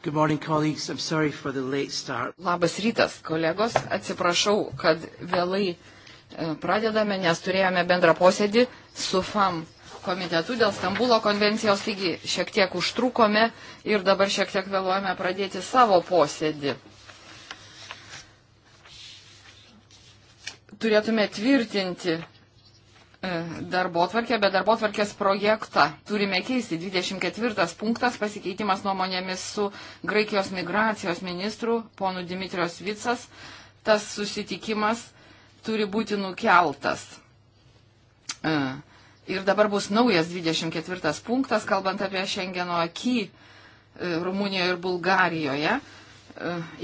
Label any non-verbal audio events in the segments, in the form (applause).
Good morning, colleagues. I'm sorry for the late start. Labas rytas, kolegos. Atsiprašau, kad vėlai e, pradedame, nes turėjome bendrą posėdį su FAM komitetu dėl Stambulo konvencijos, taigi šiek tiek užtrukome ir dabar šiek tiek vėluojame pradėti savo posėdį. Turėtume tvirtinti E, darbo atvarkę, bet darbo atvarkės projektą turime keisti. 24 punktas pasikeitimas nuomonėmis su Graikijos migracijos ministru, ponu Dimitrios Vicas. Tas susitikimas turi būti nukeltas. E, ir dabar bus naujas 24 punktas, kalbant apie Šengeno akį e, Rumunijoje ir Bulgarijoje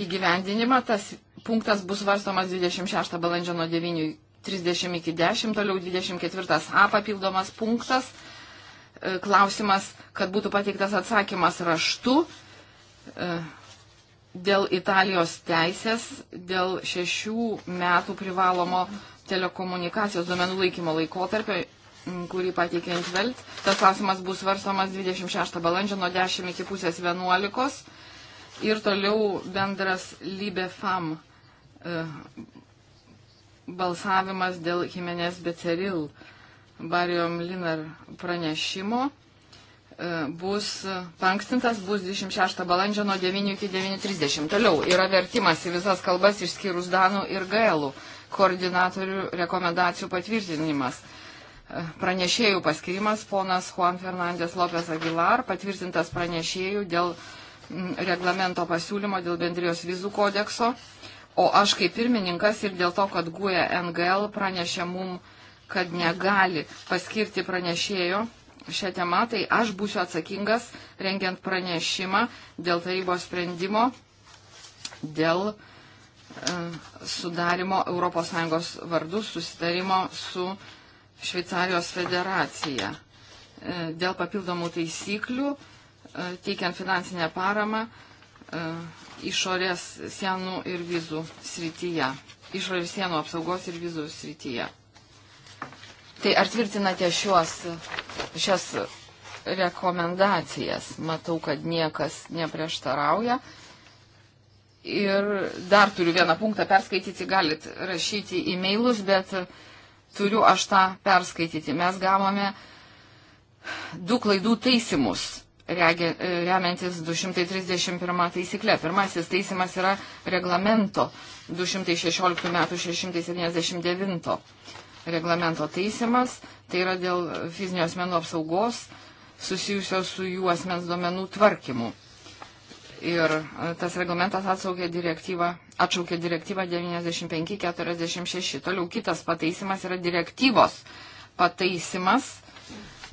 įgyvendinimą. Tas punktas bus varstomas 26 balandžio nuo 9 30 iki 10, toliau 24a papildomas punktas, e, klausimas, kad būtų pateiktas atsakymas raštu e, dėl Italijos teisės, dėl šešių metų privalomo telekomunikacijos duomenų laikymo laikotarpio, kurį pateikė Intvelt. Tas klausimas bus svarstamas 26 balandžio nuo 10 iki pusės 11 ir toliau bendras Libefam e, balsavimas dėl Jimenez Beceril Barijom Linar pranešimo e, bus pankstintas, bus 26 balandžio nuo 9 iki 9.30. Toliau yra vertimas į visas kalbas išskyrus Danų ir Gaelų koordinatorių rekomendacijų patvirtinimas. E, pranešėjų paskirimas ponas Juan Fernandės Lopes Aguilar, patvirtintas pranešėjų dėl reglamento pasiūlymo dėl bendrijos vizų kodekso. Uh, O aš kaip pirmininkas ir dėl to, kad guja e NGL pranešė mum, kad negali paskirti pranešėjo šią temą, tai aš būsiu atsakingas rengiant pranešimą dėl tarybos sprendimo, dėl e, sudarimo ES vardų susitarimo su Šveicarijos federacija, e, dėl papildomų taisyklių, e, teikiant finansinę paramą e, išorės sienų ir vizų srityje. Išorės sienų apsaugos ir vizų srityje. Tai ar tvirtinate šios, šias rekomendacijas? Matau, kad niekas neprieštarauja. Ir dar turiu vieną punktą perskaityti, galit rašyti e-mailus, bet turiu aš tą perskaityti. Mes gavome du klaidų taisimus E, remiantis 231 taisyklė. Pirmasis teisimas yra reglamento 216 metų 679 reglamento teisimas. Tai yra dėl fizinio asmenų apsaugos susijusios su jų asmens duomenų tvarkymu. Ir e, tas reglamentas atšaukė direktyvą, atšaukė direktyvą 9546. Toliau kitas pataisimas yra direktyvos pataisimas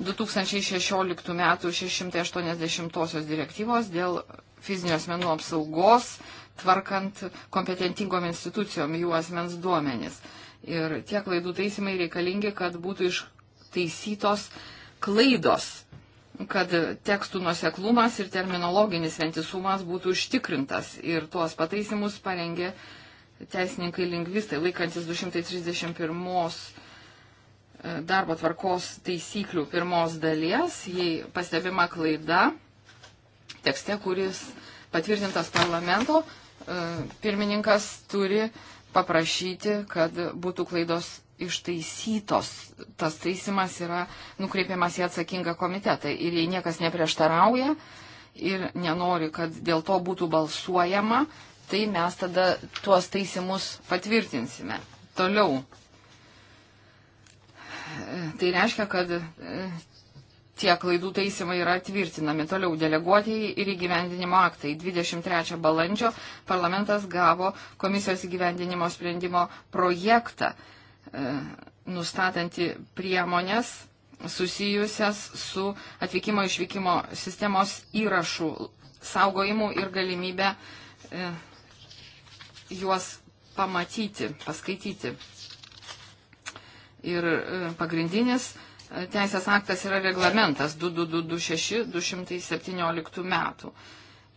2016 m. 680 direktyvos dėl fizinių asmenų apsaugos, tvarkant kompetentingom institucijom jų asmens duomenis. Ir tie klaidų taisymai reikalingi, kad būtų ištaisytos klaidos, kad tekstų nuseklumas ir terminologinis vientisumas būtų užtikrintas. Ir tuos pataisimus parengė teisininkai lingvistai, laikantis 231 darbo tvarkos taisyklių pirmos dalies, jei pastebima klaida tekste, kuris patvirtintas parlamento, e, pirmininkas turi paprašyti, kad būtų klaidos ištaisytos. Tas taisimas yra nukreipiamas į atsakingą komitetą. Ir jei niekas neprieštarauja ir nenori, kad dėl to būtų balsuojama, tai mes tada tuos taisimus patvirtinsime. Toliau Tai reiškia, kad e, tie klaidų taisymai yra tvirtinami. Toliau deleguotieji ir įgyvendinimo aktai. 23 balandžio parlamentas gavo komisijos įgyvendinimo sprendimo projektą, e, nustatantį priemonės susijusias su atvykimo išvykimo sistemos įrašų saugojimu ir galimybę e, juos pamatyti, paskaityti ir e, pagrindinis e, teisės aktas yra reglamentas 2226-217 metų.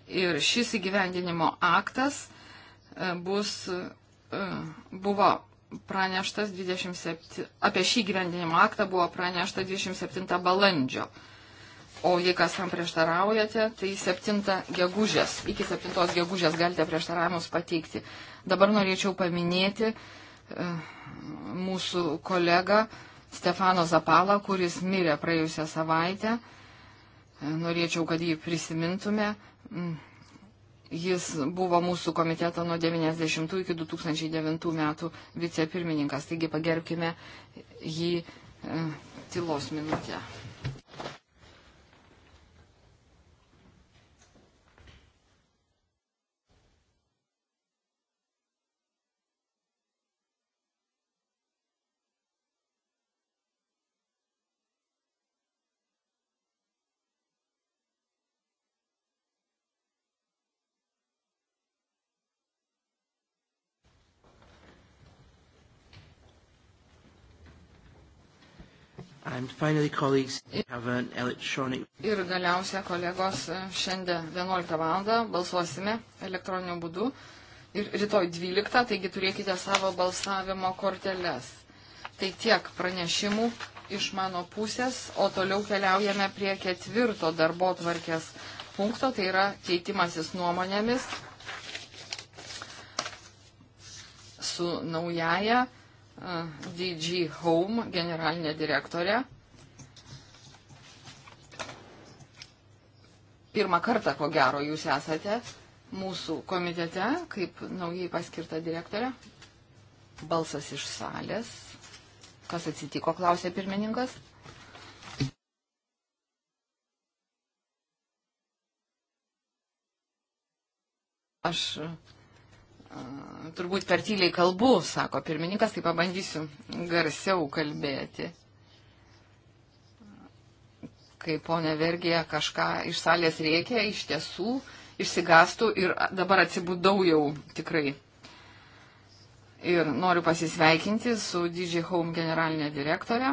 Ir šis įgyvendinimo aktas e, bus, buvo praneštas 27, apie šį gyvendinimo aktą buvo pranešta 27 balandžio. O jei kas tam prieštaraujate, tai 7 gegužės, iki 7 gegužės galite prieštaravimus pateikti. Dabar norėčiau paminėti, E, mūsų kolegą Stefano Zapalą, kuris mirė praėjusią savaitę. E, norėčiau, kad jį prisimintume. Mm. Jis buvo mūsų komiteto nuo 90 iki 2009 metų vicepirmininkas, taigi pagerbkime jį e, tylos minutę. Finally, electronic... Ir galiausia, kolegos, šiandien 11 val. balsuosime elektroniniu būdu ir rytoj 12, taigi turėkite savo balsavimo korteles. Tai tiek pranešimų iš mano pusės, o toliau keliaujame prie ketvirto darbo tvarkės punkto, tai yra keitimasis nuomonėmis su naujaja uh, DG Home generalinė direktorė. pirmą kartą, ko gero, jūs esate mūsų komitete, kaip naujai paskirta direktorė. Balsas iš salės. Kas atsitiko, klausė pirmininkas. Aš turbūt per tyliai kalbu, sako pirmininkas, tai pabandysiu garsiau kalbėti kai ponė Vergija kažką iš salės reikia, iš tiesų išsigastų ir dabar atsibudau jau tikrai. Ir noriu pasisveikinti su DJ Home generalinė direktorė.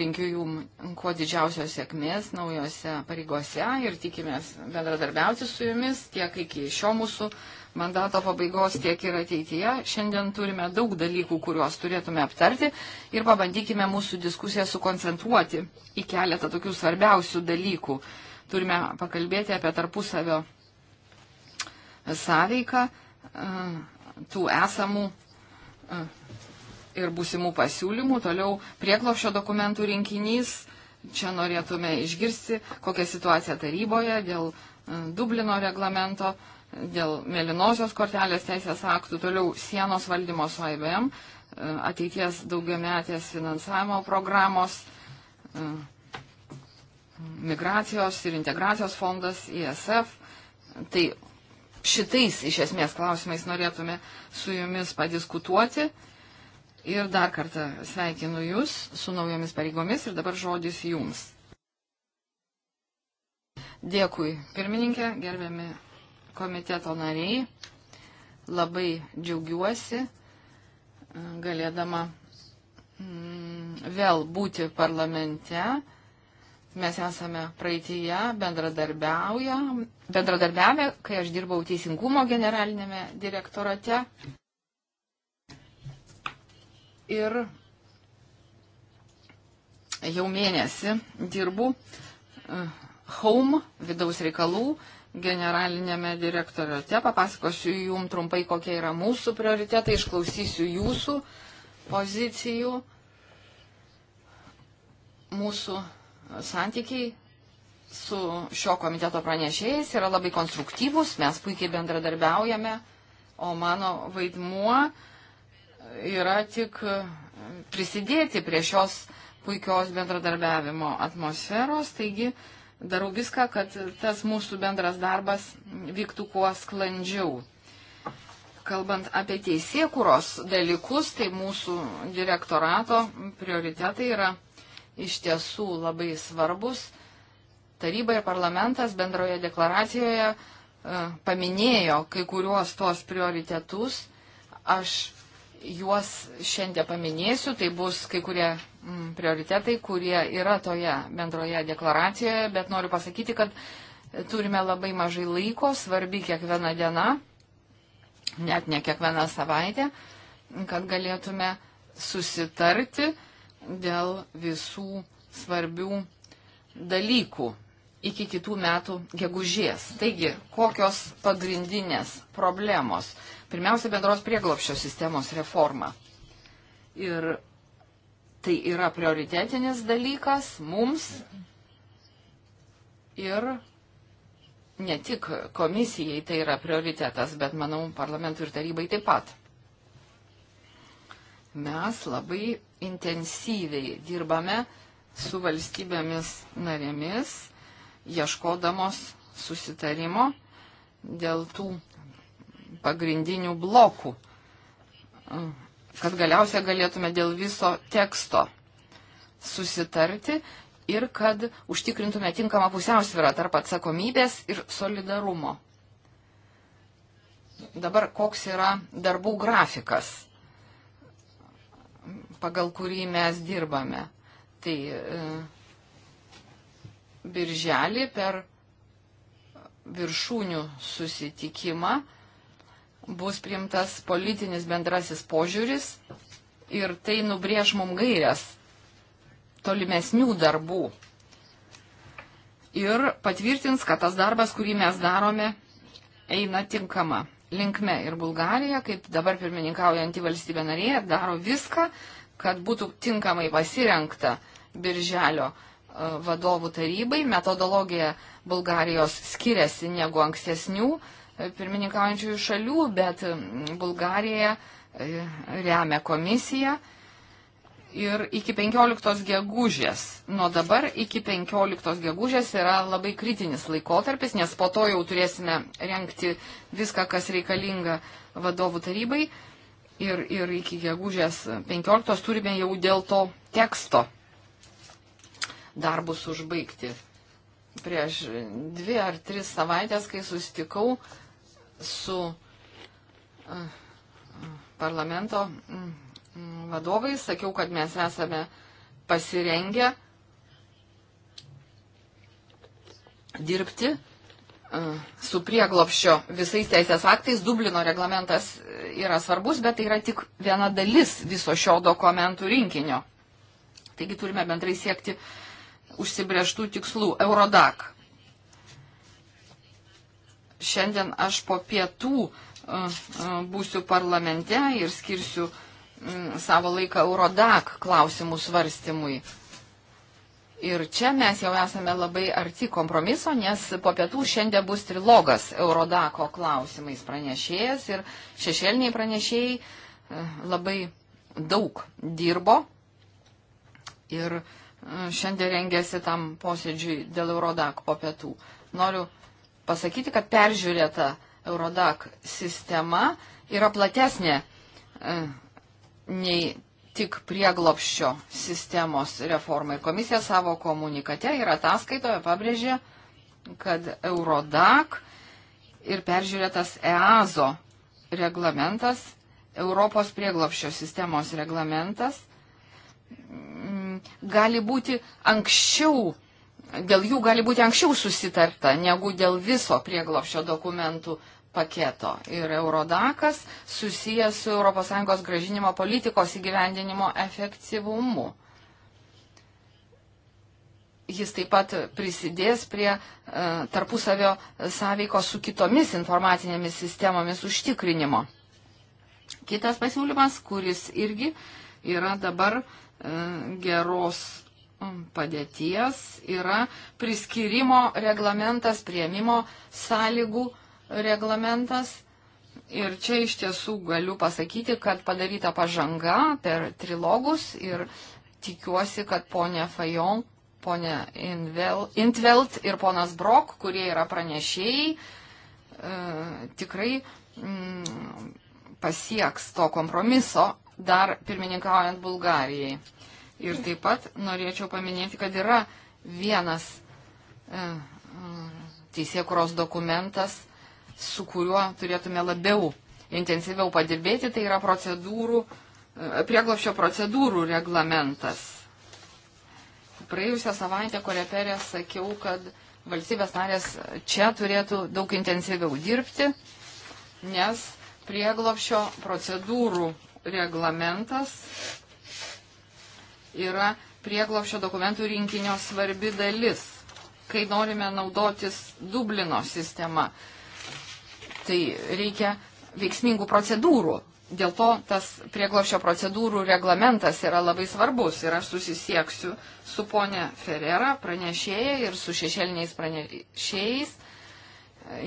Linkiu jum kuo didžiausios sėkmės naujose pareigose ir tikimės bendradarbiauti su jumis tiek iki šio mūsų mandato pabaigos, tiek ir ateityje. Šiandien turime daug dalykų, kuriuos turėtume aptarti ir pabandykime mūsų diskusiją sukoncentruoti į keletą tokių svarbiausių dalykų. Turime pakalbėti apie tarpusavio sąveiką tų esamų ir būsimų pasiūlymų. Toliau prieklopšio dokumentų rinkinys. Čia norėtume išgirsti, kokia situacija taryboje dėl Dublino reglamento dėl mėlynosios kortelės teisės aktų, toliau sienos valdymo su IBM, e, ateities daugiametės finansavimo programos, e, migracijos ir integracijos fondas, ISF. Tai šitais iš esmės klausimais norėtume su jumis padiskutuoti. Ir dar kartą sveikinu Jūs su naujomis pareigomis ir dabar žodis Jums. Dėkui, pirmininkė, gerbiami komiteto nariai, labai džiaugiuosi mm, galėdama mm, vėl būti parlamente. Mes esame praeitįje bendradarbiavę, kai aš dirbau Teisingumo generalinėme direktorate. Ir jau mėnesį dirbu mm, Home vidaus reikalų generalinėme direktoriate, papasakosiu jum trumpai, kokie yra mūsų prioritetai, išklausysiu jūsų pozicijų, mūsų santykiai su šio komiteto pranešėjais yra labai konstruktyvus, mes puikiai bendradarbiaujame, o mano vaidmuo yra tik prisidėti prie šios puikios bendradarbiavimo atmosferos, taigi uh, darau viską, kad tas mūsų bendras darbas vyktų kuo sklandžiau. Kalbant apie teisėkuros dalykus, tai mūsų direktorato prioritetai yra iš tiesų labai svarbus. Taryba ir parlamentas bendroje deklaracijoje e, paminėjo kai kuriuos tuos prioritetus. Aš juos šiandien paminėsiu, tai bus kai kurie Mm, prioritetai, kurie yra toje bendroje deklaracijoje, bet noriu pasakyti, kad turime labai mažai laiko, svarbi kiekviena diena, net ne kiekviena savaitė, kad galėtume susitarti dėl visų svarbių dalykų iki kitų metų gegužės. Taigi, kokios pagrindinės problemos? Pirmiausia, bendros prieglopščio sistemos reforma. Ir Tai yra prioritetinis dalykas mums ir ne tik komisijai tai yra prioritetas, bet manau parlamentui ir tarybai taip pat. Mes labai intensyviai dirbame su valstybėmis narėmis, ieškodamos susitarimo dėl tų pagrindinių blokų kad galiausia galėtume dėl viso teksto susitarti ir kad užtikrintume tinkamą pusiausvyrą tarp atsakomybės ir solidarumo. Dabar koks yra darbų grafikas, pagal kurį mes dirbame. Tai e, birželį per viršūnių susitikimą e, bus priimtas politinis bendrasis požiūris ir tai nubrėž mum gairias tolimesnių darbų ir patvirtins, kad tas darbas, kurį mes darome, eina tinkama linkme. Ir Bulgarija, kaip dabar pirmininkaujanti valstybė narė, daro viską, kad būtų tinkamai pasirenkta birželio e, vadovų tarybai. Metodologija Bulgarijos skiriasi negu ankstesnių pirmininkaujančiųjų šalių, bet mm, Bulgarija e, remia komisiją. Ir iki 15 gegužės, nuo dabar iki 15 gegužės yra labai kritinis laikotarpis, nes po to jau turėsime renkti viską, kas reikalinga vadovų tarybai. Ir, ir iki gegužės 15 turime jau dėl to teksto darbus užbaigti. Prieš dvi ar tris savaitės, kai sustikau, uh, su parlamento vadovais, sakiau, kad mes esame pasirengę dirbti su prieglopščio visais teisės aktais. Dublino reglamentas yra svarbus, bet tai yra tik viena dalis viso šio dokumentų rinkinio. Taigi turime bendrai siekti užsibrieštų tikslų. Eurodak šiandien aš po pietų e, e, būsiu parlamente ir skirsiu savo laiką Eurodak klausimų svarstymui. Ir čia mes jau esame labai arti kompromiso, nes po pietų šiandien bus trilogas Eurodako klausimais pranešėjas ir šešėliniai pranešėjai e, labai daug dirbo ir šiandien rengėsi tam posėdžiui dėl Eurodak po pietų. Noriu pasakyti, kad peržiūrėta Eurodak sistema yra platesnė e, nei tik prieglopščio sistemos reformai. Komisija savo komunikate ir ataskaitoje pabrėžė, kad Eurodak ir peržiūrėtas EASO reglamentas, Europos prieglopščio sistemos reglamentas, gali būti anksčiau dėl jų gali būti anksčiau susitarta negu dėl viso prieglopšio dokumentų paketo. Ir Eurodakas susijęs su ES gražinimo politikos įgyvendinimo efektyvumu. Jis taip pat prisidės prie e, tarpusavio sąveikos su kitomis informacinėmis sistemomis užtikrinimo. Kitas pasiūlymas, kuris irgi yra dabar e, geros padėties yra priskirimo reglamentas, prieimimo sąlygų reglamentas. Ir čia iš tiesų galiu pasakyti, kad padaryta pažanga per trilogus ir tikiuosi, kad ponė Fajon, ponė Intvelt ir ponas Brok, kurie yra pranešėjai, e, tikrai mm, pasieks to kompromiso dar pirmininkaujant Bulgarijai. Ir taip pat norėčiau paminėti, kad yra vienas e, teisėkuros dokumentas, su kuriuo turėtume labiau intensyviau padirbėti, tai yra procedūrų, e, prieglopšio procedūrų reglamentas. Praėjusią savaitę koreperė sakiau, kad valstybės narės čia turėtų daug intensyviau dirbti, nes prieglopšio procedūrų reglamentas yra prieglopšio dokumentų rinkinio svarbi dalis, kai norime naudotis Dublino sistema. Tai reikia veiksmingų procedūrų. Dėl to tas prieglopšio procedūrų reglamentas yra labai svarbus ir aš susisieksiu su ponė Ferrera pranešėja ir su šešėliniais pranešėjais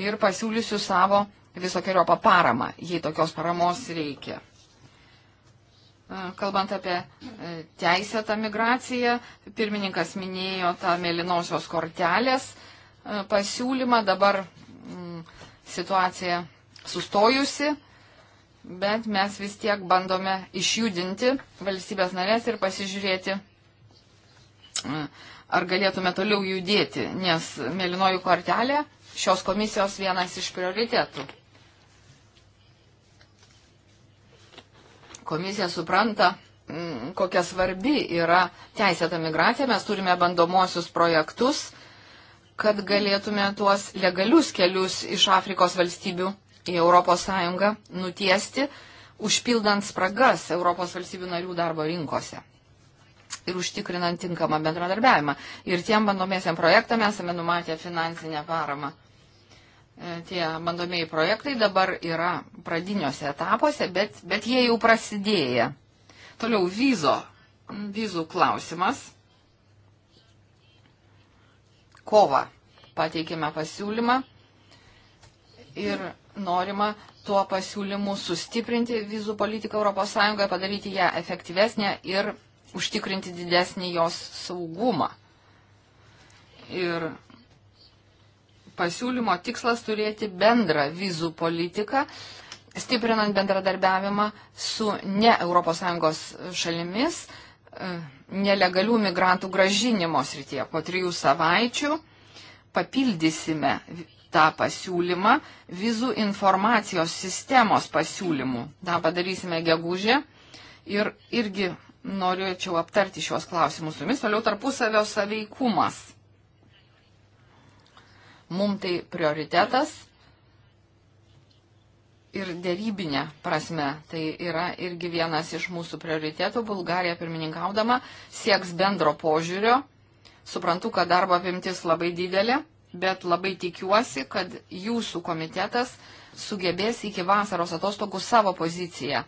ir pasiūlysiu savo visokiojo paparamą, jei tokios paramos reikia. Kalbant apie e, teisėtą migraciją, pirmininkas minėjo tą mėlynosios kortelės e, pasiūlymą, dabar m, mm, situacija sustojusi, bet mes vis tiek bandome išjudinti valstybės narės ir pasižiūrėti, e, ar galėtume toliau judėti, nes mėlynoji kortelė šios komisijos vienas iš prioritetų. Komisija supranta, mm, kokia svarbi yra teisėta migracija. Mes turime bandomosius projektus, kad galėtume tuos legalius kelius iš Afrikos valstybių į ES nutiesti, užpildant spragas Europos valstybių narių darbo rinkose ir užtikrinant tinkamą bendradarbiavimą. Ir tiem bandomiesiam projektam esame numatę finansinę paramą. E, tie bandomieji projektai dabar yra pradiniuose etapuose, bet, bet jie jau prasidėję. Toliau vizo, vizų klausimas. Kova pateikėme pasiūlymą ir norima tuo pasiūlymu sustiprinti vizų politiką ES, padaryti ją efektyvesnę ir užtikrinti didesnį jos saugumą. Ir pasiūlymo tikslas turėti bendrą vizų politiką, stiprinant bendradarbiavimą su ne ES šalimis e, nelegalių migrantų gražinimo srityje. Po trijų savaičių papildysime tą pasiūlymą vizų informacijos sistemos pasiūlymų. Ta padarysime gegužę ir irgi norėčiau aptarti šios klausimus su jumis. Toliau tarpusavio saveikumas. Mums tai prioritetas ir dėrybinė prasme. Tai yra irgi vienas iš mūsų prioritetų. Bulgarija pirmininkaudama sieks bendro požiūrio. Suprantu, kad darbo apimtis labai didelė, bet labai tikiuosi, kad jūsų komitetas sugebės iki vasaros atostogų savo poziciją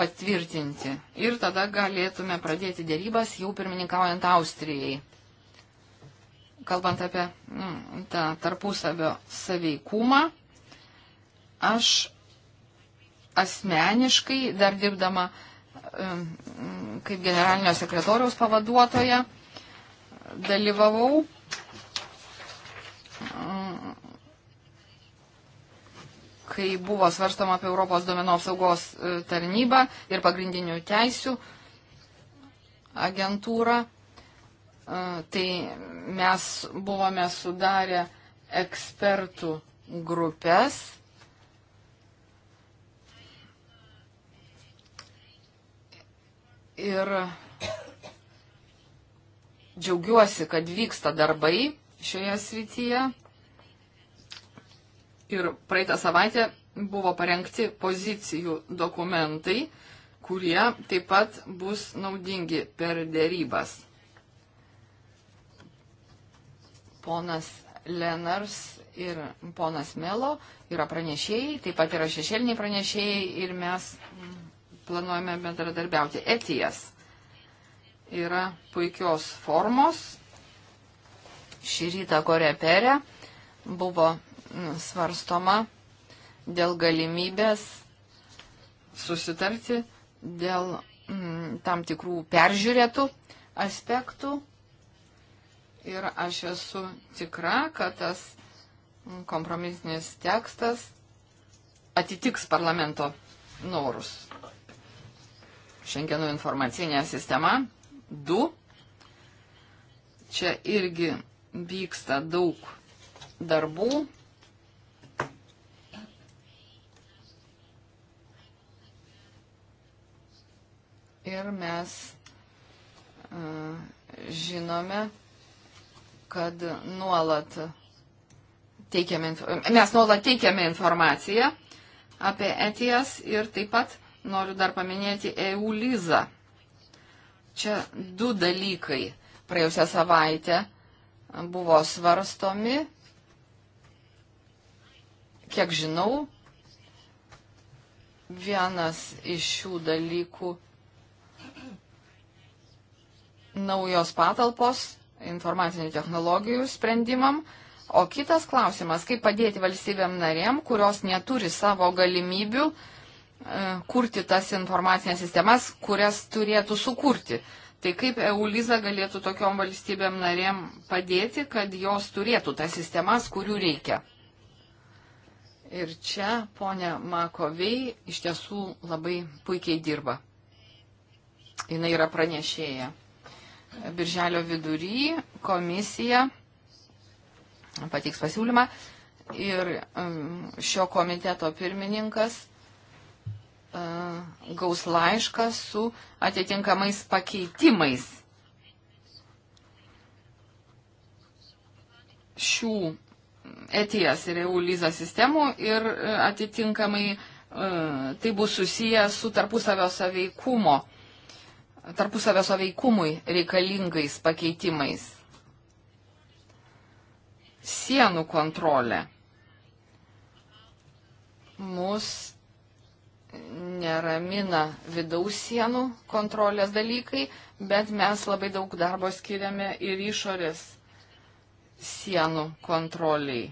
patvirtinti. Ir tada galėtume pradėti dėrybas jau pirmininkaujant Austrijai kalbant apie mm, tą tarpusavio saveikumą, aš asmeniškai, dar dirbdama mm, kaip generalinio sekretoriaus pavaduotoja, dalyvavau mm, kai buvo svarstoma apie Europos duomenų apsaugos e, tarnybą ir pagrindinių teisių agentūrą tai mes buvome sudarę ekspertų grupės. Ir džiaugiuosi, kad vyksta darbai šioje srityje. Ir praeitą savaitę buvo parengti pozicijų dokumentai, kurie taip pat bus naudingi per dėrybas. Ponas Lenars ir ponas Melo yra pranešėjai, taip pat yra šešėliniai pranešėjai ir mes mm, planuojame bendradarbiauti. Etijas yra puikios formos. Šį rytą Koreperė buvo mm, svarstoma dėl galimybės susitarti dėl mm, tam tikrų peržiūrėtų aspektų ir aš esu tikra, kad tas kompromisinis tekstas atitiks parlamento norus. Šengenų informacinė sistema 2. Čia irgi vyksta daug darbų. Ir mes uh, žinome, kad nuolat teikiame, mes nuolat teikiame informaciją apie ETIAS ir taip pat noriu dar paminėti EU Liza. Čia du dalykai praėjusią savaitę buvo svarstomi, kiek žinau, vienas iš šių dalykų naujos patalpos informacinių technologijų sprendimam. O kitas klausimas, kaip padėti valstybėm narėm, kurios neturi savo galimybių e, kurti tas informacinės sistemas, kurias turėtų sukurti. Tai kaip EULIZA galėtų tokiom valstybėm narėm padėti, kad jos turėtų tas sistemas, kurių reikia. Ir čia ponia Makovei iš tiesų labai puikiai dirba. Jis yra pranešėja birželio vidury komisija pateiks pasiūlymą ir um, šio komiteto pirmininkas uh, gaus laišką su atitinkamais pakeitimais šių ETS ir EU lyza sistemų ir uh, atitinkamai uh, tai bus susiję su tarpusavio saveikumo tarpusavio saveikumui reikalingais pakeitimais. Sienų kontrolė. Mus neramina vidaus sienų kontrolės dalykai, bet mes labai daug darbo skiriame ir išorės sienų kontroliai.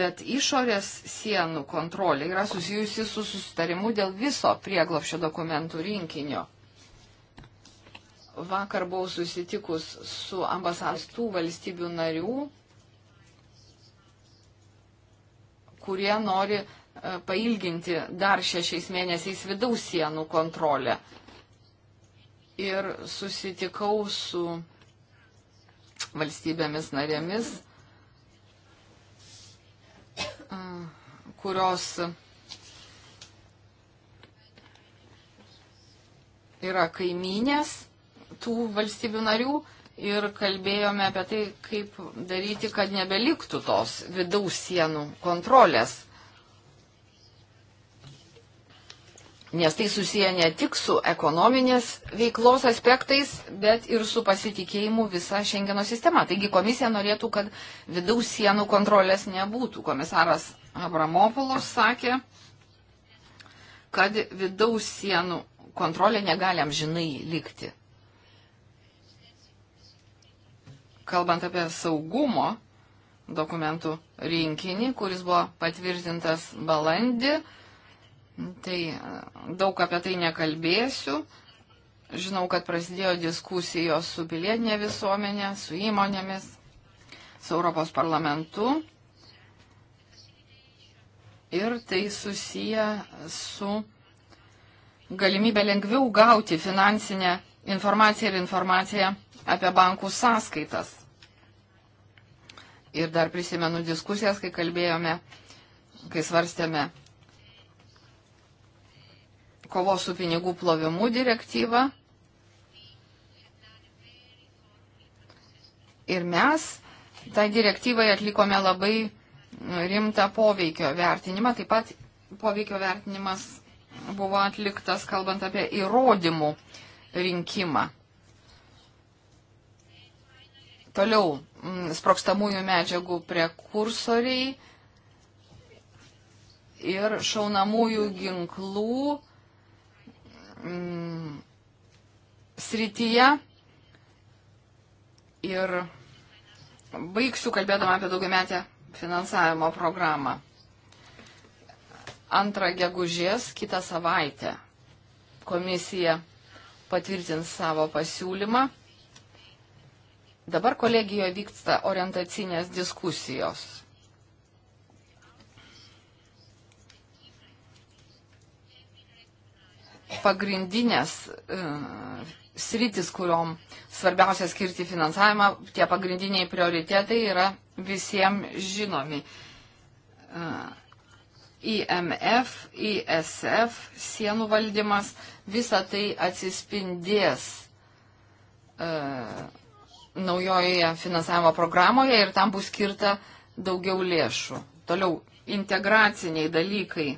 Bet išorės sienų kontrolė yra susijusi su susitarimu dėl viso prieglopšio dokumentų rinkinio. Vakar buvau susitikus su ambasastų valstybių narių, kurie nori e, pailginti dar šešiais mėnesiais vidaus sienų kontrolę. Ir susitikau su valstybėmis narėmis, e, kurios yra kaiminės kitų valstybių narių ir kalbėjome apie tai, kaip daryti, kad nebeliktų tos vidaus sienų kontrolės. Nes tai susiję ne tik su ekonominės veiklos aspektais, bet ir su pasitikėjimu visa Šengeno sistema. Taigi komisija norėtų, kad vidaus sienų kontrolės nebūtų. Komisaras Abramopolos sakė, kad vidaus sienų kontrolė negali amžinai likti. kalbant apie saugumo dokumentų rinkinį, kuris buvo patvirtintas balandį, tai e, daug apie tai nekalbėsiu. Žinau, kad prasidėjo diskusijos su pilietinė visuomenė, su įmonėmis, su Europos parlamentu. Ir tai susiję su galimybė lengviau gauti finansinę informaciją ir informaciją apie bankų sąskaitas. Ir dar prisimenu diskusijas, kai kalbėjome, kai svarstėme kovos su pinigų plovimu direktyvą. Ir mes tai direktyvai atlikome labai rimtą poveikio vertinimą. Taip pat poveikio vertinimas buvo atliktas, kalbant apie įrodymų rinkimą. Toliau mm, sprokstamųjų medžiagų prekursoriai ir šaunamųjų ginklų mm, srityje. Ir baigsiu kalbėdama apie daugiametę finansavimo programą. Antrą gegužės kitą savaitę komisija patvirtins savo pasiūlymą Dabar kolegijoje vyksta orientacinės diskusijos. Pagrindinės e, sritis, kuriuom svarbiausia skirti finansavimą, tie pagrindiniai prioritetai yra visiems žinomi. E, IMF, ISF, sienų valdymas, visa tai atsispindės. E, naujoje finansavimo programoje ir tam bus skirta daugiau lėšų. Toliau integraciniai dalykai.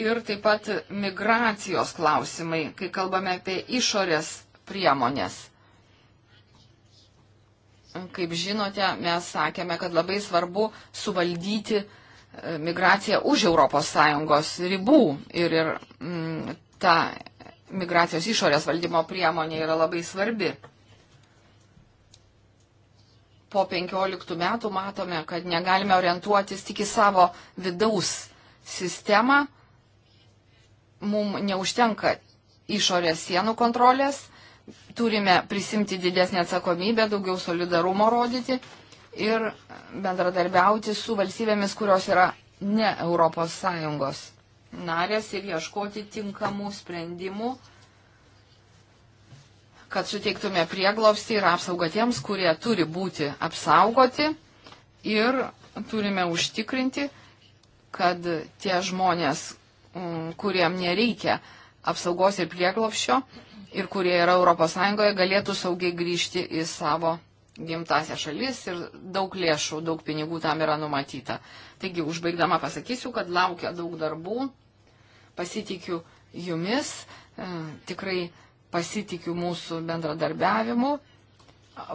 Ir taip pat migracijos klausimai, kai kalbame apie išorės priemonės. Kaip žinote, mes sakėme, kad labai svarbu suvaldyti e, migraciją už ES ribų ir, ir m, mm, tą migracijos išorės valdymo priemonė yra labai svarbi. Po 15 metų matome, kad negalime orientuotis tik į savo vidaus sistemą. Mums neužtenka išorės sienų kontrolės, turime prisimti didesnį atsakomybę, daugiau solidarumo rodyti ir bendradarbiauti su valstybėmis, kurios yra ne Europos Sąjungos narės ir ieškoti tinkamų sprendimų, kad suteiktume prieglopstį ir apsaugą tiems, kurie turi būti apsaugoti ir turime užtikrinti, kad tie žmonės, mm, kuriem nereikia apsaugos ir prieglopščio ir kurie yra ES, galėtų saugiai grįžti į savo gimtasią šalis ir daug lėšų, daug pinigų tam yra numatyta. Taigi, užbaigdama pasakysiu, kad laukia daug darbų, pasitikiu jumis, e, tikrai pasitikiu mūsų bendradarbiavimu,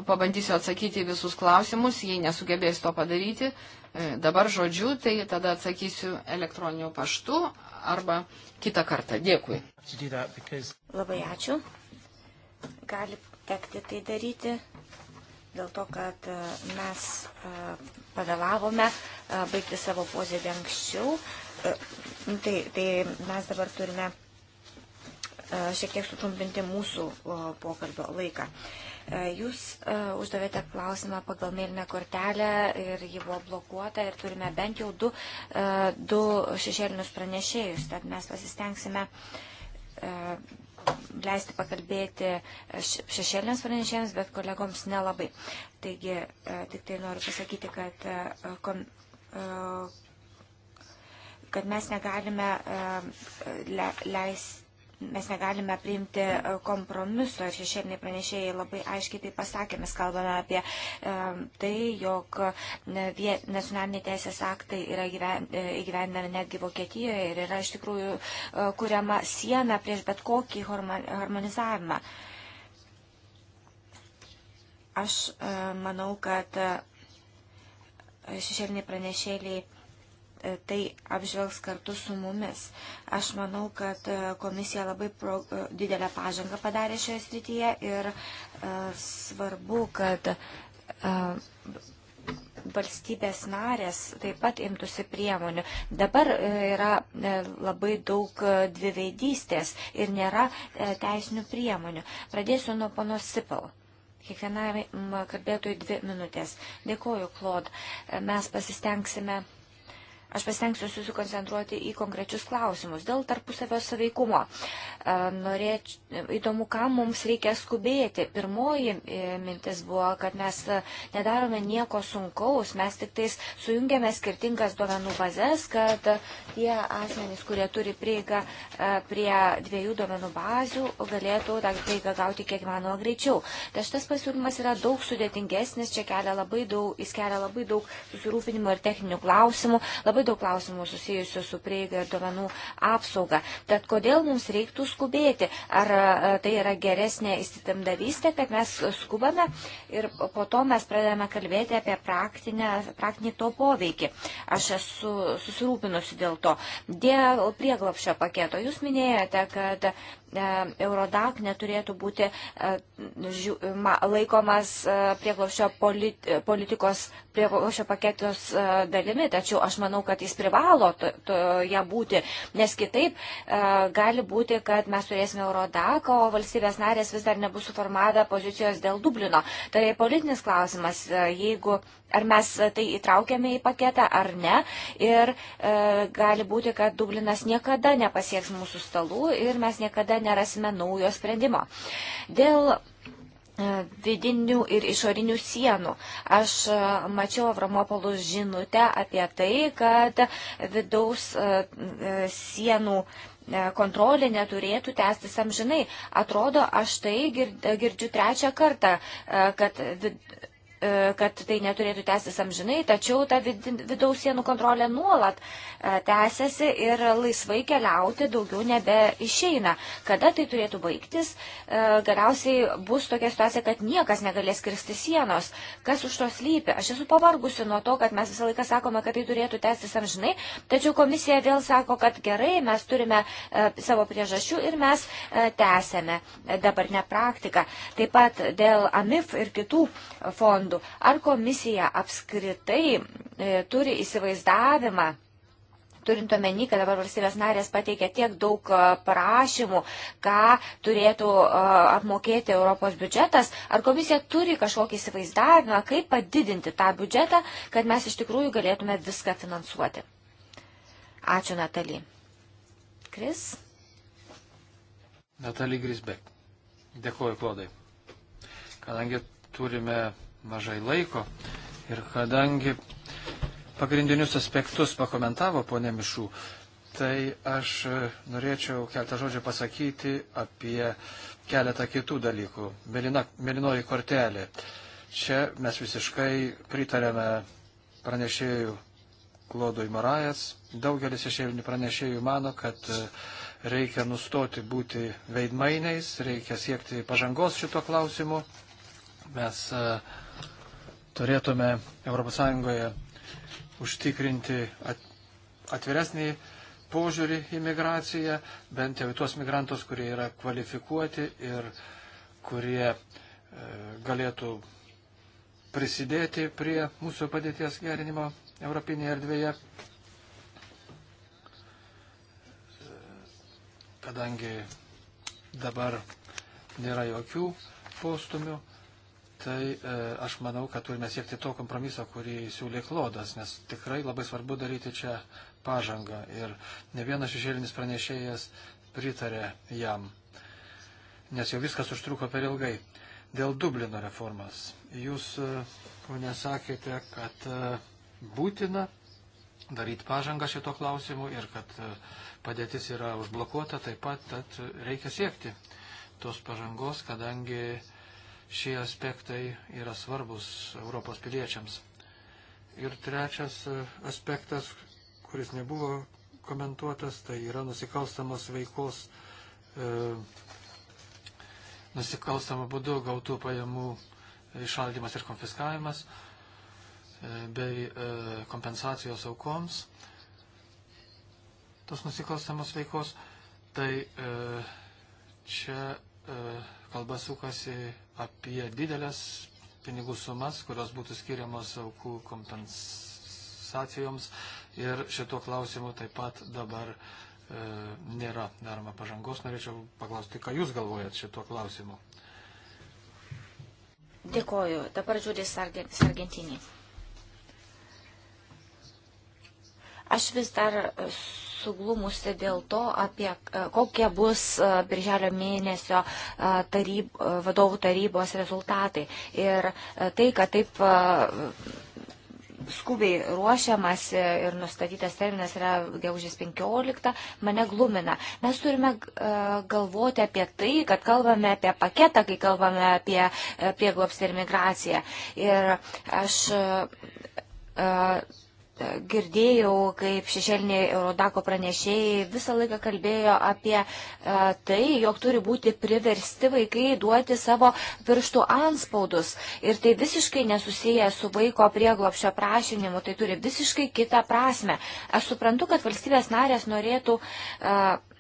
pabandysiu atsakyti visus klausimus, jei nesugebės to padaryti, e, dabar žodžiu, tai tada atsakysiu elektroniniu paštu arba kitą kartą. Dėkui. Labai ačiū. Gali tekti tai daryti dėl to, kad e, mes e, padalavome e, baigti savo posėdį anksčiau. Nu, tai, tai mes dabar turime šiek tiek sutrumpinti mūsų pokalbio laiką. Jūs uždavėte klausimą pagal mėlyną kortelę ir ji buvo blokuota ir turime bent jau du, du šešėlinius pranešėjus, tad mes pasistengsime leisti pakalbėti šešėlėms pranešėjams, bet kolegoms nelabai. Taigi, e, tik tai noriu pasakyti, kad, e, kom, e, kad mes negalime leisti mes negalime priimti e, kompromiso ir šešėliniai pranešėjai labai aiškiai tai pasakė, mes kalbame apie e, tai, jog nacionaliniai teisės aktai yra e, įgyvendinami netgi Vokietijoje ir yra iš tikrųjų kuriama siena prieš bet kokį harmonizavimą. Aš manau, kad šešėliniai pranešėliai tai apžvelgs kartu su mumis. Aš manau, kad e, komisija labai pro, e, didelę pažangą padarė šioje srityje ir e, svarbu, kad valstybės narės taip pat imtųsi priemonių. Dabar yra labai daug dviveidystės ir nėra teisinių priemonių. Pradėsiu nuo pono Sipal. Kiekvienam kalbėtojui dvi minutės. Dėkuoju, Klod. Mes pasistengsime Aš pasitengsiu susikoncentruoti į konkrečius klausimus. Dėl tarpusavio saveikumo. E, norėč... Įdomu, ką mums reikia skubėti. Pirmoji e, mintis buvo, kad mes e, nedarome nieko sunkaus, mes tik tais sujungiame skirtingas duomenų bazės, kad tie asmenys, kurie turi prieigą prie dviejų duomenų bazių, galėtų tą prieigą gauti kiek manoma greičiau. Tai šitas pasiūlymas yra daug sudėtingesnis, čia kelia labai daug, jis kelia labai daug susirūpinimo ir techninių klausimų, labai labai daug klausimų susijusių su prieiga ir duomenų apsauga. Tad kodėl mums reiktų skubėti? Ar e, tai yra geresnė įsitimdavystė, kad mes skubame ir po to mes pradedame kalbėti apie praktinę, praktinį to poveikį? Aš esu susirūpinusi dėl to. Dėl prieglapšio paketo jūs minėjote, kad E, Eurodak neturėtų būti e, laikomas e, prieglaušio politikos prieglaušio paketos dalimi, tačiau aš manau, kad jis privalo to, to, ją būti, nes kitaip gali būti, kad mes turėsime Eurodaką, o valstybės narės vis dar nebus suformavę pozicijos dėl Dublino. Tai politinis klausimas, jeigu ar mes tai įtraukėme į paketą ar ne. Ir e, gali būti, kad Dublinas niekada nepasieks mūsų stalų ir mes niekada nerasime naujo sprendimo. Dėl e, vidinių ir išorinių sienų. Aš e, mačiau Avramopolus žinutę apie tai, kad vidaus e, sienų kontrolė neturėtų tęstis amžinai. Atrodo, aš tai girdžiu trečią kartą, kad E, kad tai neturėtų tęsis amžinai, tačiau ta vidaus sienų kontrolė nuolat e, tęsiasi ir laisvai keliauti daugiau nebeišeina. Kada tai turėtų baigtis, e, galiausiai bus tokia situacija, kad niekas negalės kirsti sienos. Kas už to slypi? Aš esu pavargusi nuo to, kad mes visą laiką sakome, kad tai turėtų tęsis amžinai, tačiau komisija vėl sako, kad gerai, mes turime savo priežasčių ir mes tęsėme dabartinę praktiką. Taip pat dėl AMIF ir kitų fondų fondų. Ar komisija apskritai e, turi įsivaizdavimą? Turint omeny, kad dabar valstybės narės pateikia tiek daug e, prašymų, ką turėtų e, apmokėti Europos biudžetas, ar komisija turi kažkokį įsivaizdavimą, kaip padidinti tą biudžetą, kad mes iš tikrųjų galėtume viską finansuoti. Ačiū, Natalie. Kris? Natalie Grisbek. Dėkuoju, Klodai. Kadangi turime mažai laiko ir kadangi pagrindinius aspektus pakomentavo ponė Mišų, tai aš e, norėčiau keltą žodžią pasakyti apie keletą kitų dalykų. Melina, melinoji kortelė. Čia mes visiškai pritarėme pranešėjų Klodui Morajas. Daugelis išėlinių pranešėjų mano, kad e, reikia nustoti būti veidmainiais, reikia siekti pažangos šito klausimu. Mes uh, turėtume ES užtikrinti atviresnį požiūrį į migraciją, bent jau į tuos migrantus, kurie yra kvalifikuoti ir kurie e, galėtų prisidėti prie mūsų padėties gerinimo Europinėje erdvėje. Kadangi dabar nėra jokių postumių, tai e, aš manau, kad turime siekti to kompromiso, kurį siūlė Klodas, nes tikrai labai svarbu daryti čia pažangą ir ne vienas šešėlinis pranešėjas pritarė jam, nes jau viskas užtruko per ilgai. Dėl Dublino reformas. Jūs, ko e, nesakėte, kad e, būtina daryti pažangą šito klausimu ir kad padėtis yra užblokuota taip pat, tad reikia siekti tos pažangos, kadangi šie aspektai yra svarbus Europos piliečiams. Ir trečias e, aspektas, kuris nebuvo komentuotas, tai yra nusikalstamos veikos, e, nusikalstamo būdu gautų pajamų išaldymas ir konfiskavimas e, bei e, kompensacijos aukoms. Tos nusikalstamos veikos, tai e, čia e, kalba sukasi apie didelės pinigų sumas, kurios būtų skiriamos aukų kompensacijoms. Ir šito klausimu taip pat dabar e, nėra daroma pažangos. Norėčiau paklausti, ką Jūs galvojat šito klausimu. Dėkoju. Dabar žiūrės Argentinį. Aš vis dar suglumusi dėl to, apie e, kokie bus e, birželio mėnesio e, taryb, vadovų tarybos rezultatai. Ir tai, kad taip skubiai ruošiamas ir nustatytas terminas yra gegužės 15, mane glumina. Mes turime galvoti apie tai, kad kalbame apie paketą, kai kalbame apie prieglobstį ir migraciją. Ir aš girdėjau, kaip šešėliniai Eurodako pranešėjai visą laiką kalbėjo apie e, tai, jog turi būti priversti vaikai duoti savo pirštų anspaudus. Ir tai visiškai nesusiję su vaiko prieglopšio prašymu, tai turi visiškai kitą prasme. Aš suprantu, kad valstybės narės norėtų. Uh,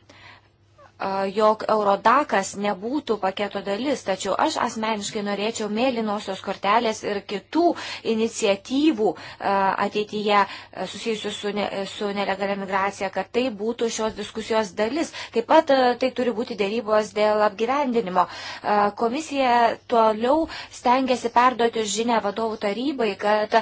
jog Eurodakas nebūtų paketo dalis, tačiau aš asmeniškai norėčiau mėlynosios kortelės ir kitų iniciatyvų ateityje susijusių su, ne, su nelegalia migracija, kad tai būtų šios diskusijos dalis. Taip pat tai turi būti dėrybos dėl apgyvendinimo. Komisija toliau stengiasi perduoti žinę vadovų tarybai, kad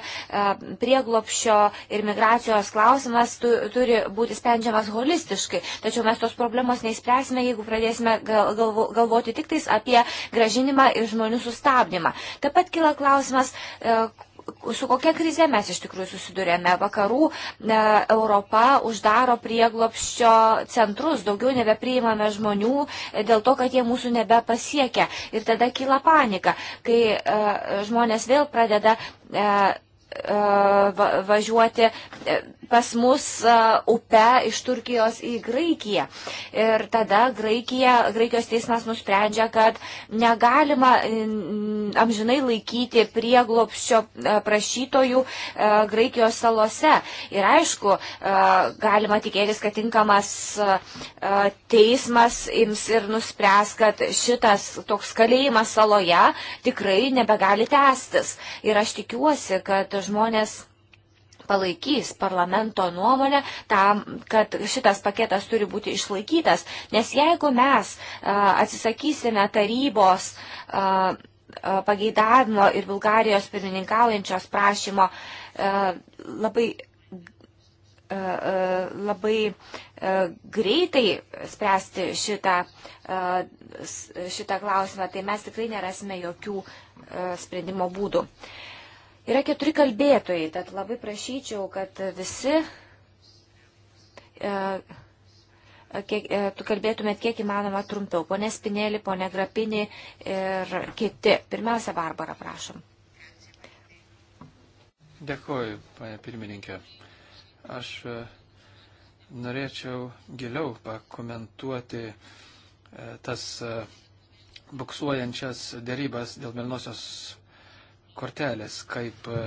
prieglopšio ir migracijos klausimas turi būti sprendžiamas holistiškai, tačiau mes tos problemos neįspręsime prasme, jeigu pradėsime galvo, galvoti tik tais apie gražinimą ir žmonių sustabdymą. Taip pat kila klausimas. E, su kokia krize mes iš tikrųjų susidurėme. Vakarų e, Europa uždaro prieglopščio centrus, daugiau nebepriimame žmonių e, dėl to, kad jie mūsų nebepasiekia. Ir tada kyla panika, kai e, žmonės vėl pradeda e, e važiuoti e, pas mus upe iš Turkijos į Graikiją. Ir tada Graikija, Graikijos teismas nusprendžia, kad negalima amžinai laikyti prieglopščio prašytojų Graikijos salose. Ir aišku, galima tikėtis, kad tinkamas teismas ims ir nuspręs, kad šitas toks kalėjimas saloje tikrai nebegali tęstis. Ir aš tikiuosi, kad žmonės palaikys parlamento nuomonę tam, kad šitas paketas turi būti išlaikytas. Nes jeigu mes atsisakysime tarybos pageidavimo ir Bulgarijos pirmininkaujančios prašymo labai labai greitai spręsti šitą, šitą klausimą, tai mes tikrai nerasime jokių sprendimo būdų. Yra keturi kalbėtojai, tad labai prašyčiau, kad visi e, kiek, e, kalbėtumėt kiek įmanoma trumpiau. Pone Spinėlį, pone Grapinį ir kiti. Pirmiausia, Barbara, prašom. Dėkuoju, pane pirmininkė. Aš e, norėčiau giliau pakomentuoti tas buksuojančias dėrybas dėl Melnosios kortelės. Kaip e,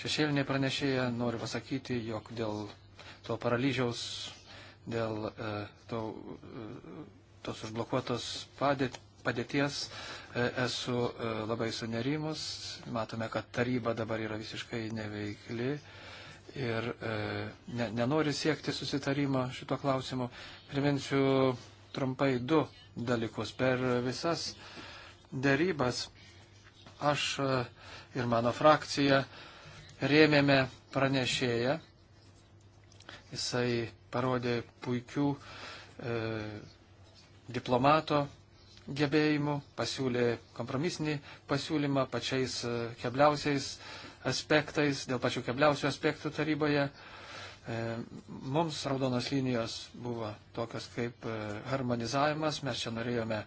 šešėlinė pranešėja noriu pasakyti, jog dėl to paralyžiaus, dėl e, to, e, tos užblokuotos padėt, padėties esu labai sunerimus. Matome, kad taryba dabar yra visiškai neveikli ir ne, nenori siekti susitarimo šito klausimu. Priminsiu trumpai du dalykus. Per visas dėrybas aš uh, ir mano frakcija rėmėme pranešėją. Jisai parodė puikių e, diplomato gebėjimų, pasiūlė kompromisinį pasiūlymą pačiais e, kebliausiais aspektais, dėl pačių kebliausių aspektų taryboje. E, mums raudonos linijos buvo tokios kaip e, harmonizavimas, mes čia norėjome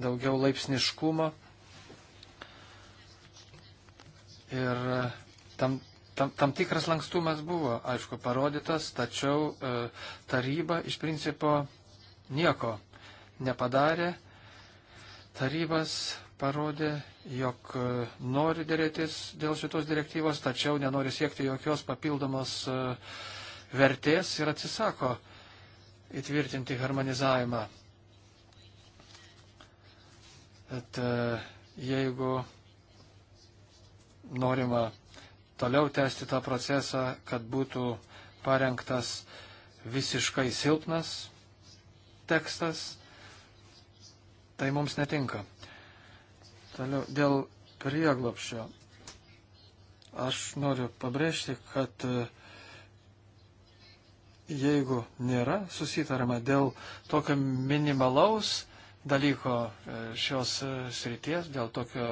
daugiau laipsniškumo Ir e, tam, tam, tam tikras lankstumas buvo, aišku, parodytas, tačiau e, taryba iš principo nieko nepadarė. Tarybas parodė, jog e, nori dėrėtis dėl šitos direktyvos, tačiau nenori siekti jokios papildomos e, vertės ir atsisako įtvirtinti harmonizavimą. Bet jeigu norima toliau tęsti tą procesą, kad būtų parengtas visiškai silpnas tekstas, tai mums netinka. Toliau dėl prieglopščio. Aš noriu pabrėžti, kad e, jeigu nėra susitarama dėl tokio minimalaus dalyko e, šios e, srities, dėl tokio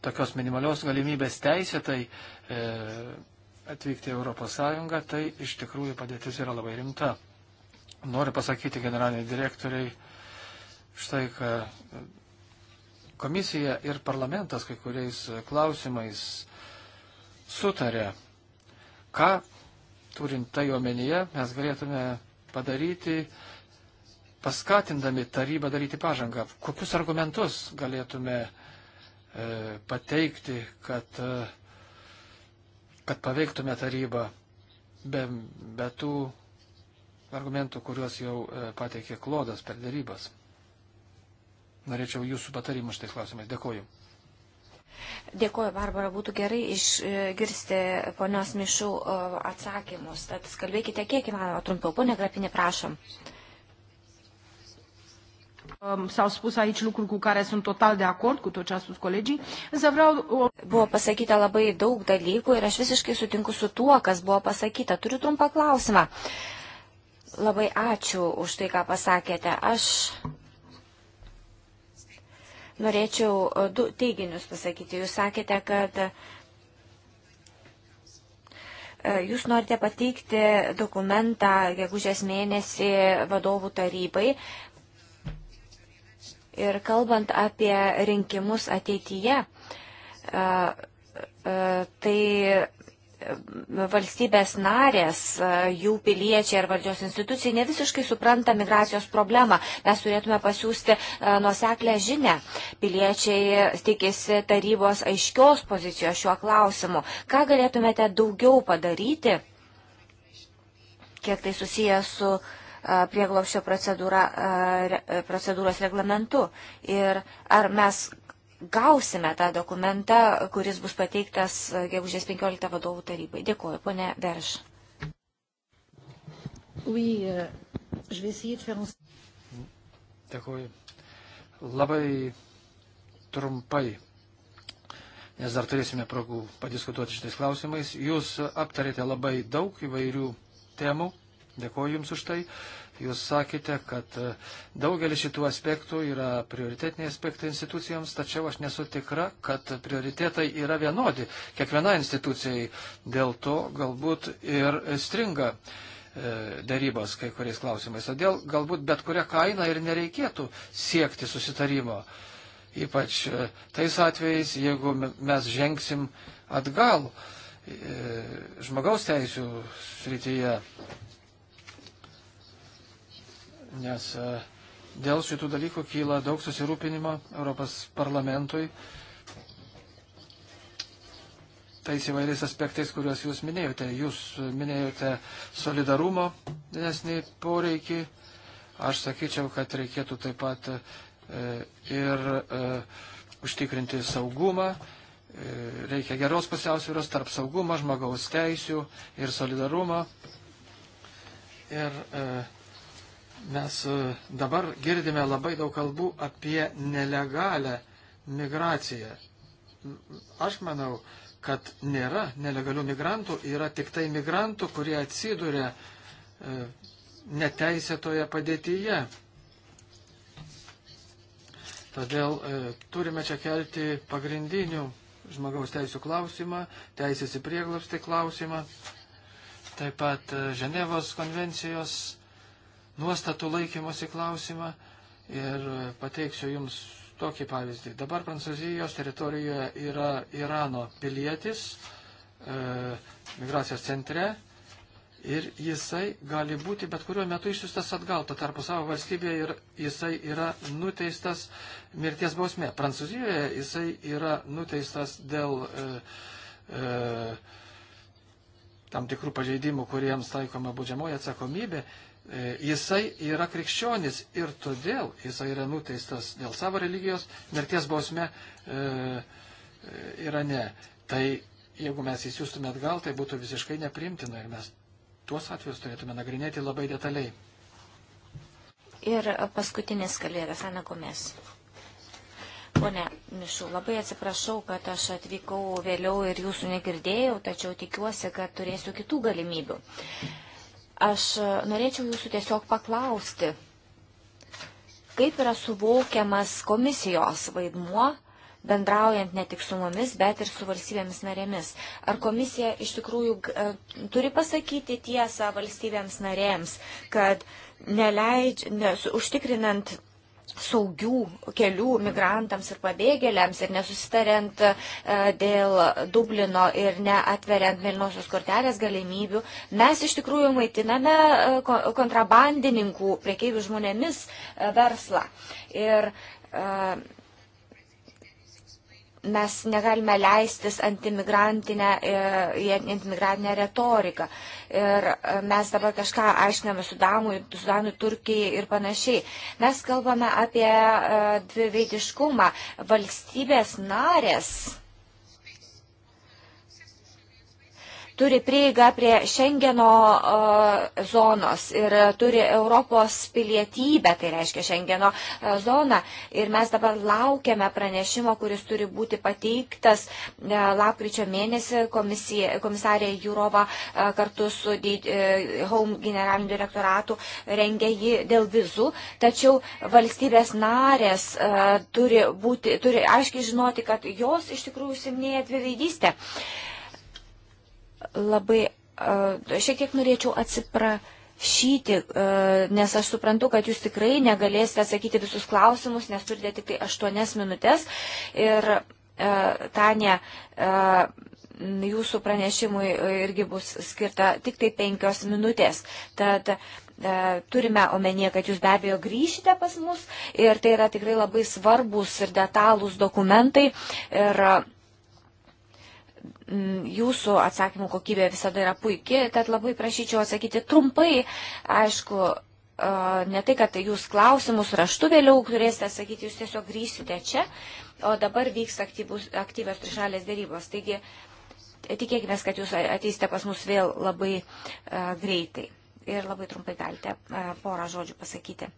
tokios minimalios galimybės teisėtai e, atvykti į Europos Sąjungą, tai iš tikrųjų padėtis yra labai rimta. Noriu pasakyti generaliniai direktoriai, štai ką komisija ir parlamentas kai kuriais klausimais sutarė, ką turint tai omenyje mes galėtume padaryti, paskatindami tarybą daryti pažangą. Kokius argumentus galėtume E, pateikti, kad, e, kad paveiktume tarybą be, be tų argumentų, kuriuos jau e, pateikė Klodas per darybas. Norėčiau jūsų patarimų šitais klausimais. Dėkoju. Dėkuoju, Barbara, būtų gerai išgirsti ponios Mišų atsakymus. Tad skalbėkite kiek įmanoma trumpiau. Pone Grapinė, prašom. Um, s-au spus aici lucruri cu care sunt total de acord cu tot ce a spus colegii, însă vreau... O... Buvo pasakyta labai daug dalykų ir aš visiškai sutinku su tuo, kas buvo pasakyta. Turiu trumpą klausimą. Labai ačiū už tai, ką pasakėte. Aš norėčiau uh, du teiginius pasakyti. Jūs sakėte, kad uh, jūs norite pateikti dokumentą gegužės mėnesį vadovų tarybai, Ir kalbant apie rinkimus ateityje, tai e, valstybės narės, jų piliečiai ar valdžios institucijai ne visiškai supranta migracijos problemą. Mes turėtume pasiūsti nuseklę žinę. Piliečiai tikisi tarybos aiškios pozicijos šiuo klausimu. Ką galėtumėte daugiau padaryti, kiek tai susijęs su uh, prieglopščio procedūros reglamentu. Ir ar mes gausime tą dokumentą, kuris bus pateiktas gegužės 15 vadovų tarybai. Dėkuoju, ponė Verš. Oui, euh, Dėkuoju. Labai trumpai, nes dar turėsime progų padiskutuoti šitais klausimais. Jūs aptarėte labai daug įvairių temų. Dėkoju Jums už tai. Jūs sakėte, kad e, daugelis šitų aspektų yra prioritetiniai aspektai institucijoms, tačiau aš nesu tikra, kad prioritetai yra vienodi. Kiekviena institucijai dėl to galbūt ir stringa e, darybos kai kuriais klausimais. Todėl galbūt bet kurią kainą ir nereikėtų siekti susitarimo. Ypač e, tais atvejais, jeigu mes žengsim atgal žmogaus teisų srityje nes e, dėl šitų dalykų kyla daug susirūpinimo Europos parlamentui tais įvairiais aspektais, kuriuos jūs minėjote. Jūs minėjote solidarumo didesnį poreikį. Aš sakyčiau, kad reikėtų taip pat e, ir e, užtikrinti saugumą. Reikia geros pusiausvyros tarp saugumo, žmogaus teisių ir solidarumo. Ir e, Mes e, dabar girdime labai daug kalbų apie nelegalę migraciją. Aš manau, kad nėra nelegalių migrantų, yra tik tai migrantų, kurie atsiduria e, neteisėtoje padėtyje. Todėl e, turime čia kelti pagrindinių žmogaus teisų klausimą, teisės į prieglapstį klausimą, taip pat e, Ženevos konvencijos nuostatų laikymosi klausimą ir pateiksiu Jums tokį pavyzdį. Dabar Prancūzijos teritorijoje yra Irano pilietis e, migracijos centre ir jisai gali būti bet kuriuo metu išsiustas atgal, to tarpu savo valstybėje ir jisai yra nuteistas mirties bausmė. Prancūzijoje jisai yra nuteistas dėl e, e, tam tikrų pažeidimų, kuriems taikoma baudžiamoji atsakomybė E, jisai yra krikščionis ir todėl jisai yra nuteistas dėl savo religijos, mirties bausme e, e yra ne. Tai jeigu mes įsiūstume atgal, tai būtų visiškai neprimtina ir mes tuos atvejus turėtume nagrinėti labai detaliai. Ir paskutinis kalėdas, Ana Gomes. Pone Mišu, labai atsiprašau, kad aš atvykau vėliau ir jūsų negirdėjau, tačiau tikiuosi, kad turėsiu kitų galimybių. Aš e, norėčiau jūsų tiesiog paklausti, kaip yra suvokiamas komisijos vaidmuo, bendraujant ne tik su mumis, bet ir su valstybėmis narėmis. Ar komisija iš tikrųjų e, turi pasakyti tiesą valstybėms narėms, kad neleidž, nes, užtikrinant saugių kelių migrantams ir pabėgėliams ir nesusitariant e, dėl Dublino ir neatveriant Milnosios kortelės galimybių, mes iš tikrųjų maitiname e, kontrabandininkų, priekeivių žmonėmis e, verslą. Ir mes negalime leistis antimigrantinę, e, antimigrantinę retoriką. Ir e, mes dabar kažką aiškiname Sudanui, Sudanui, Turkijai ir panašiai. Mes kalbame apie e, dviveidiškumą. Valstybės narės turi prieigą prie Schengeno zonos ir turi Europos pilietybę, tai reiškia Schengeno zoną. Ir mes dabar laukiame pranešimo, kuris turi būti pateiktas lapkričio mėnesį komisija, komisarė Jūrova kartu su e, Home generaliniu direktoratu rengia jį dėl vizų. Tačiau valstybės narės turi, būti, turi aiškiai žinoti, kad jos iš tikrųjų užsiminėja dviveidystę. Uh, labai, šiek tiek norėčiau atsiprašyti šyti, nes aš suprantu, kad jūs tikrai negalėsite atsakyti visus klausimus, nes turite tik tai 8 minutės. Ir Tane, jūsų pranešimui irgi bus skirta tik tai 5 minutės. Tad turime omenyje, kad jūs be abejo grįšite pas mus ir tai yra tikrai labai svarbus ir detalūs dokumentai. Ir, Mm, jūsų atsakymų kokybė visada yra puikia, tad labai prašyčiau atsakyti trumpai. Aišku, ne tai, kad jūs klausimus raštu vėliau turėsite sakyti, jūs tiesiog grįsite čia, o dabar vyks aktyvus, aktyvios trišalės dėrybos. Taigi tikėkime, kad jūs ateisite pas mus vėl labai uh, greitai ir labai trumpai galite uh, porą žodžių pasakyti.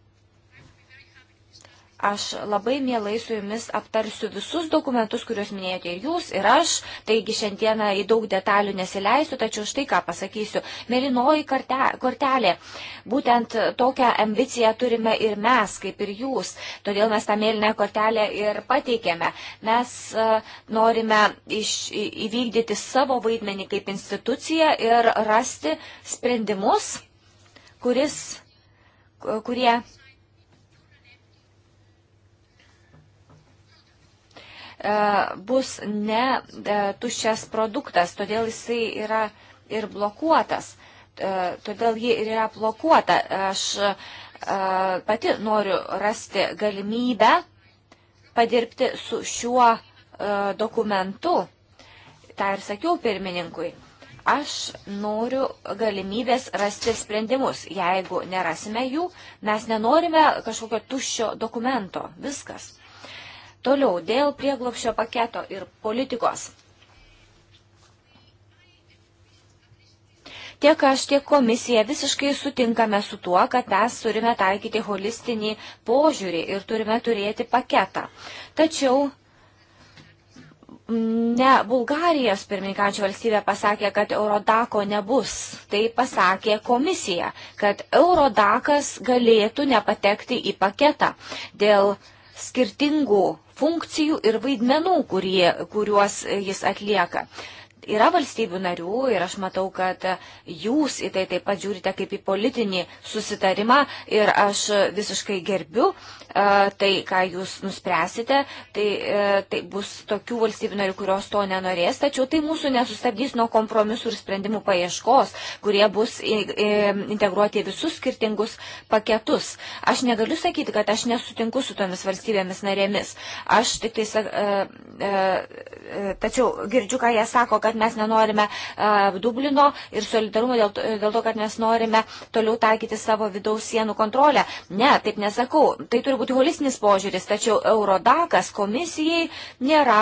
Aš labai mielai su jumis aptarsiu visus dokumentus, kuriuos minėjote ir jūs, ir aš. Taigi šiandieną į daug detalių nesileisiu, tačiau štai ką pasakysiu. Mėlynoji kortelė. Būtent tokią ambiciją turime ir mes, kaip ir jūs. Todėl mes tą mėlyną kortelę ir pateikėme. Mes e, norime iš, įvykdyti savo vaidmenį kaip instituciją ir rasti sprendimus, kuris, kurie E, bus ne e, tuščias produktas, todėl jisai yra ir blokuotas. E, todėl ji ir yra blokuota. Aš pati noriu rasti galimybę padirbti su šiuo dokumentu. Ta ir sakiau pirmininkui. Aš noriu galimybės rasti sprendimus. Jeigu nerasime jų, mes nenorime kažkokio tuščio dokumento. Viskas. Toliau, dėl prieglopšio paketo ir politikos. Tiek aš, tiek komisija visiškai sutinkame su tuo, kad mes turime taikyti holistinį požiūrį ir turime turėti paketą. Tačiau mm, ne Bulgarijos pirmininkančio valstybė pasakė, kad Eurodako nebus. Tai pasakė komisija, kad Eurodakas galėtų nepatekti į paketą dėl skirtingų funkcijų ir vaidmenų, kurie, kuriuos jis atlieka. Uh, Yra valstybių narių ir aš matau, kad jūs į tai taip pat žiūrite kaip į politinį susitarimą ir aš visiškai gerbiu e, tai, ką jūs nuspręsite. Tai, e, tai bus tokių valstybių narių, kurios to nenorės, tačiau tai mūsų nesustabdys nuo kompromisų ir sprendimų paieškos, kurie bus integruoti į visus skirtingus paketus. Aš negaliu sakyti, kad aš nesutinku su tomis valstybėmis narėmis. Aš tik tai, e, tačiau girdžiu, ką jie sako, kad kad mes nenorime e, Dublino ir solidarumo dėl to, dėl to, kad mes norime toliau taikyti savo vidaus sienų kontrolę. Ne, taip nesakau. Tai turi būti holistinis požiūris, tačiau Eurodakas komisijai nėra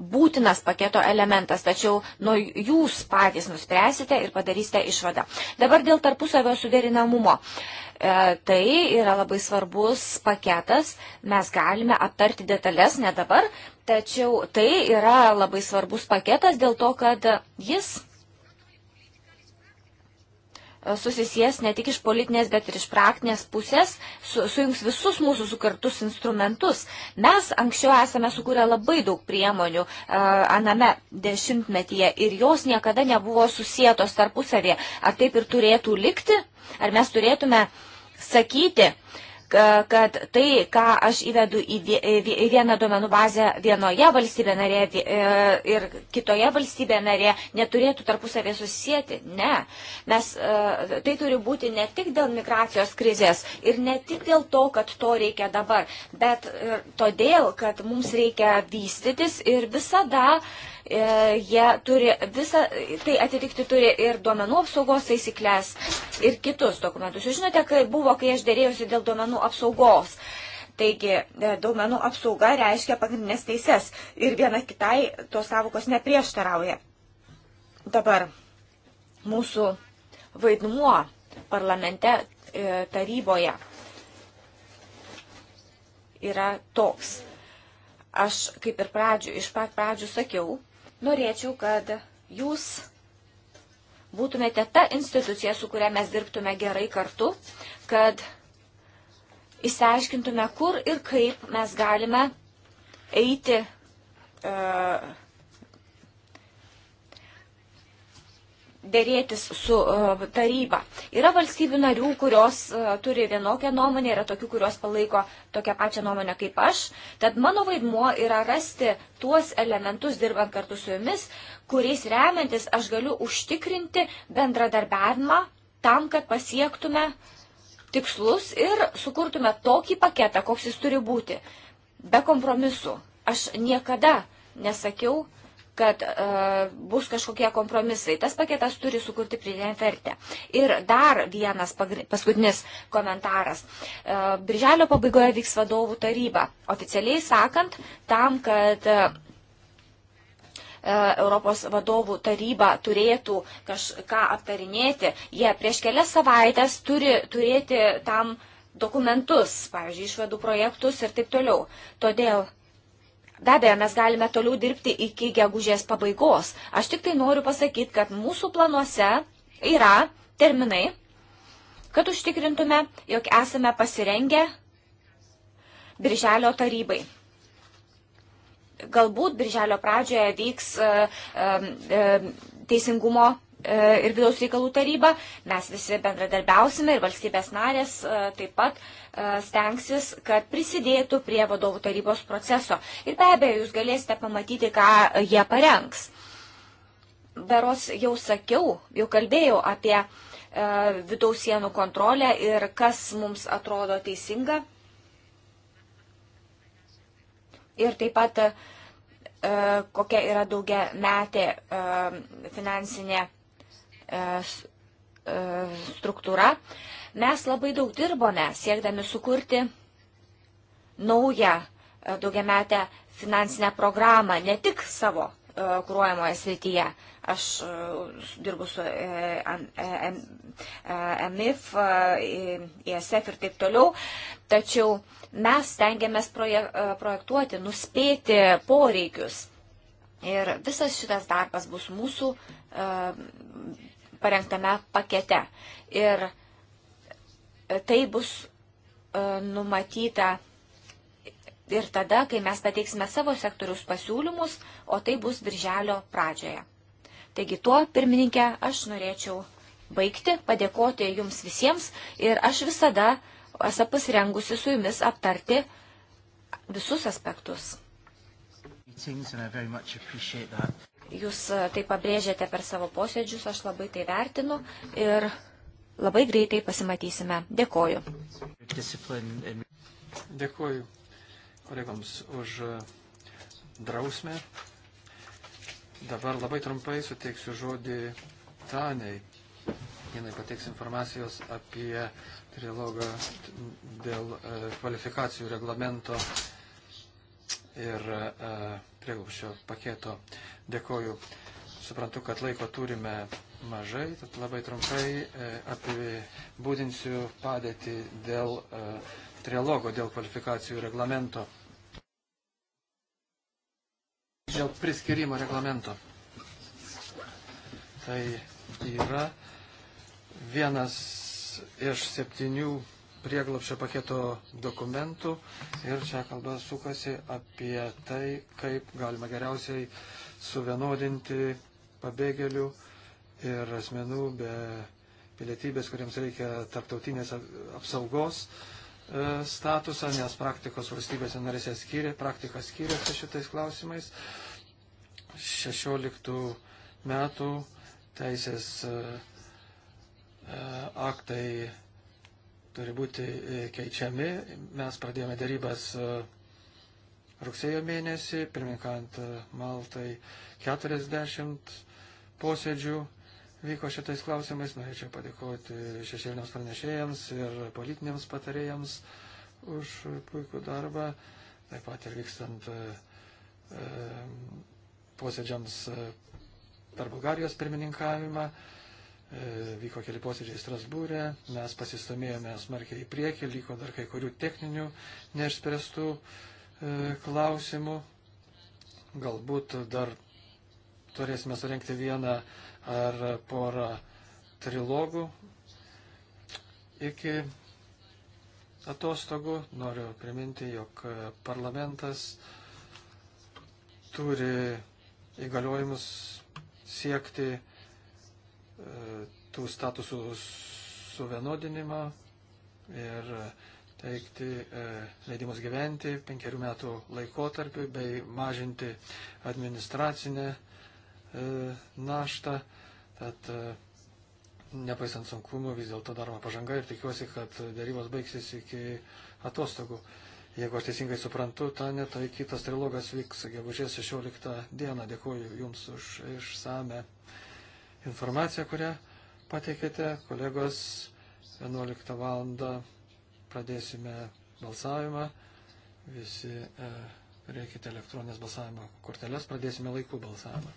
būtinas paketo elementas, tačiau nuo jūs patys nuspręsite ir padarysite išvadą. Dabar dėl tarpusavio suderinamumo. Uh, E, tai yra labai svarbus paketas, mes galime aptarti detalės ne dabar, tačiau tai yra labai svarbus paketas dėl to, kad jis susisies ne tik iš politinės, bet ir iš praktinės pusės, su, sujungs visus mūsų sukartus instrumentus. Mes anksčiau esame sukūrę labai daug priemonių uh, aname dešimtmetyje ir jos niekada nebuvo susijėtos tarpusavėje. Ar taip ir turėtų likti? Ar mes turėtume uh, sakyti, kad tai, ką aš įvedu į vieną duomenų bazę vienoje valstybė narėje e, ir kitoje valstybė narėje, neturėtų tarpusavė susijęti. Ne. Mes e, tai turi būti ne tik dėl migracijos krizės ir ne tik dėl to, kad to reikia dabar, bet e, todėl, kad mums reikia vystytis ir visada uh, E, jie turi visą, tai atitikti turi ir duomenų apsaugos taisyklės ir kitus dokumentus. Jūs žinote, kai buvo, kai aš dėrėjusi dėl duomenų apsaugos. Taigi, e, duomenų apsauga reiškia pagrindinės teises ir viena kitai tos savukos neprieštarauja. Dabar mūsų vaidmuo parlamente e, taryboje yra toks. Aš kaip ir pradžių, iš pat pradžių sakiau, norėčiau, kad jūs būtumėte ta institucija, su kuria mes dirbtume gerai kartu, kad išsiaiškintume, kur ir kaip mes galime eiti uh, dėrėtis su uh, taryba. Yra valstybių narių, kurios uh, turi vienokią nuomonę, yra tokių, kurios palaiko tokią pačią nuomonę kaip aš. Tad mano vaidmuo yra rasti tuos elementus, dirbant kartu su jumis, kuriais remiantis aš galiu užtikrinti bendradarbiavimą tam, kad pasiektume tikslus ir sukurtume tokį paketą, koks jis turi būti. Be kompromisu. Aš niekada nesakiau, uh, kad uh, bus kažkokie kompromisai. Tas paketas turi sukurti pridėtinę vertę. Ir dar vienas pagri... paskutinis komentaras. Uh, Birželio pabaigoje vyks vadovų taryba. Oficialiai sakant, tam, kad uh, Europos vadovų taryba turėtų kažką aptarinėti, jie prieš kelias savaitės turi turėti tam dokumentus, pavyzdžiui, išvadų projektus ir taip toliau. Todėl Be abejo, mes galime toliau dirbti iki gegužės pabaigos. Aš tik tai noriu pasakyti, kad mūsų planuose yra terminai, kad užtikrintume, jog esame pasirengę Birželio tarybai galbūt birželio pradžioje vyks e, e, e, teisingumo E, ir vidaus reikalų taryba. Mes visi bendradarbiausime ir valstybės narės e, taip pat e, stengsis, kad prisidėtų prie vadovų tarybos proceso. Ir be abejo, jūs galėsite pamatyti, ką jie parengs. Beros jau sakiau, jau kalbėjau apie vidaus sienų kontrolę ir kas mums atrodo teisinga. Ir taip pat kokia yra daugia metė finansinė E, e, struktūra. Mes labai daug dirbome, siekdami sukurti naują e, daugiametę finansinę programą, ne tik savo kūruojamoje srityje. Aš dirbu su MIF, ISF ir taip toliau, tačiau mes tengiamės projektuoti, nuspėti poreikius. Ir visas šitas darbas bus mūsų parengtame pakete. Ir tai bus e, numatyta ir tada, kai mes pateiksime savo sektorius pasiūlymus, o tai bus birželio pradžioje. Taigi tuo, pirmininkė, aš norėčiau baigti, padėkoti jums visiems ir aš visada esu pasirengusi su jumis aptarti visus aspektus. Jūs e, tai pabrėžėte per savo posėdžius, aš labai tai vertinu ir labai greitai pasimatysime. Dėkoju. Dėkoju kolegoms už e, drausmę. Dabar labai trumpai suteiksiu žodį Taniai. Jinai pateiks informacijos apie trilogą dėl e, kvalifikacijų reglamento ir uh, prieglupščio paketo. Dėkoju. Suprantu, kad laiko turime mažai, tad labai trumpai e, apibūdinsiu padėtį dėl e, trialogo, dėl kvalifikacijų reglamento. Dėl priskirimo reglamento. Tai yra vienas iš septynių prieglapšio paketo dokumentų ir čia kalba sukasi apie tai, kaip galima geriausiai suvienodinti pabėgėlių ir asmenų be pilietybės, kuriems reikia tarptautinės apsaugos e, statusą, nes praktikos valstybėse narėse skiria, praktika skiriasi šitais klausimais. 16 metų teisės e, e, aktai turi būti e, keičiami. Mes pradėjome darybas e, rugsėjo mėnesį, pirminkant e, Maltai 40 posėdžių vyko šitais klausimais. Norėčiau padėkoti šešėliniams pranešėjams ir politiniams patarėjams už puikų darbą. Taip pat ir vykstant posėdžiams per Bulgarijos pirmininkavimą. E, vyko keli posėdžiai Strasbūrė, mes pasistumėjome smarkiai į priekį, liko dar kai kurių techninių neišspręstų e, klausimų. Galbūt dar turėsime surenkti vieną ar porą trilogų iki atostogų. Noriu priminti, jog parlamentas turi įgaliojimus siekti tų statusų suvienodinimą ir teikti e, leidimus gyventi penkerių metų laikotarpiu bei mažinti administracinę e, naštą. Tad e, nepaisant sunkumų vis dėlto daroma pažanga ir tikiuosi, kad darybos baigsis iki atostogų. Jeigu aš teisingai suprantu, Tane, tai kitas trilogas vyks gegužės 16 dieną. Dėkuoju Jums už išsame informaciją, kurią pateikėte. Kolegos, 11 val. pradėsime balsavimą. Visi e, reikite elektroninės balsavimo korteles, pradėsime laikų balsavimą.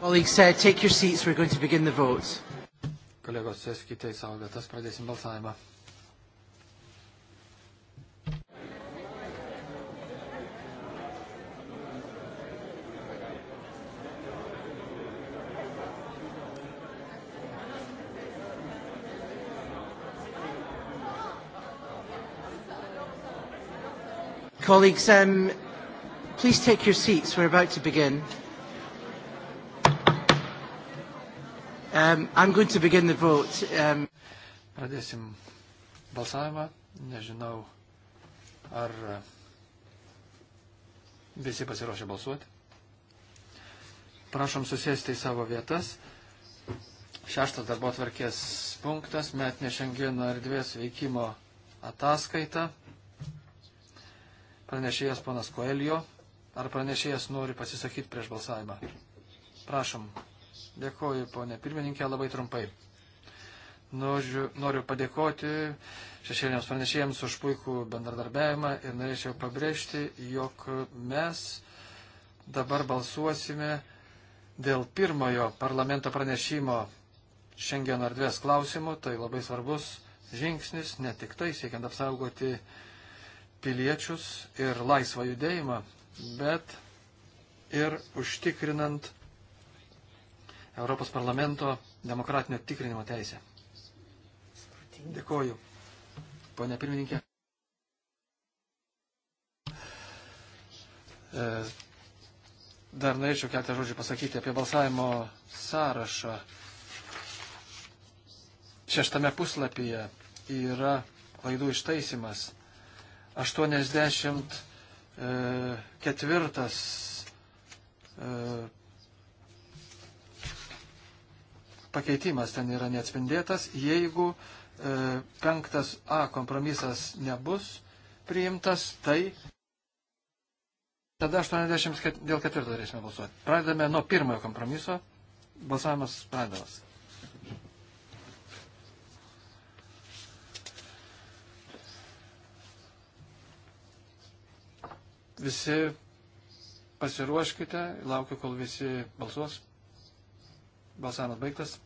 Colleagues, uh, take your seats. We're going to begin the vote. Kolegos, sėskite į savo vietas, pradėsim balsavimą. Colleagues, um, please take your seats. We're about to begin. Um, I'm going to begin the vote. Um... Pradėsim balsavimą. Nežinau, ar uh, visi pasiruošę balsuoti. Prašom susėsti į savo vietas. Šeštas darbo tvarkės punktas - metinė šengeno erdvės veikimo ataskaita. Pranešėjas ponas Koelio. Ar pranešėjas nori pasisakyti prieš balsavimą? Prašom. Dėkuoju, ponė pirmininkė, labai trumpai. Noriu, noriu padėkoti šešėliniams pranešėjams už puikų bendradarbiavimą ir norėčiau pabrėžti, jog mes dabar balsuosime dėl pirmojo parlamento pranešimo šiandien erdvės klausimų. Tai labai svarbus žingsnis, ne tik tai siekiant apsaugoti piliečius ir laisvą judėjimą, bet ir užtikrinant Europos parlamento demokratinio tikrinimo teisę. Dėkoju, ponė pirmininkė. E, dar norėčiau keletą žodžių pasakyti apie balsavimo sąrašą. Šeštame puslapyje yra klaidų ištaisimas. 84 pakeitimas ten yra neatspindėtas. Jeigu e, penktas A kompromisas nebus priimtas, tai tada 80 dėl ketvirto turėsime balsuoti. Pradedame nuo pirmojo kompromiso. Balsavimas pradedamas. Visi pasiruoškite, laukiu, kol visi balsuos. Balsavimas baigtas.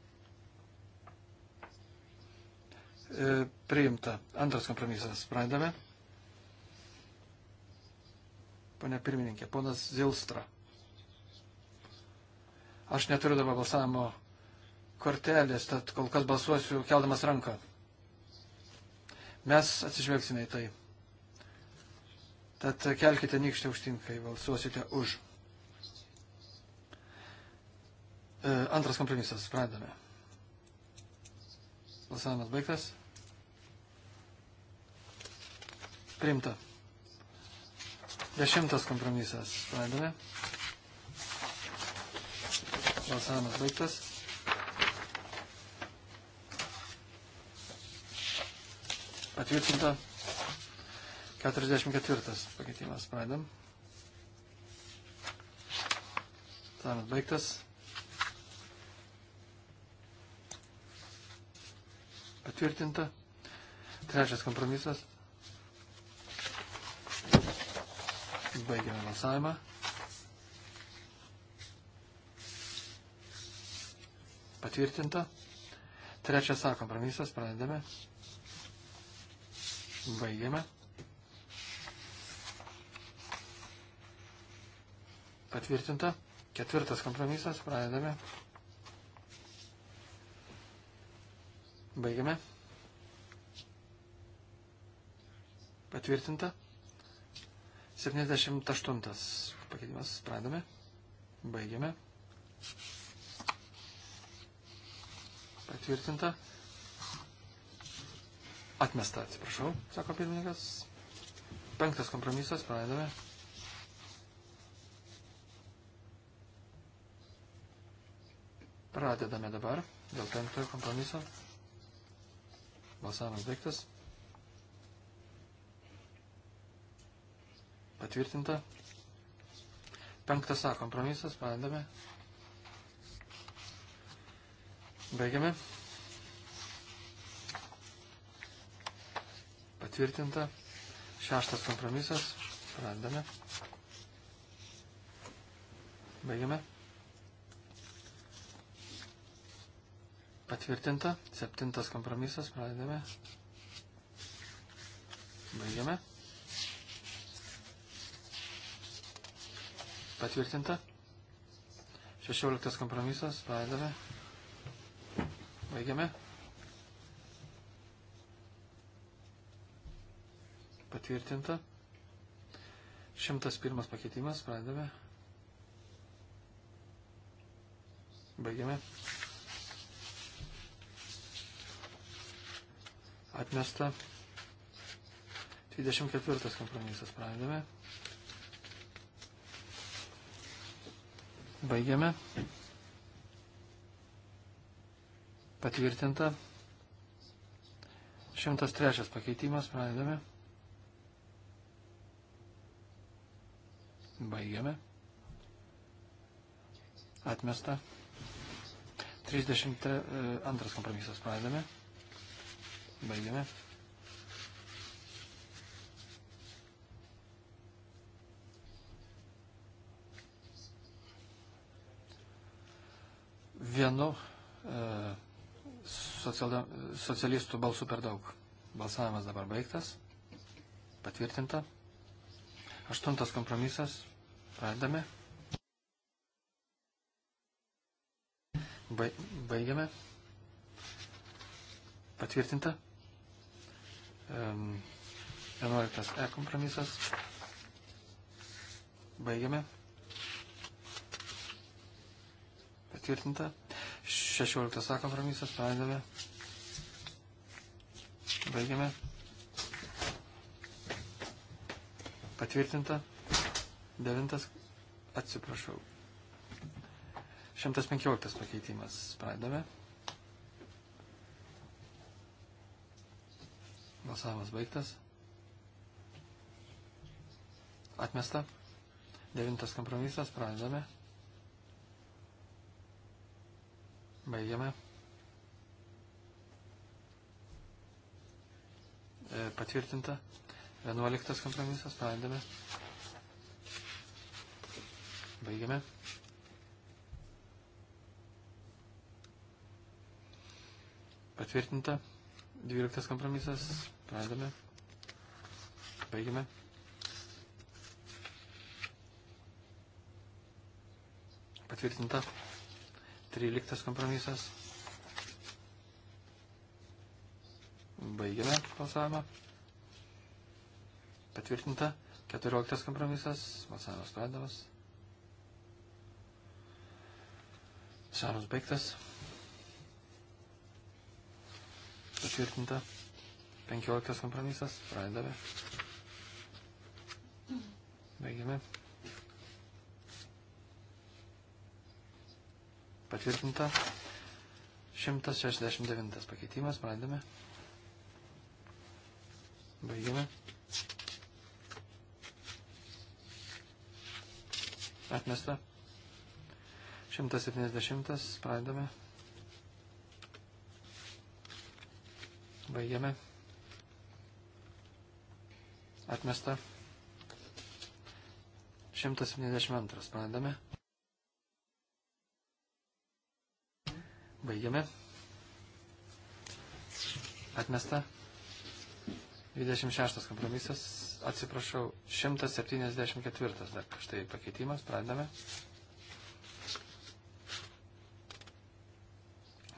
E, priimta. Antras kompromisas. Pradame. Pane pirmininkė, ponas Zilstra. Aš neturiu dabar balsavimo kortelės, tad kol kas balsuosiu keldamas ranką. Mes atsižvelgsime į tai. Tad kelkite nykštį aukštyn, kai balsuosite už. E, antras kompromisas. Pradame. Balsavimas baigtas. Primta. Dešimtas kompromisas. Pradame. Balsavimas baigtas. Patvirtinta. 44 pakeitimas. Pradam. Balsavimas baigtas. Patvirtinta. Trečias kompromisas. Baigiame balsavimą. Patvirtinta. Trečias A kompromisas. Pradedame. Baigiame. Patvirtinta. Ketvirtas kompromisas. Pradedame. Baigiame. Patvirtinta. 78 pakeitimas. Pradame. Baigiame. Patvirtinta. Atmesta, atsiprašau, sako pirmininkas. Penktas kompromisas, pradedame. Pradedame dabar dėl penktojo kompromiso. Balsavimas baigtas. Patvirtinta. Penktas A kompromisas. Pradedame. Baigiame. Patvirtinta. Šeštas kompromisas. Pradedame. Baigiame. Patvirtinta. Septintas kompromisas. Pradedame. Baigiame. Patvirtinta. 16 kompromisas. Pradedame. Baigiame. Patvirtinta. 101 pakeitimas. Pradedame. Baigiame. Atmesta. 24 kompromisas. Pradedame. Baigiame. Patvirtinta. 103 pakeitimas. Pradedame. Baigiame. Atmesta. 32 e, kompromisas. Pradedame. Baigiame. vienu e, socialistų balsų per daug. Balsavimas dabar baigtas. Patvirtinta. Aštuntas kompromisas. Pradame. Baigiame. Patvirtinta. 11 E kompromisas. Baigiame. Patvirtinta. 16 kompromisas pradedame. Baigiame. Patvirtinta. 9. Atsiprašau. 115 pakeitimas pradedame. Balsavimas baigtas. Atmesta. Devintas kompromisas pradedame. Baigiame. E, patvirtinta. 11 kompromisas. Pradedame. Baigiame. Patvirtinta. 12 kompromisas. Pradedame. Baigiame. Patvirtinta. 13 kompromisas. Baigiame balsavimą. Patvirtinta. 14 kompromisas. Balsavimas pradedamas. Balsavimas baigtas. Patvirtinta. 15 kompromisas. Pradedame. Baigiame. Patvirtinta. 169 pakeitimas. Pradėme. Baigėme. Atmesta. 170. Pradėme. Baigėme. Atmesta. 172. Pradėme. Baigiame. Atmesta. 26 kompromisas. Atsiprašau, 174 dar štai pakeitimas. Pradedame.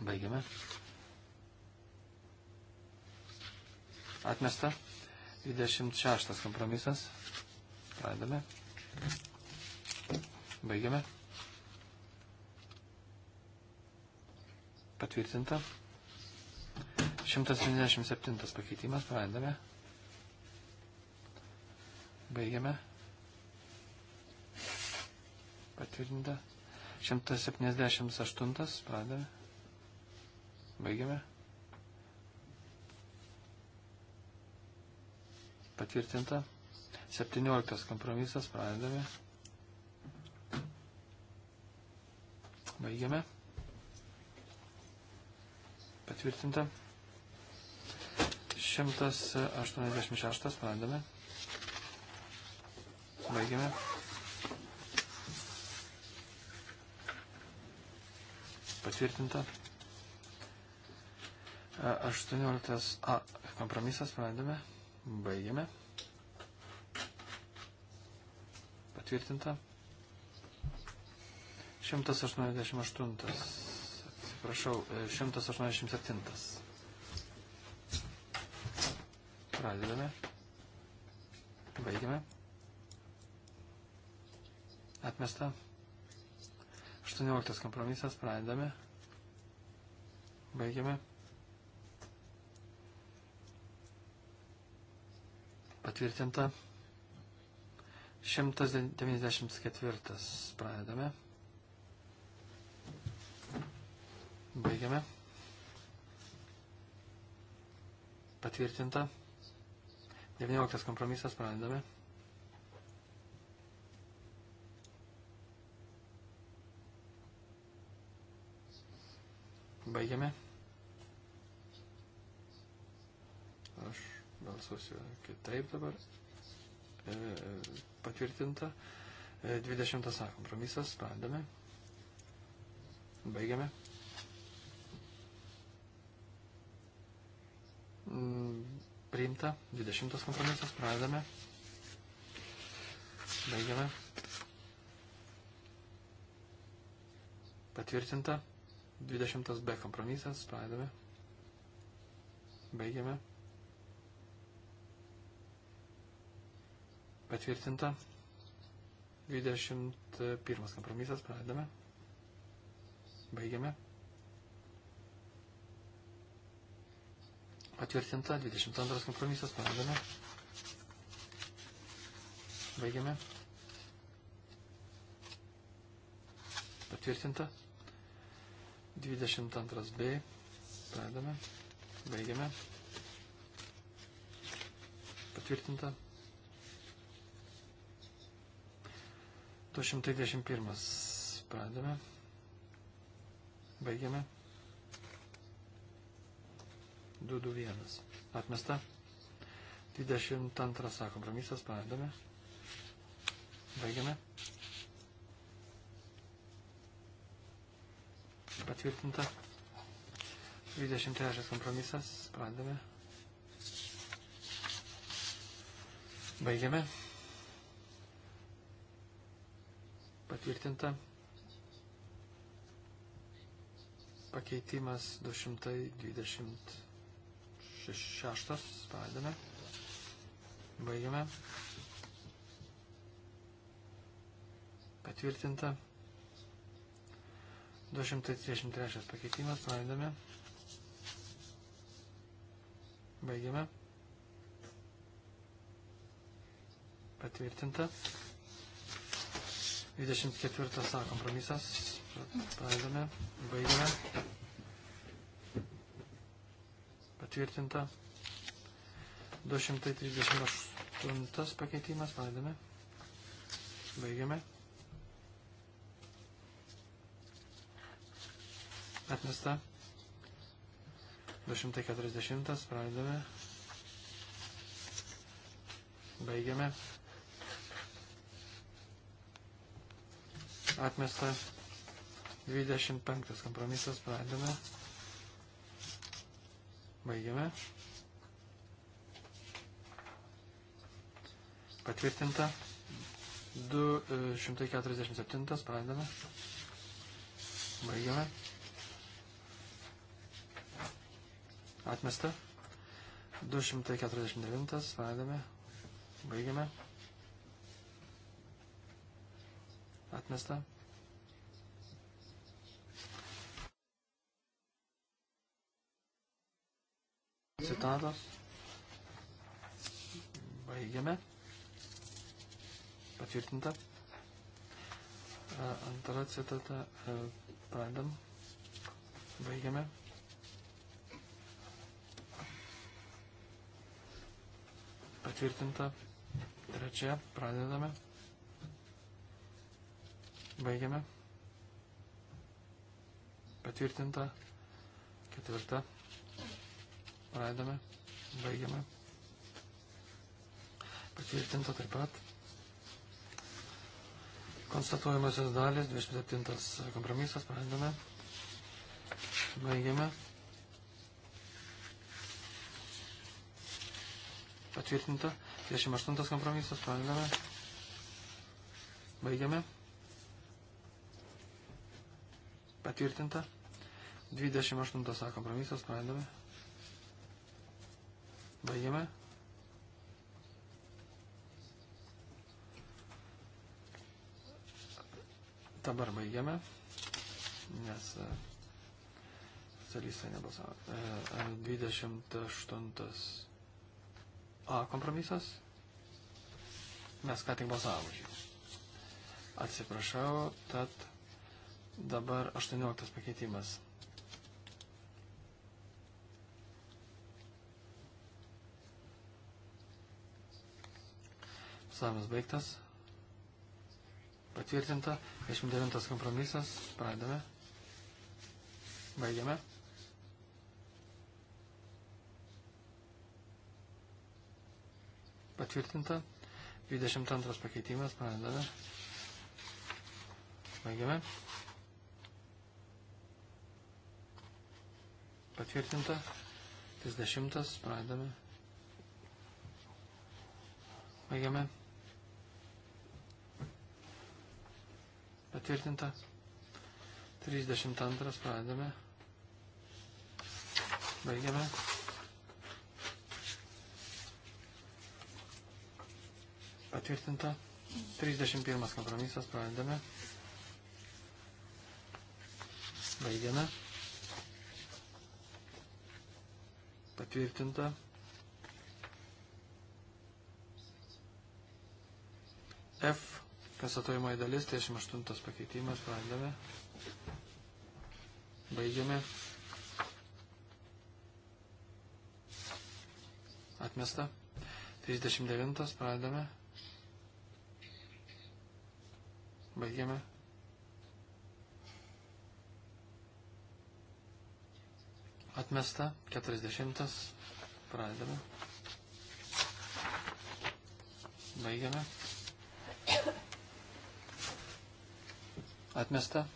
Baigiame. Atmesta. 26 kompromisas. Pradedame. Baigiame. Patvirtinta. 197 pakeitimas. Pradedame. Baigiame. Patvirtinta. 178. Pradedame. Baigiame. Patvirtinta. 17 kompromisas. Pradedame. Baigiame. Patvirtinta. 186 pradame. Baigiame. Patvirtinta. 18 A kompromisas pradame. Baigiame. Patvirtinta. 188 atsiprašau, 187. E, Pradedame. Baigime. Atmesta. 18 kompromisas. Pradedame. Baigime. Patvirtinta. 194. Pradedame. Baigiame. Patvirtinta. 19 kompromisas pradedame. Baigiame. Aš balsuosiu kitaip dabar. E, patvirtinta. E, 20 kompromisas. Pradame. Baigiame. Priimta. 20 kompromisas. Pradedame. Baigiame. Patvirtinta. 20 B kompromisas. Pradedame. Baigiame. Patvirtinta. 21 kompromisas. Pradedame. Baigiame. Patvirtinta. 22 kompromisas. Pradame. Baigiame. Patvirtinta. 22b. Pradame. Baigiame. Patvirtinta. 221. Pradame. Baigiame. 221. Atmesta. 22 A kompromisas. Pradedame. Baigiame. Patvirtinta. 23 kompromisas. Pradedame. Baigiame. Patvirtinta. Pakeitimas 220 šeštas, pradedame, baigiame. Patvirtinta. 233 pakeitimas, pradedame. Baigiame. Patvirtinta. 24 A kompromisas. Pradedame. Baigiame patvirtinta. 238 pakeitimas, pradame. Baigiame. Atmesta. 240, pradame. Baigiame. Atmesta. 25 kompromisas, pradame. Baigiame. Patvirtinta. 247. E, pradedame. Baigiame. Atmesta. 249. Pradedame. Baigiame. Atmesta. Citatos. Baigiame. Patvirtinta. E, antra citata. E, Pradam. Baigiame. Patvirtinta. Trečia. Pradedame. Baigiame. Patvirtinta. Ketvirta pradedame, baigiame. Patvirtinta taip pat. Konstatuojamosios dalis, 27 kompromisas, pradedame, baigiame. Patvirtinta. 28 kompromisas, pradedame. Baigiame. Patvirtinta. 28 kompromisas, pradedame. Baigiame. Dabar baigiame, nes e, socialistai nebalsavo. 28 e, e, A kompromisas. Mes ką tik balsavome šį. Atsiprašau, tad dabar 18 pakeitimas. Savimas baigtas. Patvirtinta. 29 kompromisas. Pradame. Baigiame. Patvirtinta. 22 pakeitimas. Pradame. Baigiame. Patvirtinta. 30. Pradame. Baigiame. patvirtinta. 32 pradedame. Baigiame. Patvirtinta. 31 kompromisas pradedame. Baigiame. Patvirtinta. 31. F Konstatuojamoji dalis, 38 pakeitimas, pradedame. Baigiame. Atmesta. 39 pradedame. Baigiame. Atmesta. 40 pradedame. Baigiame atmesta.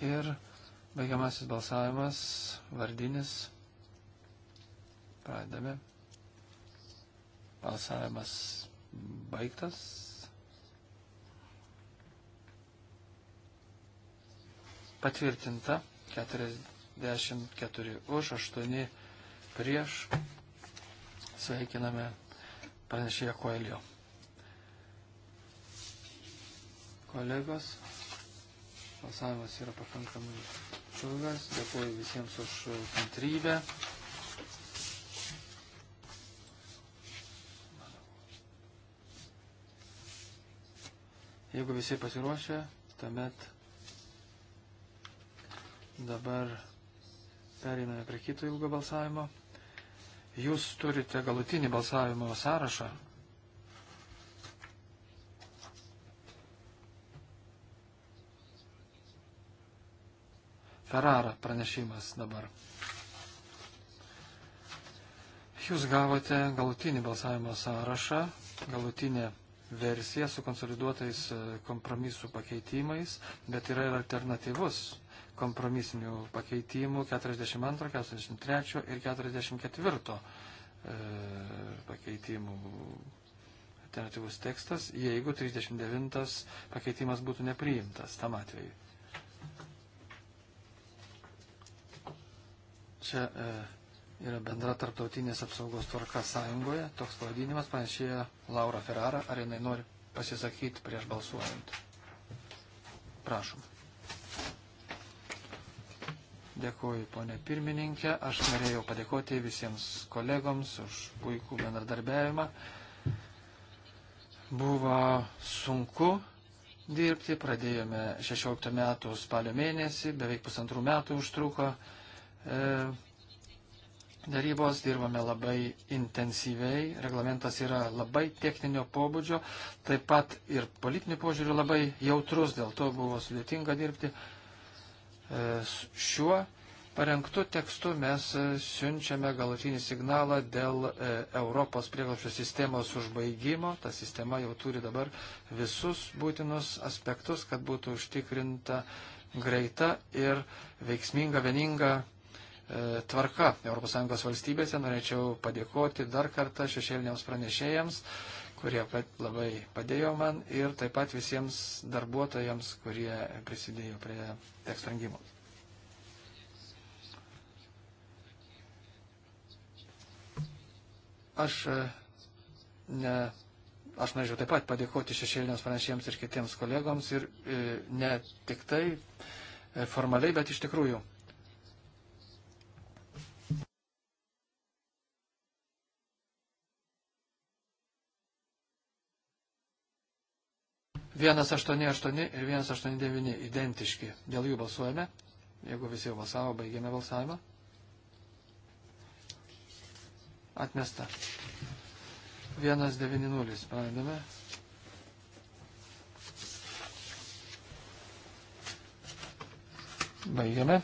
Ir baigiamasis balsavimas, vardinis. Pradedame. Balsavimas baigtas. Patvirtinta 44 už, 8 prieš. Sveikiname pranešėją Koelio. Kolegos. Balsavimas yra pakankamai ilgas. Dėkuoju visiems už kantrybę. Jeigu visi pasiruošę, tuomet dabar periname prie kito ilgo balsavimo. Jūs turite galutinį balsavimo sąrašą, Ferrara pranešimas dabar. Jūs gavote galutinį balsavimo sąrašą, galutinę versiją su konsoliduotais e, kompromisų pakeitimais, bet yra ir alternatyvus kompromisinių pakeitimų 42, 43 ir 44 e, pakeitimų alternatyvus tekstas, jeigu 39 pakeitimas būtų nepriimtas tam atveju. Čia e, yra bendra tarptautinės apsaugos tvarka sąjungoje. Toks pavadinimas panašėja Laura Ferrara. Ar jinai nori pasisakyti prieš balsuojant? Prašom. Dėkuoju, ponė pirmininkė. Aš norėjau padėkoti visiems kolegoms už puikų bendradarbiavimą. Buvo sunku dirbti, pradėjome 16 metų spalio mėnesį, beveik pusantrų metų užtruko E, darybos, dirbame labai intensyviai, reglamentas yra labai techninio pobūdžio, taip pat ir politinių požiūrių labai jautrus, dėl to buvo sudėtinga dirbti. E, šiuo parengtu tekstu mes e, siunčiame galutinį signalą dėl Europos prieglapščio sistemos užbaigimo. Ta sistema jau turi dabar visus būtinus aspektus, kad būtų užtikrinta greita ir veiksminga, vieninga E, tvarka ES valstybėse. Norėčiau padėkoti dar kartą šešėliniams pranešėjams, kurie labai padėjo man ir taip pat visiems darbuotojams, kurie prisidėjo prie teksto rengimo. Aš e, ne aš norėčiau taip pat padėkoti šešėliniams pranešėjams ir kitiems kolegoms ir e, ne tik tai formaliai, bet iš tikrųjų 188 ir 189 identiški. Dėl jų balsuojame. Jeigu visi jau balsavo, baigėme balsavimą. Atmesta. 190 pradedame. Baigiame.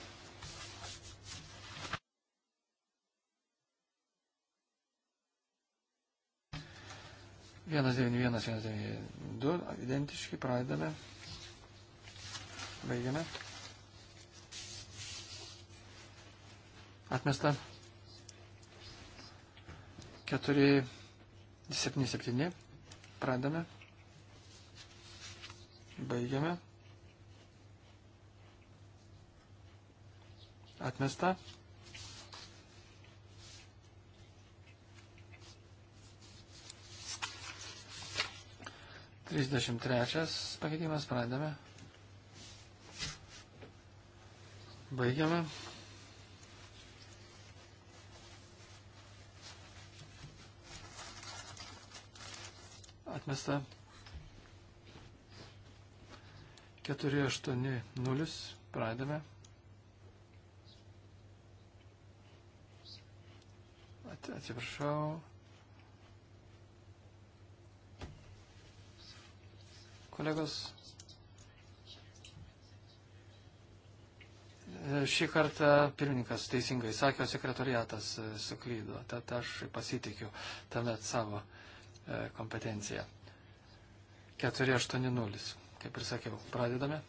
191, 192, identiški, pradedame, baigiame. Atmesta 477, pradedame, baigiame. Atmesta 478. 33 pakeitimas pradame. Baigiame. Atmesta 480 pradame. Atsiprašau. kolegos. Šį kartą pirmininkas teisingai sakė, sekretariatas e, suklydo, tad aš pasitikiu tamet savo e, kompetenciją. 480, kaip ir sakiau, pradedame.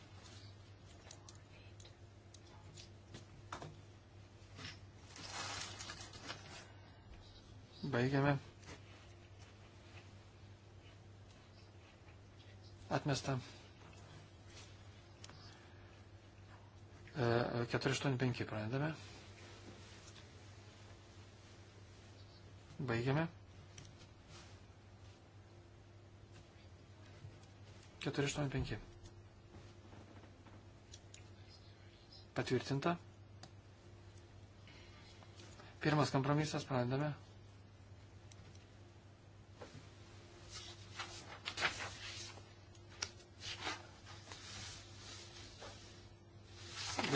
Baigiame. Atmesta. 485 e, pradedame. Baigiame. 485. Patvirtinta. Pirmas kompromisas, pradedame.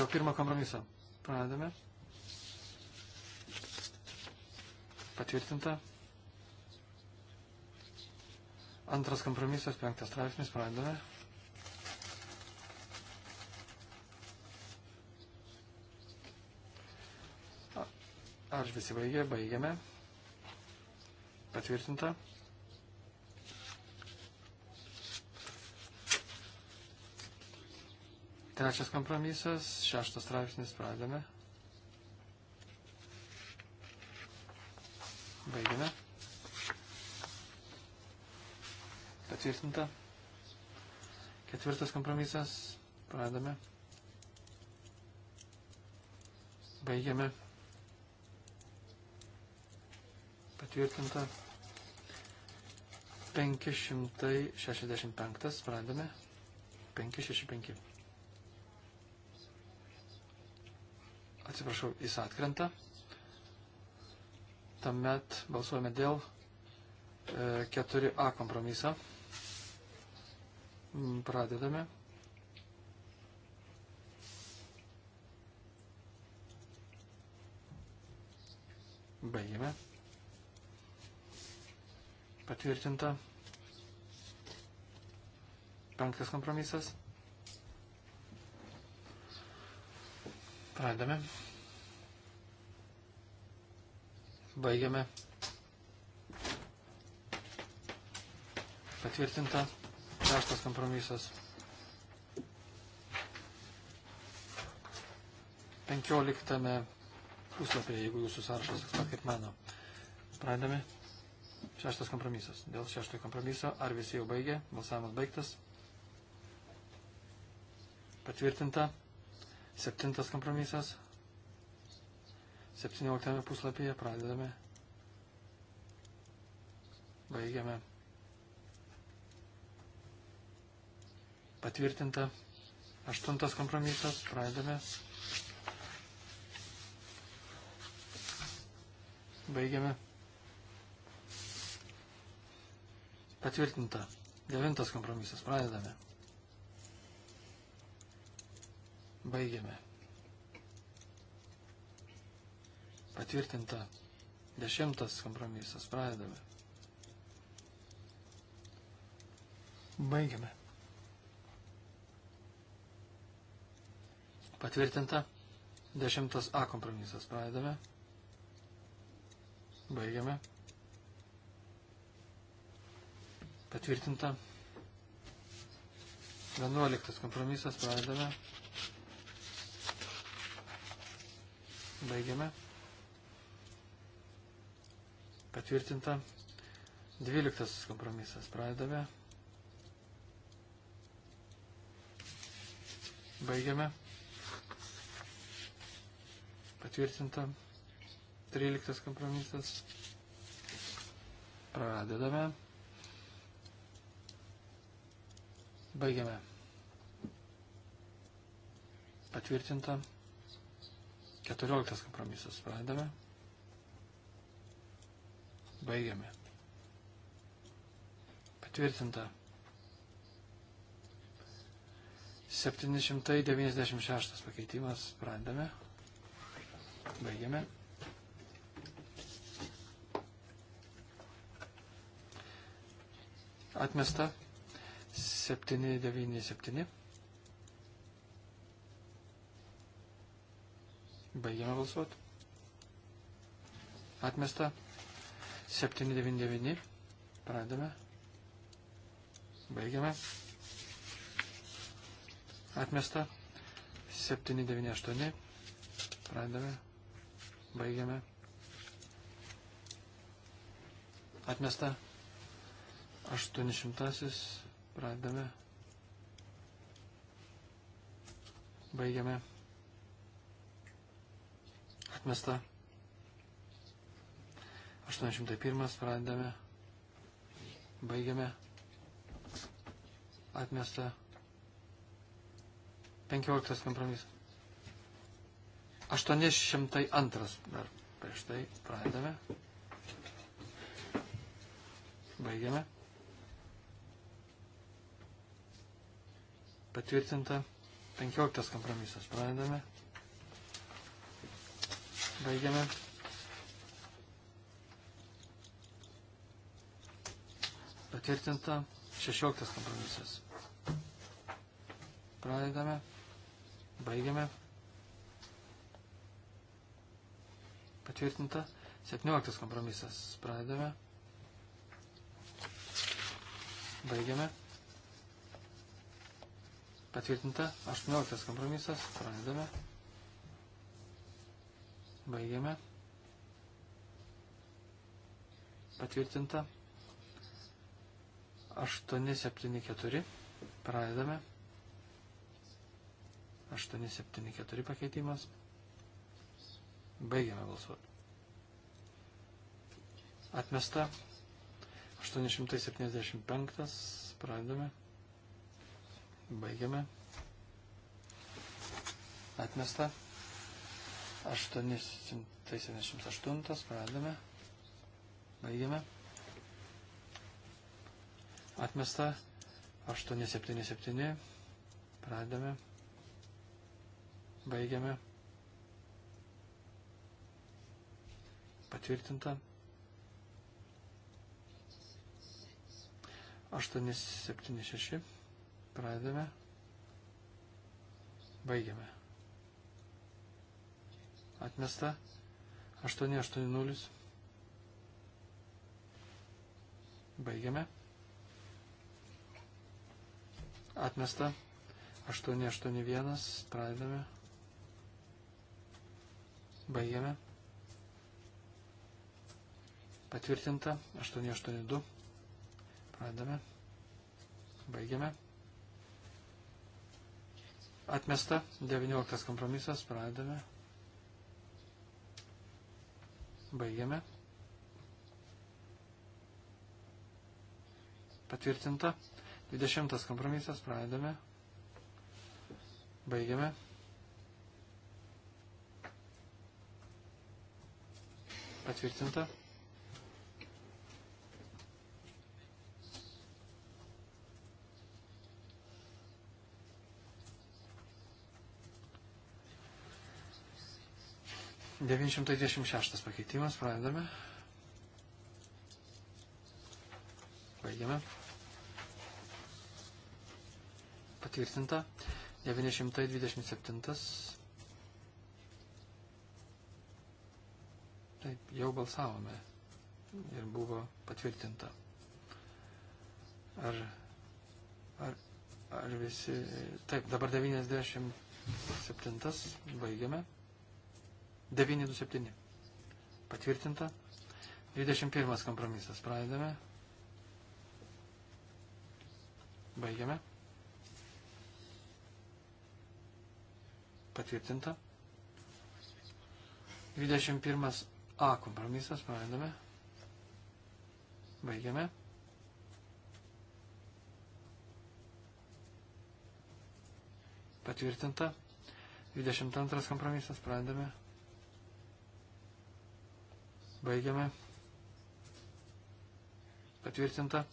dėl pirmo kompromiso. Pradame. Patvirtinta. Antras kompromisas, penktas straipsnis, pradedame. Ar visi baigė? Baigėme. Patvirtinta. Trečias kompromisas, šeštas straipsnis, pradame. Baigime. Patvirtinta. Ketvirtas kompromisas, pradame. Baigiame. Patvirtinta. 565, pradame. 565. atsiprašau, jis atkrenta. Tuomet balsuojame dėl 4A e, kompromisą. Mm, pradedame. Baigime. Patvirtinta. Penktas kompromisas. Pradedame. Baigiame. Patvirtinta. Šeštas kompromisas. 15 puslapyje, jeigu jūsų sąrašas toks pat kaip mano. Pradame. Šeštas kompromisas. Dėl šeštojo kompromiso. Ar visi jau baigė? Balsavimas baigtas. Patvirtinta. Septintas kompromisas. 17 puslapyje pradedame, baigiame. Patvirtinta. Aštuntas kompromisas, pradedame. Baigiame. Patvirtinta. Devintas kompromisas, pradedame. Baigiame. patvirtinta. Dešimtas kompromisas. Pradedame. Baigiame. Patvirtinta. Dešimtas A kompromisas. Pradedame. Baigiame. Patvirtinta. Vienuoliktas kompromisas. Pradedame. Baigiame patvirtinta. Dvyliktasis kompromisas pradedame. Baigiame. Patvirtinta. Tryliktas kompromisas. Pradedame. Baigiame. Patvirtinta. Keturioliktas kompromisas. Pradedame. Baigiame. Patvirtinta. 796 pakeitimas. Prandame. Baigiame. Atmesta. 797. Baigiame balsuoti. Atmesta. 799. Pradame. Baigiame. Atmesta. 798. Pradame. Baigiame. Atmesta. 800. Pradame. Baigiame. Atmesta. 801 pradedame, baigiame, atmesta 15 kompromisas. 802 dar prieš tai pradedame, baigiame, patvirtinta 15 kompromisas pradedame, baigiame. patvirtinta. 16 kompromisas. Pradedame, baigiame. Patvirtinta. 17 kompromisas. Pradedame. Baigiame. Patvirtinta. 18 kompromisas. Pradedame. Baigiame. Patvirtinta. 874. Pradedame. 874 pakeitimas. Baigiame balsuoti. Atmesta. 875. Pradedame. Baigiame. Atmesta. 878. Pradedame. Baigiame atmesta. 877. Pradedame. Baigiame. Patvirtinta. 876. Pradedame. Baigiame. Atmesta. 880. Baigiame atmesta. 881, pradedame. Baigiame. Patvirtinta. 882. Pradedame. Baigiame. Atmesta. 19 kompromisas. Pradedame. Baigiame. Patvirtinta. 20 kompromisas, pradedame. Baigiame. Patvirtinta. Devinšimtai dvidešimt šeštas pakeitimas, pradedame. Baigiame patvirtinta. 927. Taip, jau balsavome ir buvo patvirtinta. Ar, ar, ar visi. Taip, dabar 97. Baigiame. 927. Patvirtinta. 21 kompromisas. Pradedame. Baigiame. patvirtinta. 21 A kompromisas, pradedame. Baigiame. Patvirtinta. 22 kompromisas, pradedame. Baigiame. Patvirtinta.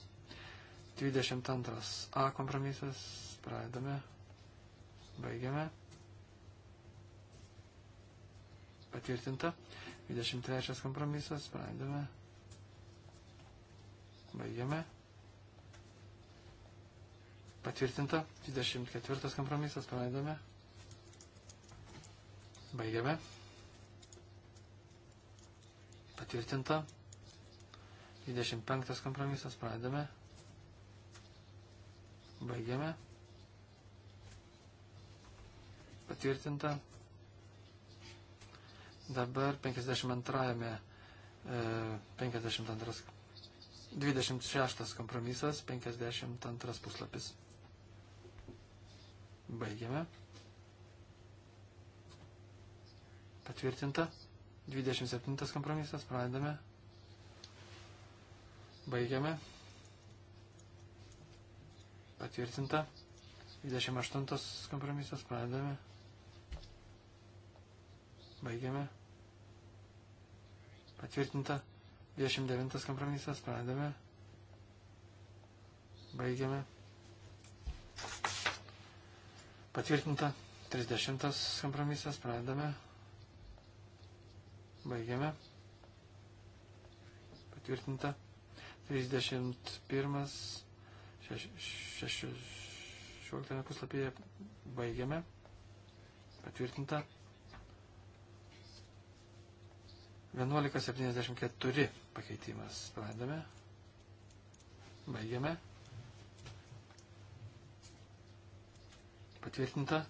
22 A kompromisas, pradedame. Baigiame. patvirtinta. 23 kompromisas, pradedame. Baigiame. Patvirtinta. 24 kompromisas, pradedame. Baigiame. Patvirtinta. 25 kompromisas, pradedame. Baigiame. Patvirtinta. Dabar 52, 52, 26 kompromisas, 52 puslapis. Baigiame. Patvirtinta. 27 kompromisas, pradedame. Baigiame. Patvirtinta. 28 kompromisas, pradedame. Baigiame. Patvirtinta. 29 kompromisas. Pradame. Baigiame. Patvirtinta. 30 kompromisas. Pradame. Baigiame. Patvirtinta. 31. 16 puslapyje baigiame. Patvirtinta. 1174 pakeitimas. Pradame. Baigiame. Patvirtinta.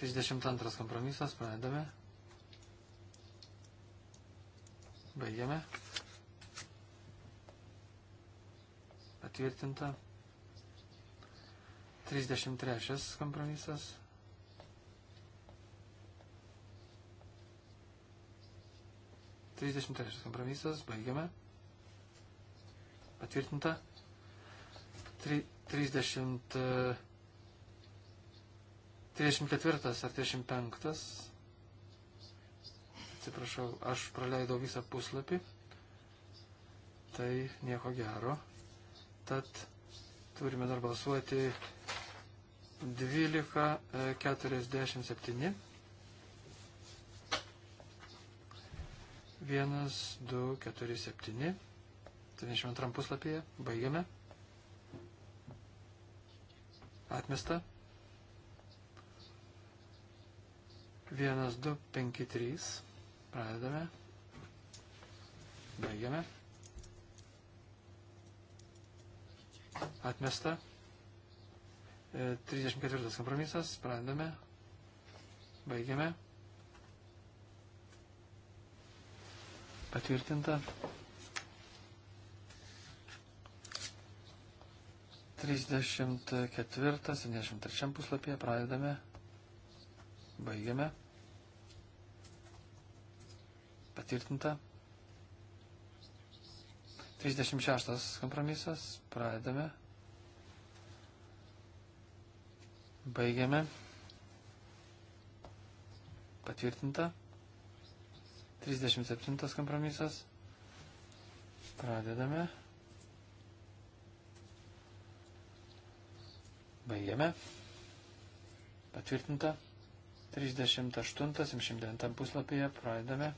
32 kompromisas. Pradame. Baigiame. Patvirtinta. 33 kompromisas. 33 kompromisas, baigiame. Patvirtinta. 30, 34 e, ar 35. Atsiprašau, aš praleidau visą puslapį. Tai nieko gero. Tad turime dar balsuoti 12.47. 1, 2, 4, 7. 72 puslapyje. Baigiame. Atmesta. 1, 2, 5, 3. Pradedame. Baigiame. Atmesta. 34 e, kompromisas. Pradedame. Baigiame. Patvirtinta. 34-73 puslapyje pradedame, baigiame. Patvirtinta. 36 kompromisas, pradedame. Baigiame. Patvirtinta. 37 kompromisas. Pradedame. Baigiame. Patvirtinta. 38-79 puslapyje pradedame.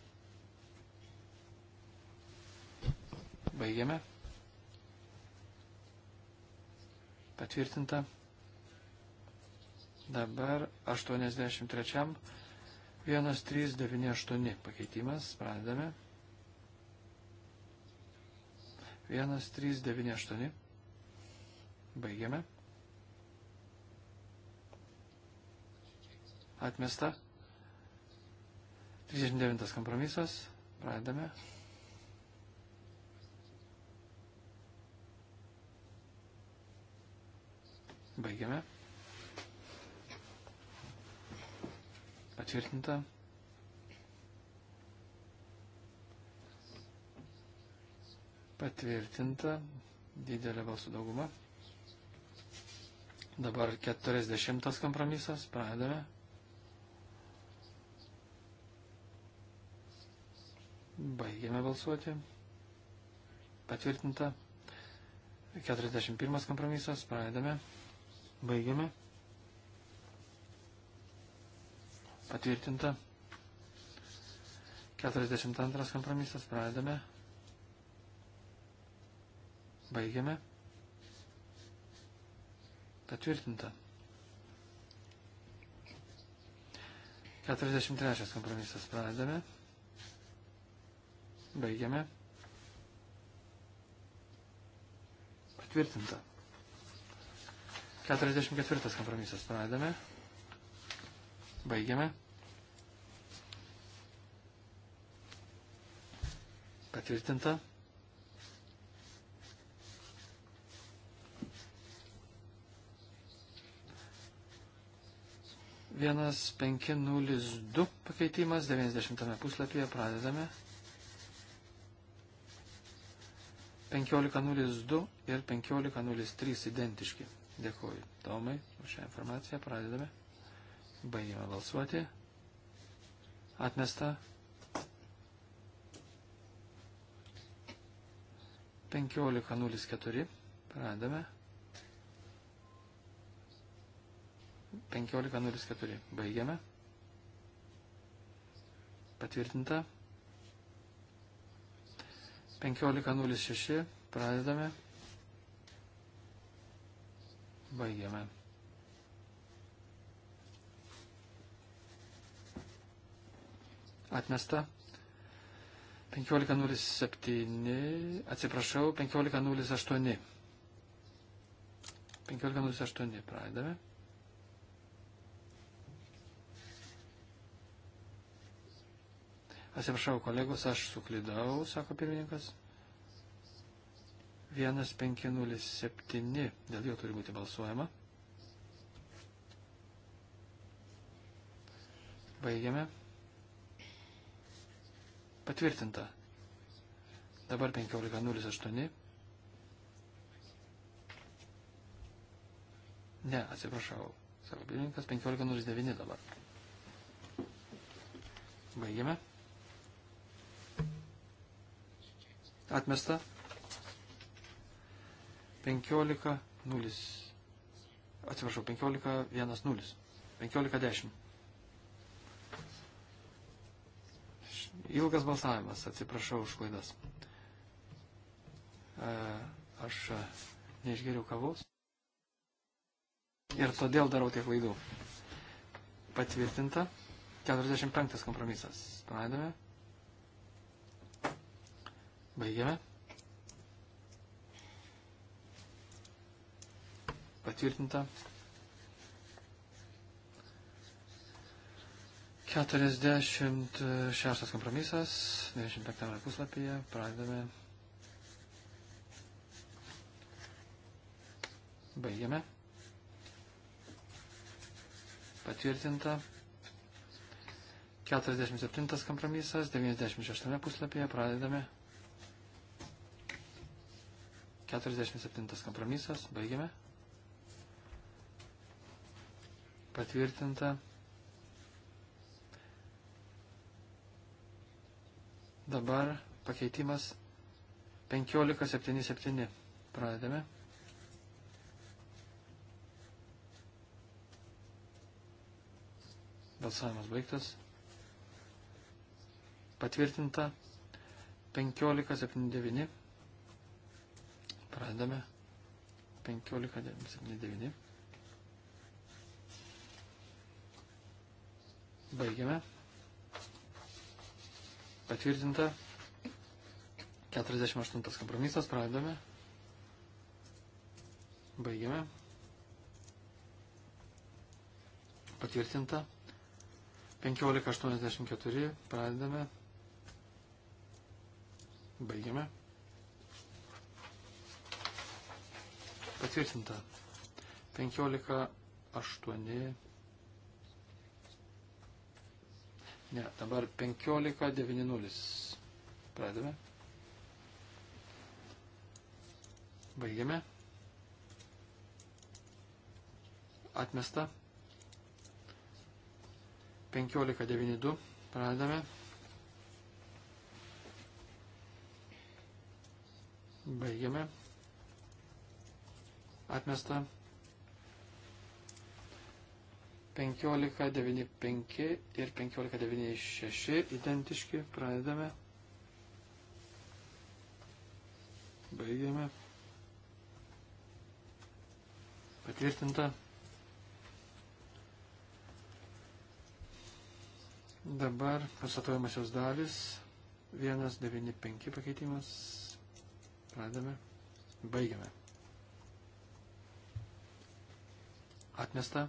Baigiame. Patvirtinta. Dabar 83 1398 pakeitimas, pradedame. 1398. Baigiame. Atmesta. 39 kompromisas. Pradedame. Baigiame. Patvirtinta. Patvirtinta didelė balsų dauguma. Dabar 40 kompromisas, pradedame. Baigėme balsuoti. Patvirtinta. 41 kompromisas, pradedame. Baigėme. patvirtinta. 42 kompromisas pradedame. Baigiame. Patvirtinta. 43 kompromisas pradedame. Baigiame. Patvirtinta. 44 kompromisas pradedame. Baigiame. Patvirtinta. Vienas penki nulis du pakeitimas, devyniasdešimtame puslapyje pradedame. 15.02 ir 15.03 identiški. Dėkuoju Tomai už šią informaciją. Pradedame. Baigiame balsuoti. Atmesta. 15.04. Pradame. 15.04. Baigiame. Patvirtinta. 15.06. Pradedame. Baigiame. atmesta. 15.07, atsiprašau, 15.08. 15.08 pradedame. Atsiprašau, kolegos, aš suklydau, sako pirmininkas. 1507, dėl jo turi būti balsuojama. Baigiame. Patvirtinta. Dabar 15.08. Ne, atsiprašau. Sako pirmininkas 15.09 dabar. Baigiame. Atmesta. 15.0. Atsiprašau, 15.10. 15.10. Ilgas balsavimas, atsiprašau už klaidas. E, aš e, neišgeriau kavos. Ir todėl darau tiek klaidų. Patvirtinta. 45 kompromisas. Pradame. Baigiame. Patvirtinta. 46 kompromisas, 25 puslapyje, pradedame. Baigiame. Patvirtinta. 47 kompromisas, 96 puslapyje, pradedame. 47 kompromisas, baigiame. Patvirtinta. Dabar pakeitimas 1577. Pradedame. Balsavimas baigtas. Patvirtinta 1579. Pradedame. 1579. Baigiame patvirtinta. 48 kompromisas, pradedame. Baigiame. Patvirtinta. 1584, pradedame. Baigiame. Patvirtinta. 15.8. Ne, dabar 15.90. Pradame. Baigiame. Atmesta. 15.92. Pradame. Baigiame. Atmesta. 15.93. 1595 ir 1596 identiški. Pradedame. Baigiame. Patvirtinta. Dabar konstatuojamasios dalis. 195 pakeitimas. Pradedame. Baigiame. Atmesta.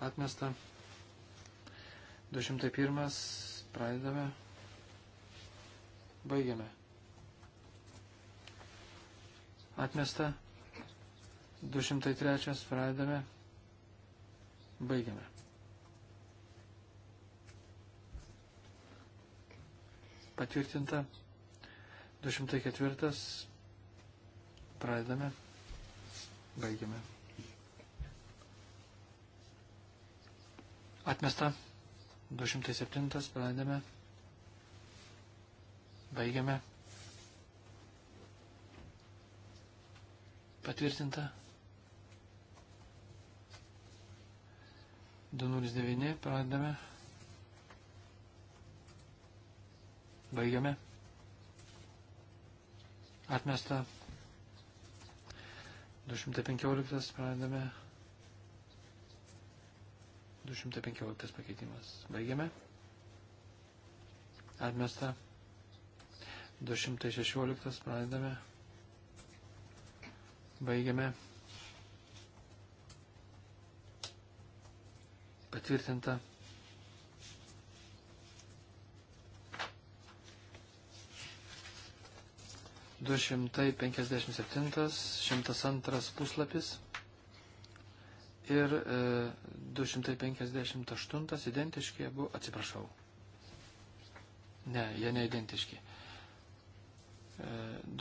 atmesta. 201 pradedame, baigiame. Atmesta. 203 pradedame, baigiame. Patvirtinta. 204 pradedame, baigiame. Atmesta. 207. Pradedame. Baigiame. Patvirtinta. 209. Pradedame. Baigiame. Atmesta. 215. Pradedame. 215 pakeitimas. Baigiame. Atmesta. 216 pradedame. Baigiame. Patvirtinta. Du šimtai penkiasdešimt septintas, šimtas antras puslapis ir e, 258 identiški abu, atsiprašau. Ne, jie neidentiški. E,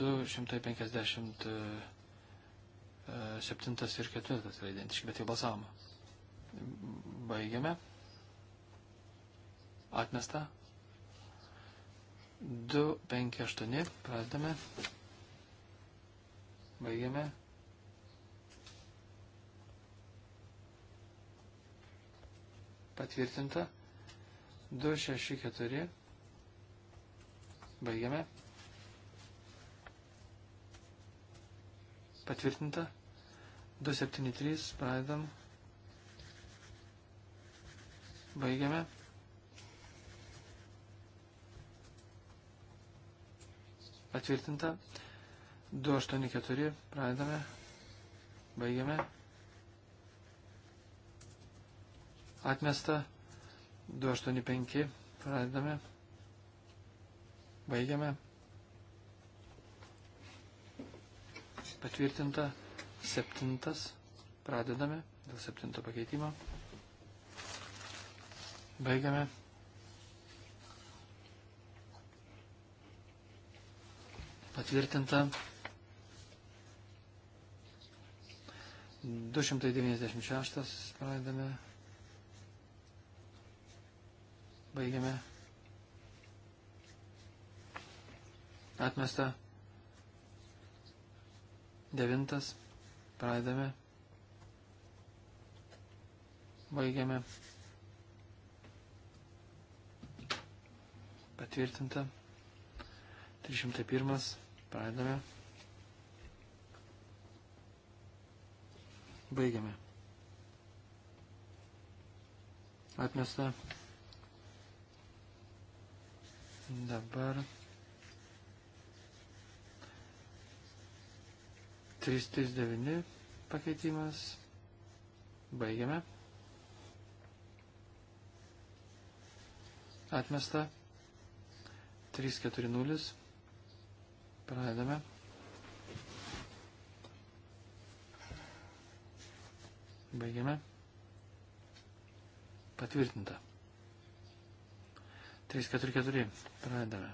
257 e, ir 4 yra identiški, bet jau balsavome. Baigiame. Atmesta. 258 pradedame. Baigiame. patvirtinta. 264. Baigiame. Patvirtinta. 273. Pradedam. Baigiame. Patvirtinta. 284. Pradedame. Baigiame. atmesta. 285 pradedame. Baigiame. Patvirtinta. Septintas. Pradedame dėl septinto pakeitimo. Baigiame. Patvirtinta. 296 pradedame. Baigiame. Atmesta. Devintas. Pradedame. Baigiame. Patvirtinta. 301. Pradedame. Baigiame. Atmesta. Dabar 339 pakeitimas. Baigiame. Atmesta. 340. Pradedame. Baigiame. Patvirtinta. 344. Pradedame.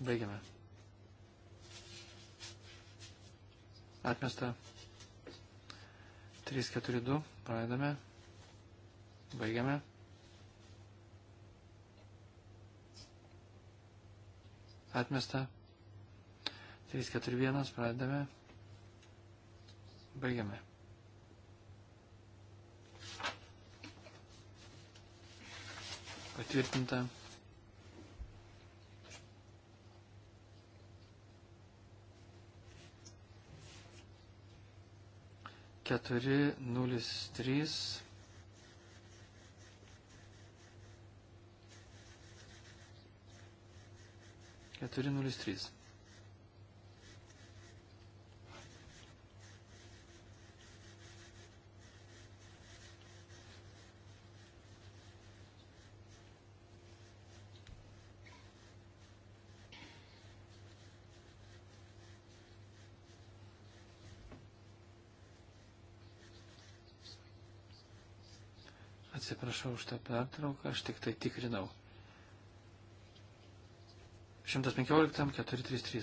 Baigiame. Atmesta. 342. Pradedame. Baigiame. Atmesta. 341. Pradedame. Baigiame. Patvirtinta. Keturi, nulis, trys. Keturi, nulis, trys. atsiprašau už tą pertrauką, aš tik tai tikrinau. 115, 433.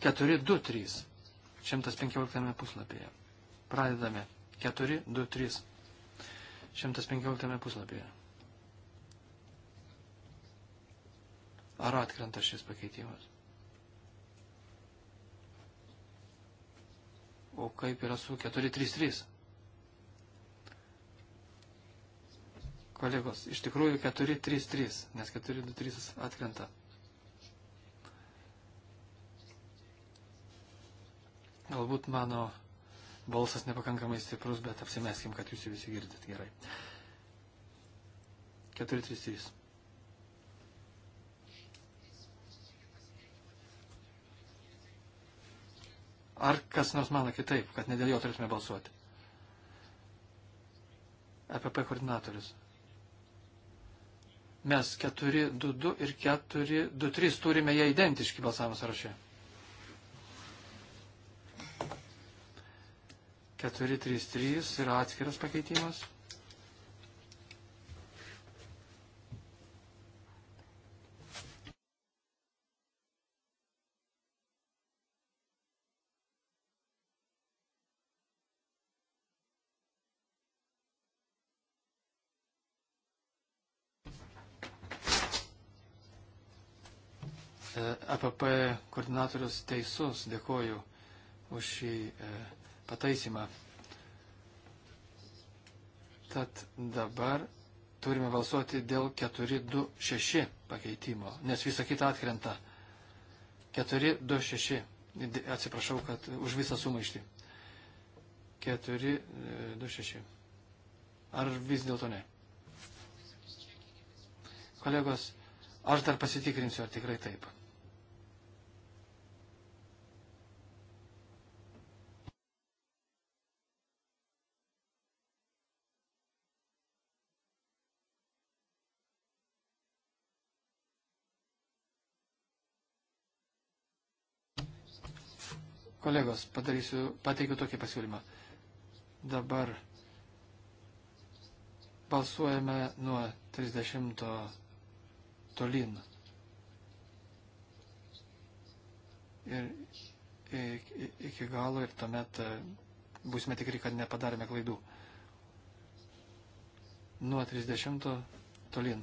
Keturi, du, trys. 115 puslapyje. Pradedame. 4, 2, 3. 115 puslapyje. Ar atkrenta šis pakeitimas? o kaip yra su 433. Kolegos, iš tikrųjų 433, nes 423 atkrenta. Galbūt mano balsas nepakankamai stiprus, bet apsimeskim, kad jūs visi girdit gerai. 433. Ar kas nors mano kitaip, kad ne dėl jo turėtume balsuoti? EPP koordinatorius. Mes 4-2-2 ir 4-2-3 turime jie identiški balsavimo sąraše. 4-3-3 yra atskiras pakeitimas. 4-3-3. Koordinatorius teisus, dėkoju už šį e, pataisimą. Tad dabar turime balsuoti dėl 426 pakeitimo, nes visa kita atkrenta. 426. Atsiprašau, kad už visą sumaištį. 426. Ar vis dėlto ne? Kolegos, aš dar pasitikrinsiu, ar tikrai taip. Kolegos, padarysiu, pateikiu tokį pasiūlymą. Dabar balsuojame nuo 30 tolin. Ir iki galo ir tuomet e, būsime tikri, kad nepadarėme klaidų. Nuo 30 tolin.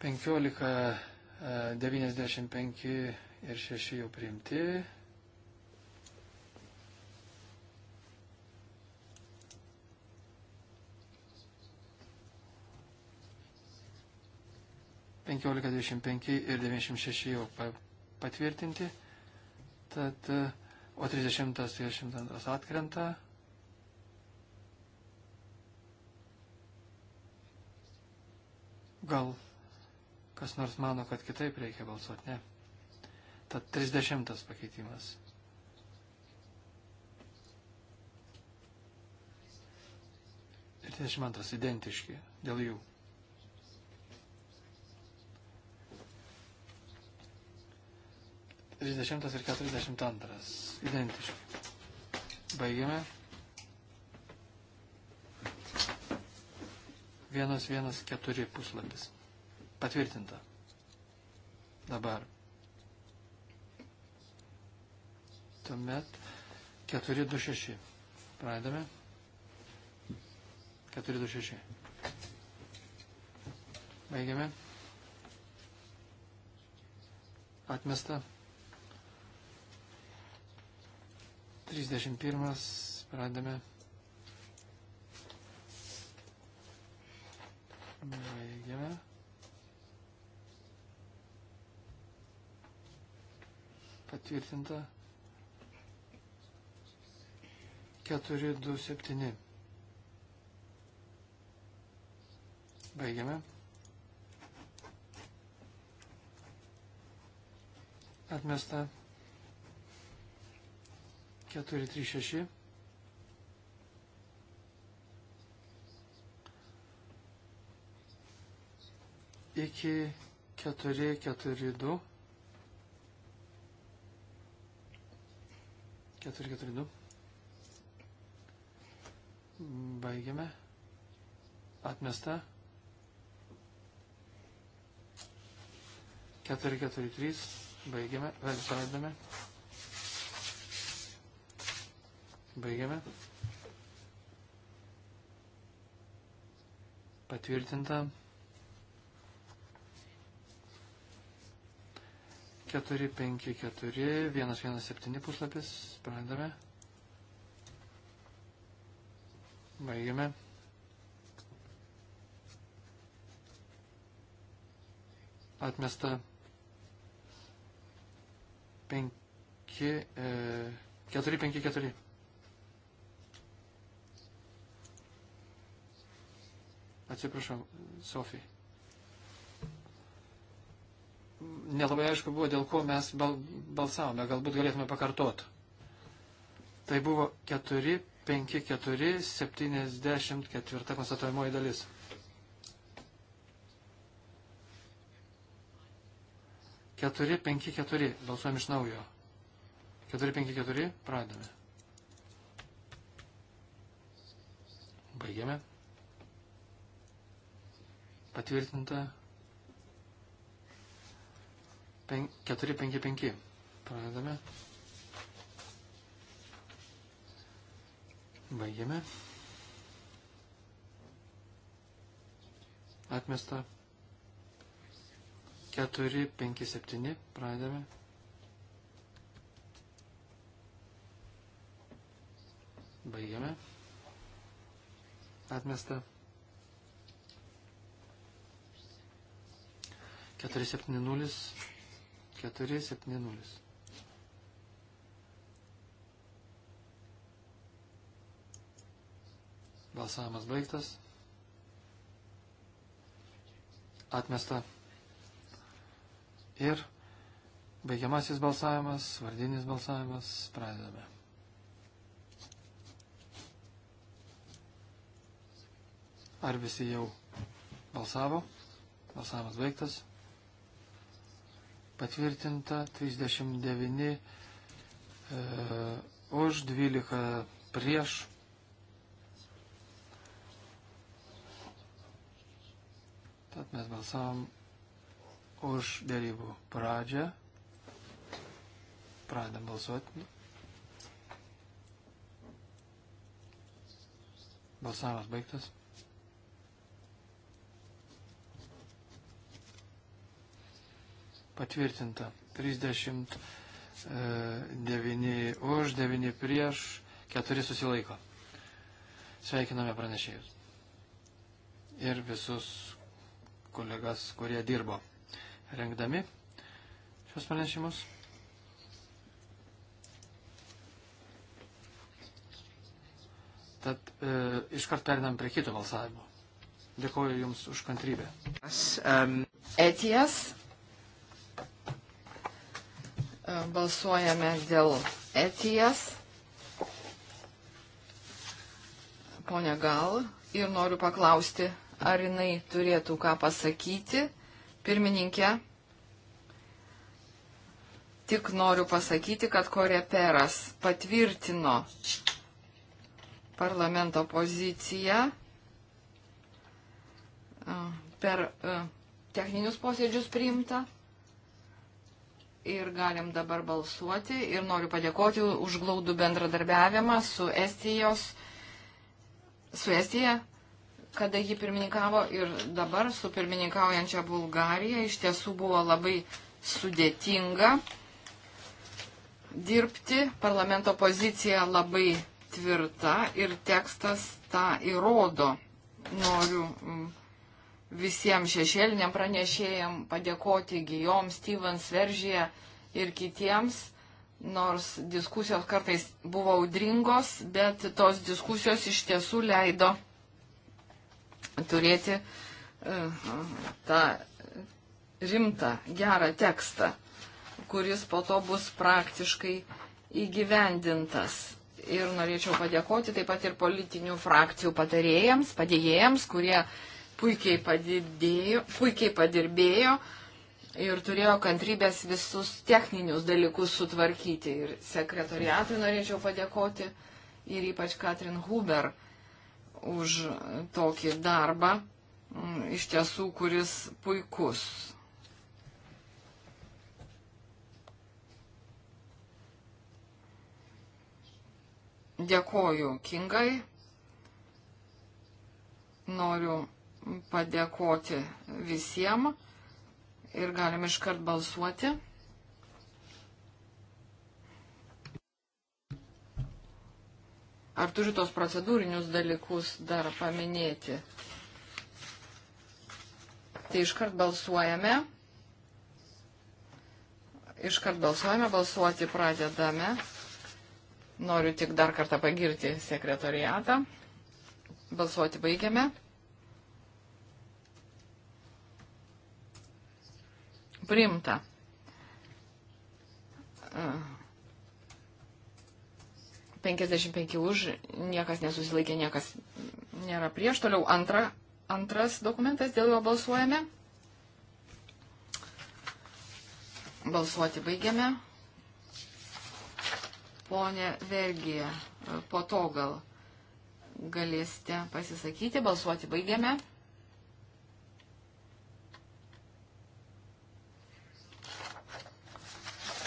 15, 95 e, ir 6 jau priimti. Penkiolika, dvidešimt penki ir devyniasdešimt šeši jau patvirtinti. Tad, e, o trisdešimtas, trisdešimt antras atkrenta. Gal Kas nors mano, kad kitaip reikia balsuoti, ne? Tad 30 pakeitimas. Ir 32 identiški dėl jų. Trisdešimtas ir keturiasdešimt antras. Identiški. Baigiame. Vienas, vienas, keturi puslapis. Patvirtinta. Dabar. Tuomet 426. Pradedame. 426. Baigiame. Atmesta. 31. Pradedame. patvirtinta 427. Baigiame. Atmesta 436. Iki 442. 442. Baigiame. Atmesta. 443. Baigiame. Pradedame. Baigiame. Patvirtinta. 454, 117 puslapis, pradame. Baigiame. Atmesta 5, e, 4, 5, 4. Atsiprašau, Sofija nelabai aišku buvo, dėl ko mes bal, balsavome, galbūt galėtume pakartoti. Tai buvo 4, 5, 4, 74 konstatuojamoji dalis. Keturi, penki, keturi. Balsuojam iš naujo. Keturi, penki, keturi. Pradame. Baigiame. Patvirtinta. 455. Pradedame. Baigiame. Atmesta. 457. Pradedame. Baigiame. Atmesta. 470 470. Balsavimas baigtas. Atmesta. Ir baigiamasis balsavimas, vardinis balsavimas. Pradedame. Ar visi jau balsavo? Balsavimas baigtas patvirtinta, 39 e, už, 12 prieš. Tad mes balsavom už dėrybų pradžią. Pradam balsuoti. Balsavimas baigtas. patvirtinta. 39 e, už, 9 prieš, 4 susilaiko. Sveikiname pranešėjus. Ir visus kolegas, kurie dirbo rengdami šios pranešimus. Tad e, iškart perinam prie kito balsavimo. Dėkuoju Jums už kantrybę. Um, Etijas. Balsuojame dėl etijas. Pone Gal, ir noriu paklausti, ar jinai turėtų ką pasakyti. Pirmininkė, tik noriu pasakyti, kad Koreperas patvirtino parlamento poziciją per techninius posėdžius priimta ir galim dabar balsuoti. Ir noriu padėkoti už glaudų bendradarbiavimą su Estijos, su Estija, kada ji pirmininkavo ir dabar su pirmininkaujančia Bulgarija. Iš tiesų buvo labai sudėtinga dirbti. Parlamento pozicija labai tvirta ir tekstas tą įrodo. Noriu mm, visiems šešėliniam pranešėjam, padėkoti Gijom, Stevens, Veržyje ir kitiems, nors diskusijos kartais buvo audringos, bet tos diskusijos iš tiesų leido turėti uh, tą rimtą, gerą tekstą, kuris po to bus praktiškai įgyvendintas. Ir norėčiau padėkoti taip pat ir politinių frakcijų patarėjams, padėjėjams, kurie uh, puikiai, padidėjo, puikiai padirbėjo ir turėjo kantrybės visus techninius dalykus sutvarkyti. Ir sekretoriatui norėčiau padėkoti ir ypač Katrin Huber už tokį darbą, mm, iš tiesų, kuris puikus. Dėkoju Kingai. Noriu padėkoti visiems ir galim iškart balsuoti. Ar turi tos procedūrinius dalykus dar paminėti? Tai iškart balsuojame. Iškart balsuojame, balsuoti pradedame. Noriu tik dar kartą pagirti sekretoriatą. Balsuoti baigiame. primta. Uh. 55 už, niekas nesusilaikė, niekas nėra prieš. Toliau antra, antras dokumentas, dėl jo balsuojame. Balsuoti baigiame. Pone Vergija, po to gal galėsite pasisakyti, balsuoti baigiame.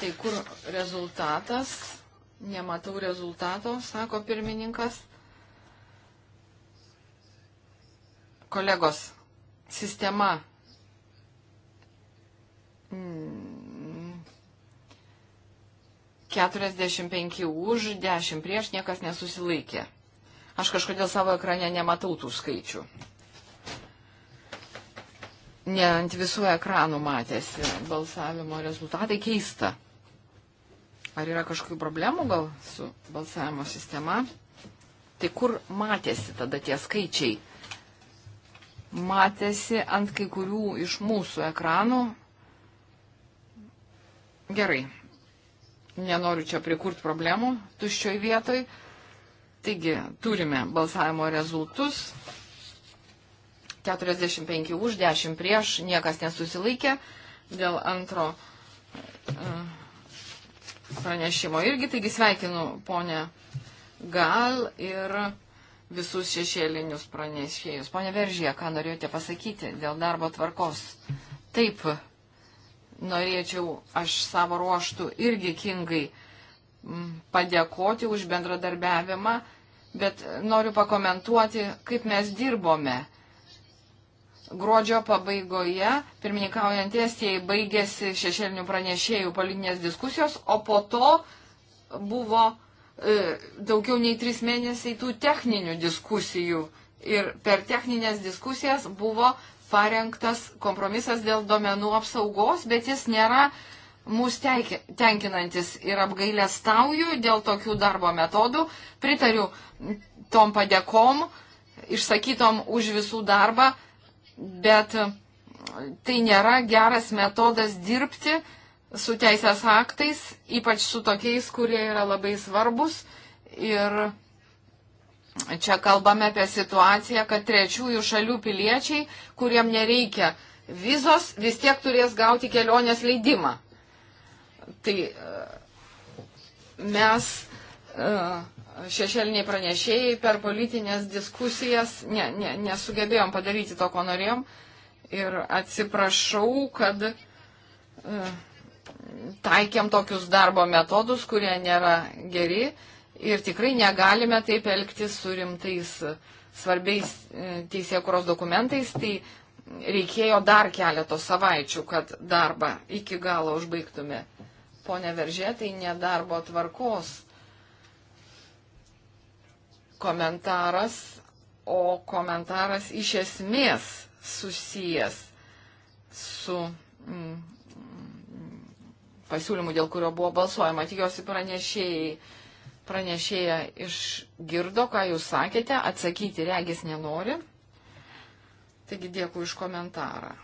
Tai kur rezultatas? Nematau rezultato, sako pirmininkas. Kolegos, sistema. Mm. 45 už, 10 prieš, niekas nesusilaikė. Aš kažkodėl savo ekrane nematau tų skaičių. Ne ant visų ekranų matėsi balsavimo rezultatai keista. Ar yra kažkokių problemų gal su balsavimo sistema? Tai kur matėsi tada tie skaičiai? Matėsi ant kai kurių iš mūsų ekranų. Gerai. Nenoriu čia prikurti problemų tuščioj vietoj. Taigi, turime balsavimo rezultus. 45 už, 10 prieš, niekas nesusilaikė dėl antro. Uh, pranešimo irgi, taigi sveikinu ponę Gal ir visus šešėlinius pranešėjus. Pone Veržė, ką norėjote pasakyti dėl darbo tvarkos? Taip, norėčiau aš savo ruoštų irgi kingai mm, padėkoti už bendradarbiavimą, bet noriu pakomentuoti, kaip mes dirbome. Gruodžio pabaigoje pirmininkaujantiesieji baigėsi šešėlinių pranešėjų politinės diskusijos, o po to buvo e, daugiau nei trys mėnesiai tų techninių diskusijų. Ir per techninės diskusijas buvo parengtas kompromisas dėl domenų apsaugos, bet jis nėra mūsų tenkinantis ir apgailę stauju dėl tokių darbo metodų. Pritariu tom padėkom, išsakytom už visų darbą bet e, tai nėra geras metodas dirbti su teisės aktais, ypač su tokiais, kurie yra labai svarbus. Ir čia kalbame apie situaciją, kad trečiųjų šalių piliečiai, kuriem nereikia vizos, vis tiek turės gauti kelionės leidimą. Tai e, mes uh, šešėliniai pranešėjai per politinės diskusijas ne, ne, nesugebėjom padaryti to, ko norėjom. Ir atsiprašau, kad e, taikėm tokius darbo metodus, kurie nėra geri ir tikrai negalime taip elgtis su rimtais e, svarbiais e, teisėkuros dokumentais. Tai reikėjo dar keleto savaičių, kad darbą iki galo užbaigtume. Pone Veržė, tai nedarbo tvarkos komentaras, o komentaras iš esmės susijęs su mm, mm, pasiūlymu, dėl kurio buvo balsuojama. Tikiuosi pranešėjai, pranešėja išgirdo, ką jūs sakėte, atsakyti regis nenori. Taigi dėkui už komentarą.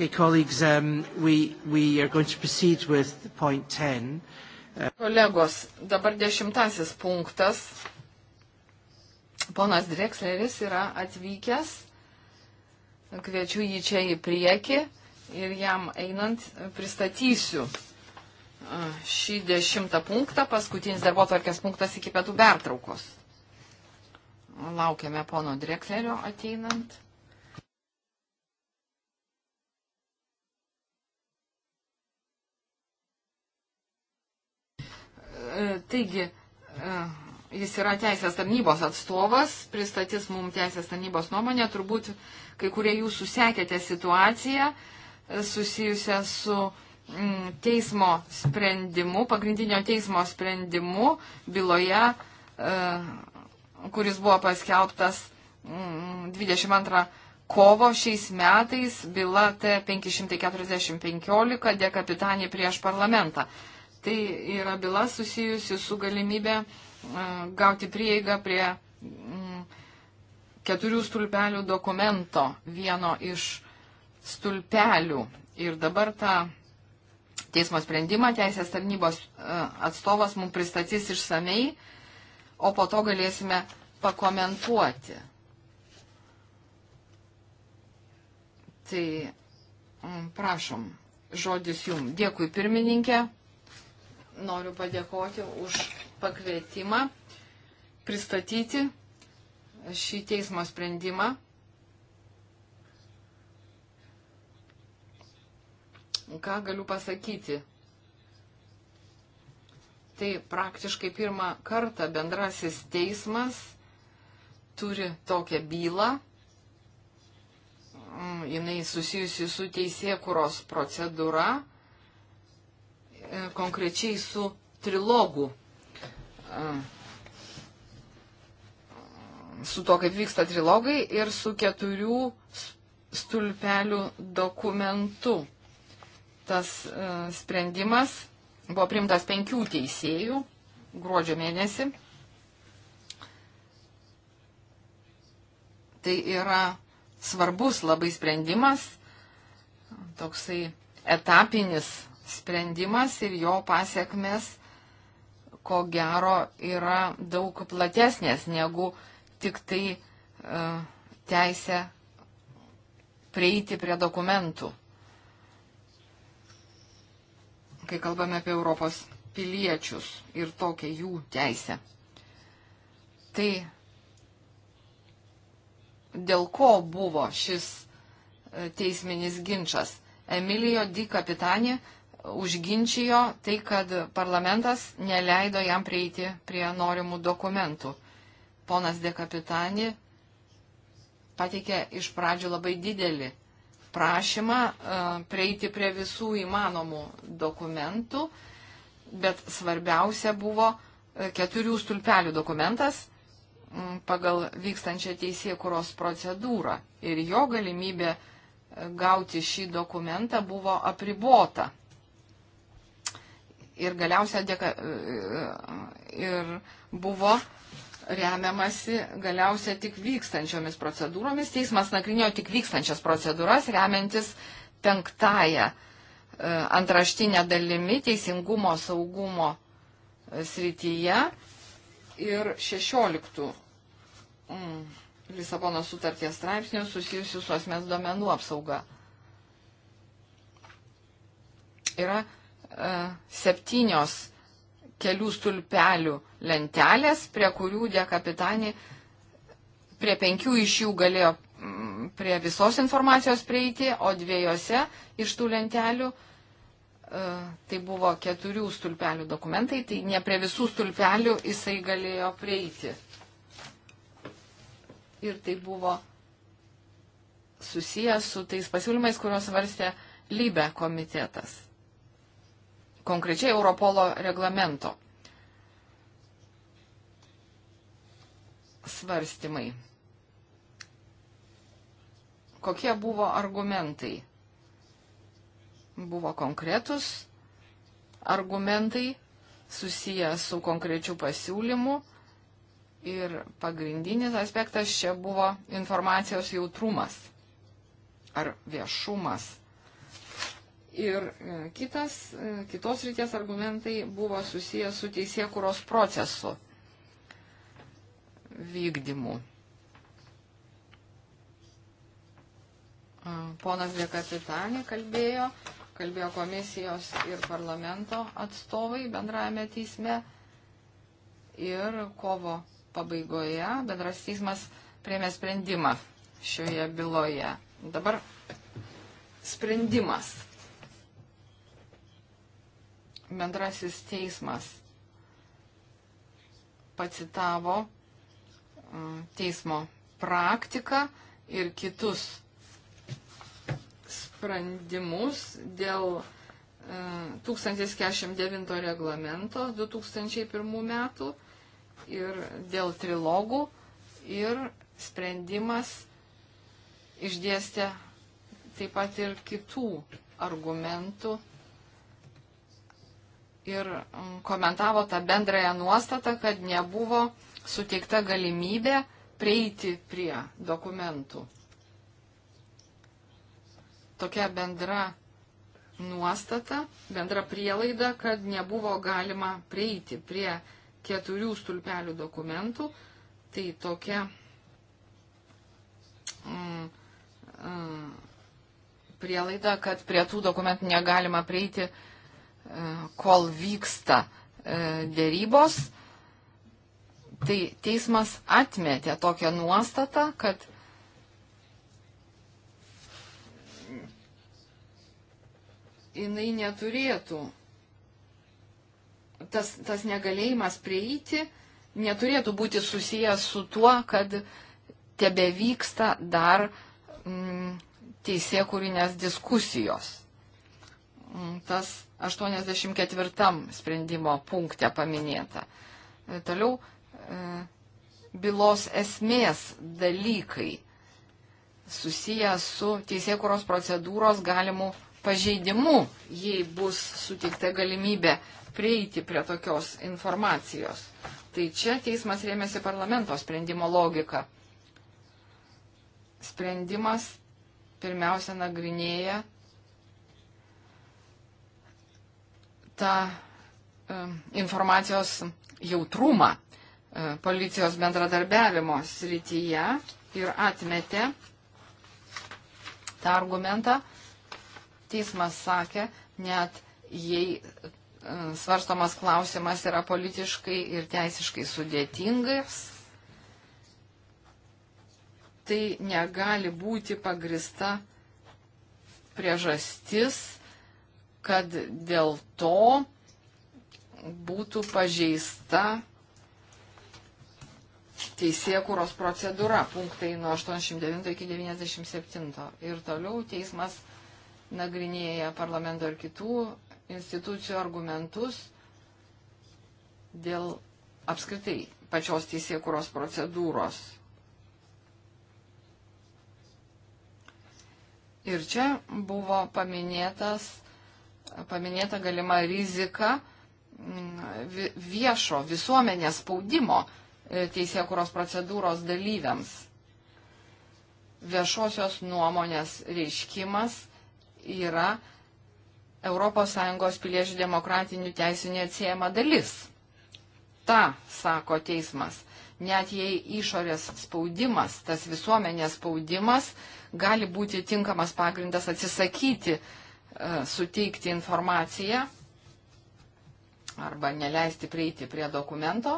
Okay, colleagues, um, we, we are going to proceed with point 10. Uh, Kolegos, dabar dešimtasis punktas. Ponas Dreksleris yra atvykęs. Kviečiu jį čia į priekį ir jam einant pristatysiu uh, šį dešimtą punktą, paskutinis darbo tvarkės punktas iki pietų pertraukos. Laukiame pono Dreklerio ateinant. E, taigi, e, jis yra teisės tarnybos atstovas, pristatys mums teisės tarnybos nuomonę, turbūt kai kurie jūsų sekėte situaciją e, susijusią su mm, teismo sprendimu, pagrindinio teismo sprendimu byloje, kuris buvo paskelbtas 22 mm, kovo šiais metais, byla T545 dekapitanė prieš parlamentą. Tai yra byla susijusi su galimybė e, gauti prieigą prie mm, keturių stulpelių dokumento, vieno iš stulpelių. Ir dabar tą teismo sprendimą teisės tarnybos e, atstovas mums pristatys išsamei, o po to galėsime pakomentuoti. Tai mm, prašom, žodis jums. Dėkui pirmininkė noriu padėkoti už pakvietimą pristatyti šį teismo sprendimą. Ką galiu pasakyti? Tai praktiškai pirmą kartą bendrasis teismas turi tokią bylą. Mm, Jis susijusi su teisėkuros procedūra E, konkrečiai su trilogu, e, su to, kaip vyksta trilogai ir su keturių stulpelių dokumentu. Tas e, sprendimas buvo primtas penkių teisėjų gruodžio mėnesį. Tai yra svarbus labai sprendimas, toksai etapinis sprendimas ir jo pasiekmes, ko gero, yra daug platesnės negu tik tai uh, teisė prieiti prie dokumentų. Kai kalbame apie Europos piliečius ir tokią jų teisę. Tai dėl ko buvo šis e, teisminis ginčas? Emilijo Di Kapitanė užginčijo tai, kad parlamentas neleido jam prieiti prie norimų dokumentų. Ponas Dekapitani pateikė iš pradžių labai didelį prašymą e, prieiti prie visų įmanomų dokumentų, bet svarbiausia buvo e, keturių stulpelių dokumentas pagal vykstančią teisėkuros procedūrą ir jo galimybė e, gauti šį dokumentą buvo apribota ir galiausia dėka e, e, ir buvo remiamasi galiausia tik vykstančiomis procedūromis. Teismas nagrinėjo tik vykstančias procedūras, remiantis penktąją e, antraštinę dalimi teisingumo saugumo srityje ir 16 mm, Lisabono sutarties straipsnių susijusių su asmens duomenų apsauga. Yra septynios kelių stulpelių lentelės, prie kurių dekapitani prie penkių iš jų galėjo mm, prie visos informacijos prieiti, o dviejose iš tų lentelių e, tai buvo keturių stulpelių dokumentai, tai ne prie visų stulpelių jisai galėjo prieiti. Ir tai buvo susijęs su tais pasiūlymais, kuriuos varstė Lybe komitetas konkrečiai Europolo reglamento svarstymai. Kokie buvo argumentai? Buvo konkretus argumentai susiję su konkrečiu pasiūlymu ir pagrindinis aspektas čia buvo informacijos jautrumas ar viešumas. Ir e, kitas, e, kitos ryties argumentai buvo susijęs su teisėkuros procesu vykdymu. E, ponas Dekapitanė kalbėjo, kalbėjo komisijos ir parlamento atstovai bendrajame teisme. Ir kovo pabaigoje bendras teismas priemė sprendimą šioje byloje. Dabar sprendimas bendrasis teismas pacitavo teismo praktiką ir kitus sprendimus dėl 1049 reglamento 2001 metų ir dėl trilogų ir sprendimas išdėstė taip pat ir kitų argumentų ir mm, komentavo tą bendrąją nuostatą, kad nebuvo suteikta galimybė prieiti prie dokumentų. Tokia bendra nuostata, bendra prielaida, kad nebuvo galima prieiti prie keturių stulpelių dokumentų, tai tokia mm, mm, prielaida, kad prie tų dokumentų negalima prieiti kol vyksta e, dėrybos, tai teismas atmetė tokią nuostatą, kad jinai neturėtų, tas, tas negalėjimas prieiti neturėtų būti susijęs su tuo, kad tebe vyksta dar mm, teisėkūrinės diskusijos. Mm, tas 84 sprendimo punkte paminėta. E, toliau e, bylos esmės dalykai susiję su teisėkuros procedūros galimu pažeidimu, jei bus suteikta galimybė prieiti prie tokios informacijos. Tai čia teismas rėmėsi parlamento sprendimo logika. Sprendimas pirmiausia nagrinėja tą e, informacijos jautrumą e, policijos bendradarbiavimo srityje ir atmetė tą argumentą. Teismas sakė, net jei e, svarstomas klausimas yra politiškai ir teisiškai sudėtingas, tai negali būti pagrista priežastis kad dėl to būtų pažeista teisėkūros procedūra, punktai nuo 89 iki 97. Ir toliau teismas nagrinėja parlamento ir kitų institucijų argumentus dėl apskritai pačios teisėkūros procedūros. Ir čia buvo paminėtas paminėta galima rizika mm, viešo visuomenės spaudimo e, teisėkuros procedūros dalyviams. Viešosios nuomonės reiškimas yra ES piliečių demokratinių teisų neatsiejama dalis. Ta, sako teismas, net jei išorės spaudimas, tas visuomenės spaudimas gali būti tinkamas pagrindas atsisakyti uh, E, suteikti informaciją arba neleisti prieiti prie dokumento.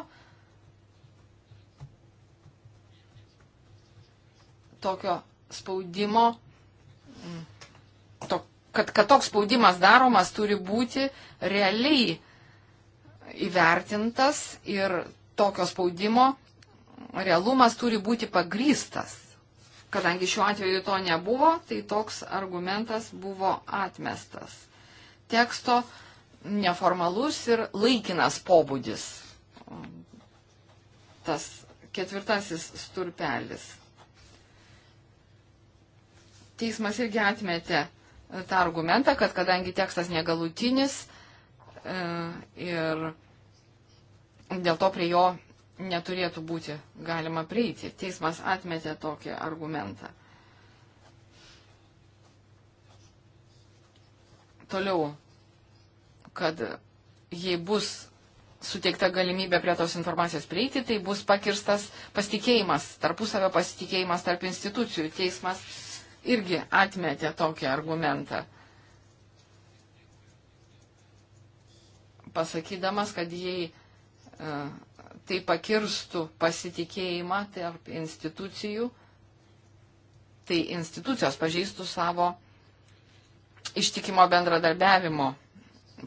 Tokio spaudimo, to, kad, kad toks spaudimas daromas turi būti realiai įvertintas ir tokio spaudimo realumas turi būti pagrystas kadangi šiuo atveju to nebuvo, tai toks argumentas buvo atmestas. Teksto neformalus ir laikinas pobūdis. Tas ketvirtasis stulpelis. Teismas irgi atmetė tą argumentą, kad kadangi tekstas negalutinis e, ir dėl to prie jo neturėtų būti galima prieiti. Teismas atmetė tokį argumentą. Toliau, kad jei bus suteikta galimybė prie tos informacijos prieiti, tai bus pakirstas pasitikėjimas, tarpusavio pasitikėjimas tarp institucijų. Teismas irgi atmetė tokį argumentą. Pasakydamas, kad jei uh, tai pakirstų pasitikėjimą tarp institucijų, tai institucijos pažeistų savo ištikimo bendradarbiavimo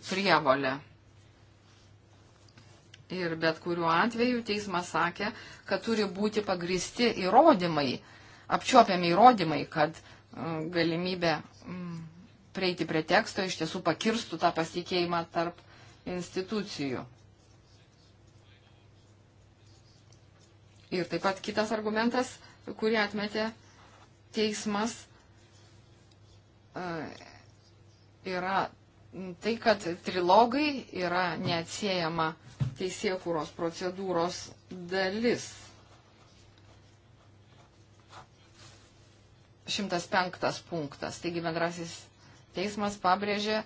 prievolę. Ir bet kuriuo atveju teismas sakė, kad turi būti pagristi įrodymai, apčiuopiami įrodymai, kad mm, galimybė mm, prieiti prie teksto iš tiesų pakirstų tą pasitikėjimą tarp institucijų. Ir taip pat kitas argumentas, kurį atmetė teismas, e, yra tai, kad trilogai yra neatsiejama teisėkūros procedūros dalis. 105 punktas. Taigi bendrasis teismas pabrėžė,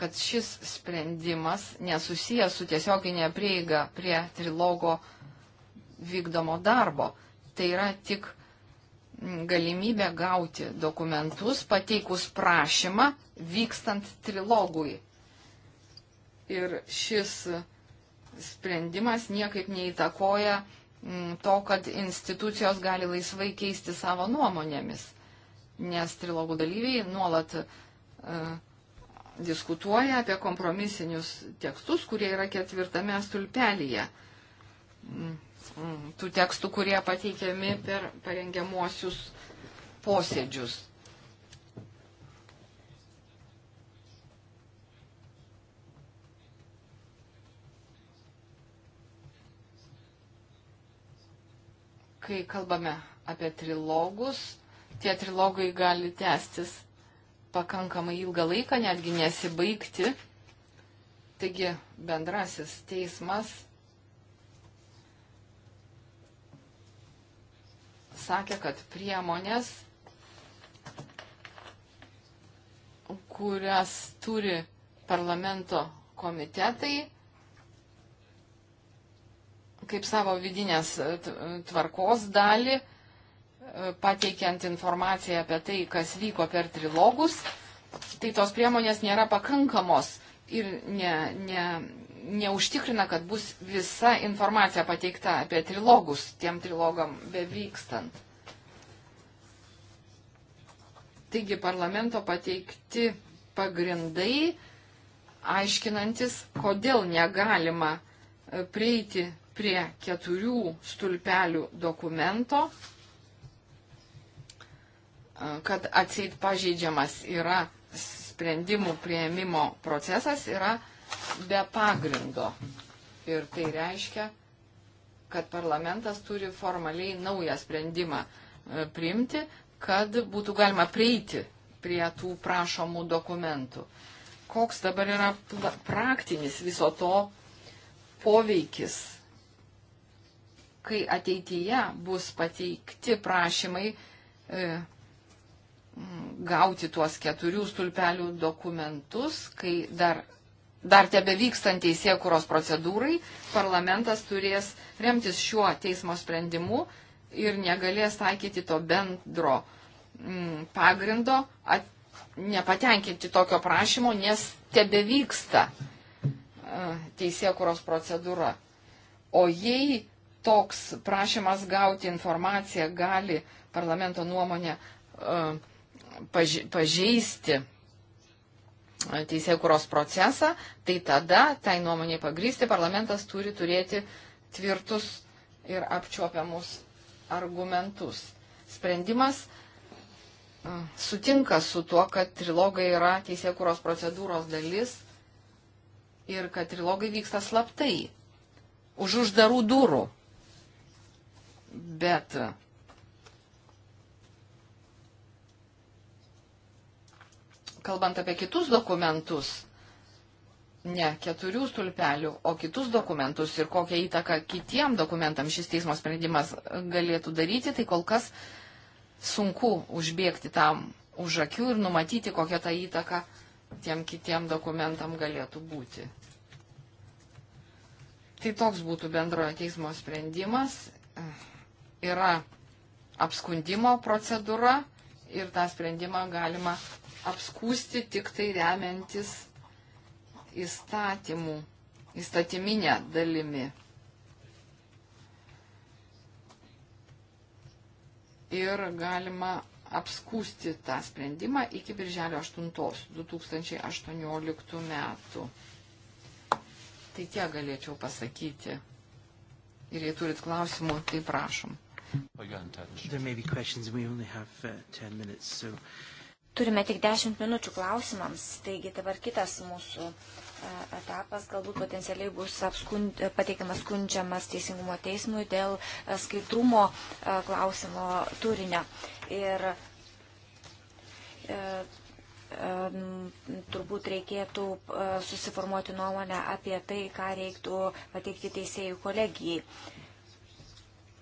kad šis sprendimas nesusijęs su tiesioginė prieiga prie trilogo vykdomo darbo. Tai yra tik mm, galimybė gauti dokumentus, pateikus prašymą, vykstant trilogui. Ir šis sprendimas niekaip neįtakoja mm, to, kad institucijos gali laisvai keisti savo nuomonėmis, nes trilogų dalyviai nuolat uh, diskutuoja apie kompromisinius tekstus, kurie yra ketvirtame stulpelyje. Mm, mm, tų tekstų, kurie pateikiami per parengiamuosius posėdžius. Kai kalbame apie trilogus, tie trilogai gali tęstis pakankamai ilgą laiką, netgi nesibaigti. Taigi bendrasis teismas sakė, kad priemonės, kurias turi parlamento komitetai, kaip savo vidinės tvarkos dalį, pateikiant informaciją apie tai, kas vyko per trilogus, tai tos priemonės nėra pakankamos ir ne, ne, neužtikrina, kad bus visa informacija pateikta apie trilogus tiem trilogam bevykstant. Taigi parlamento pateikti pagrindai, aiškinantis, kodėl negalima e, prieiti prie keturių stulpelių dokumento kad atsit pažeidžiamas yra sprendimų prieimimo procesas, yra be pagrindo. Ir tai reiškia, kad parlamentas turi formaliai naują sprendimą e, priimti, kad būtų galima prieiti prie tų prašomų dokumentų. Koks dabar yra praktinis viso to poveikis, kai ateityje bus pateikti prašymai e, gauti tuos keturių stulpelių dokumentus, kai dar, dar tebe vykstant teisėkuros procedūrai, parlamentas turės remtis šiuo teismo sprendimu ir negalės taikyti to bendro m, mm, pagrindo, at, nepatenkinti tokio prašymo, nes tebe vyksta e, teisėkuros procedūra. O jei toks prašymas gauti informaciją gali parlamento nuomonę uh, e, pažeisti teisė kuros procesą, tai tada tai nuomonė pagrysti parlamentas turi turėti tvirtus ir apčiuopiamus argumentus. Sprendimas mm, sutinka su tuo, kad trilogai yra teisė kuros procedūros dalis ir kad trilogai vyksta slaptai, už uždarų durų. Bet kalbant apie kitus dokumentus, ne keturių stulpelių, o kitus dokumentus ir kokią įtaką kitiem dokumentam šis teismo sprendimas galėtų daryti, tai kol kas sunku užbėgti tam už akių ir numatyti, kokia ta įtaka tiem kitiem dokumentam galėtų būti. Tai toks būtų bendrojo teismo sprendimas. Yra apskundimo procedūra ir tą sprendimą galima apskūsti tik tai remiantis įstatymų, įstatyminę dalimi. Ir galima apskūsti tą sprendimą iki birželio 8 2018 metų. Tai tiek galėčiau pasakyti. Ir jei turit klausimų, tai prašom. For your attention. There may be questions and we only have uh, 10 minutes, so Turime tik 10 minučių klausimams, taigi dabar kitas mūsų e, etapas galbūt potencialiai bus apskund, e, pateikiamas skundžiamas Teisingumo teismui dėl e, skaidrumo klausimo turinio. Ir e, turbūt reikėtų susiformuoti nuomonę apie tai, ką reiktų pateikti teisėjų kolegijai.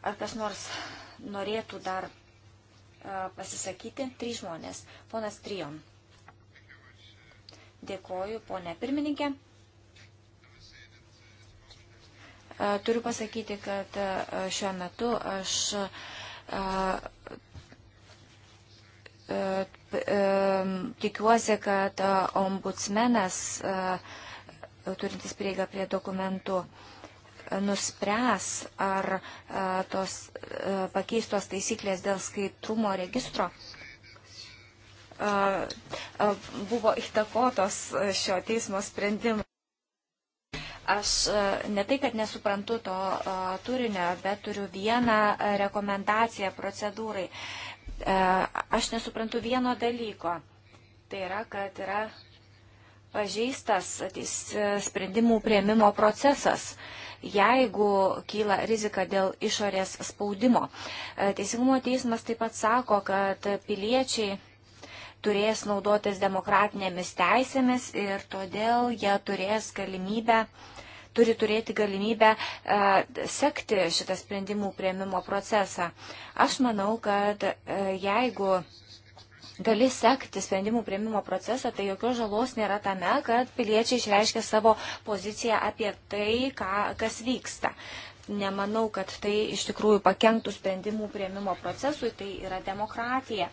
Ar kas nors norėtų dar pasisakyti trys žmonės. Ponas Trijon. Dėkoju, ponė pirmininkė. Turiu pasakyti, kad šiuo metu aš tikiuosi, kad ombudsmenas turintis prieigą prie dokumentų nuspręs, ar e, tos e, pakeistos taisyklės dėl skaitrumo registro e, buvo įtakotos šio teismo sprendimo. Aš ne tai, kad nesuprantu to turinio, bet turiu vieną rekomendaciją procedūrai. Aš nesuprantu vieno dalyko. Tai yra, kad yra pažeistas sprendimų prieimimo procesas. Uh, jeigu kyla rizika dėl išorės spaudimo. E, Teisingumo teismas taip pat sako, kad piliečiai turės naudotis demokratinėmis teisėmis ir todėl jie turės galimybę turi turėti galimybę uh, sekti šitą sprendimų prieimimo procesą. Aš manau, kad uh, jeigu uh, gali sekti sprendimų prieimimo procesą, tai jokios žalos nėra tame, kad piliečiai išreiškia savo poziciją apie tai, ką, kas vyksta. Nemanau, kad tai iš tikrųjų pakenktų sprendimų prieimimo procesui, tai yra demokratija.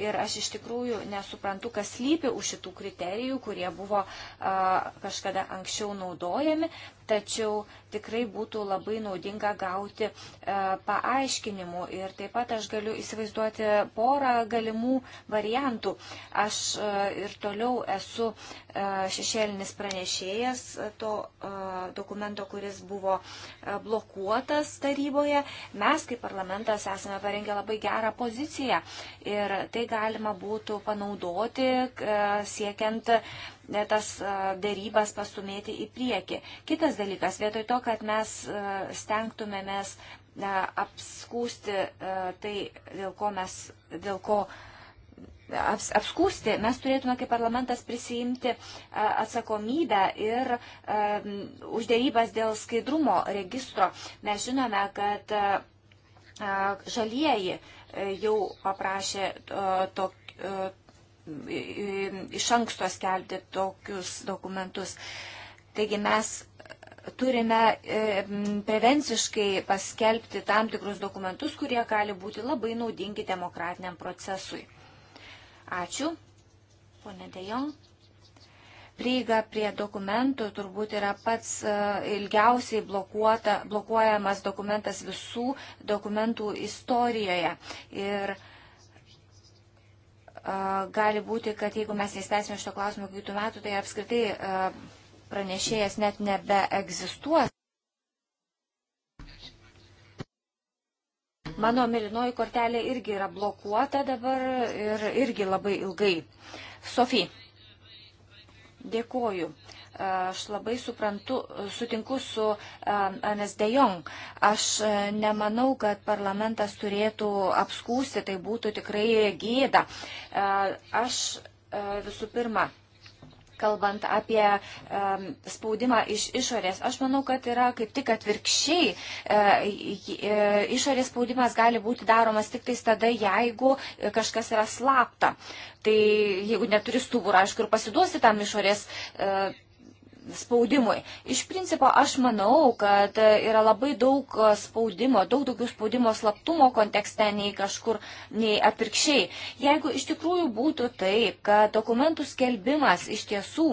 Ir aš iš tikrųjų nesuprantu, kas lypi už šitų kriterijų, kurie buvo uh, kažkada anksčiau naudojami tačiau tikrai būtų labai naudinga gauti e, paaiškinimų. Ir taip pat aš galiu įsivaizduoti porą galimų variantų. Aš e, ir toliau esu e, šešėlinis pranešėjas to dokumento, kuris buvo blokuotas taryboje. Mes kaip parlamentas esame parengę labai gerą poziciją ir tai galima būtų panaudoti siekiant tas e, dėrybas pastumėti į priekį. Kitas dalykas, vietoj to, kad mes e, stengtumėmės e, apskūsti tai, dėl ko mes, dėl ko aps, apskūsti, mes turėtume kaip parlamentas prisijimti atsakomybę ir um, uždėrybas dėl skaidrumo registro. Mes žinome, kad uh, žalieji jau paprašė uh, to, uh, iš anksto skelbti tokius dokumentus. Taigi mes turime e, prevenciškai paskelbti tam tikrus dokumentus, kurie gali būti labai naudingi demokratiniam procesui. Ačiū, ponė Dejong. Prieiga prie dokumentų turbūt yra pats e, ilgiausiai blokuojamas dokumentas visų dokumentų istorijoje. Ir uh, gali būti, kad jeigu mes įstesime šito klausimo kitų metų, tai apskritai pranešėjas net nebeegzistuos. Mano milinoji kortelė irgi yra blokuota dabar ir irgi labai ilgai. Sofija, dėkoju. Aš labai suprantu, sutinku su Anes De Jong. Aš e, nemanau, kad parlamentas turėtų apskūsti, tai būtų tikrai gėda. E, aš e, visų pirma kalbant apie um, spaudimą iš išorės. Aš manau, kad yra kaip tik atvirkščiai. E, išorės spaudimas gali būti daromas tik tais tada, jeigu kažkas yra slapta. Tai jeigu neturi stuburo, aišku, ir pasiduosi tam išorės e, spaudimui. Iš principo aš manau, kad yra labai daug spaudimo, daug daugiau spaudimo slaptumo kontekste nei kažkur, nei atvirkščiai. Jeigu iš tikrųjų būtų taip, kad dokumentų skelbimas iš tiesų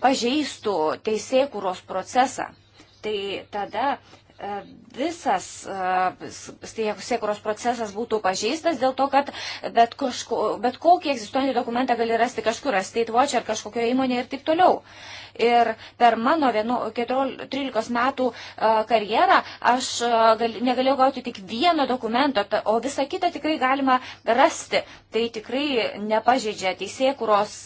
pažeistų teisėkūros procesą, tai tada E, visas e, siekuros procesas būtų pažeistas dėl to, kad bet, kažko, bet kokį egzistuojantį dokumentą gali rasti kažkur, ar State Watch, ar kažkokioje įmonėje ir taip toliau. Ir per mano 13 metų e, karjerą aš negalėjau gauti tik vieno dokumento, o visą kitą tikrai galima rasti. Tai tikrai nepažeidžia teisėkuros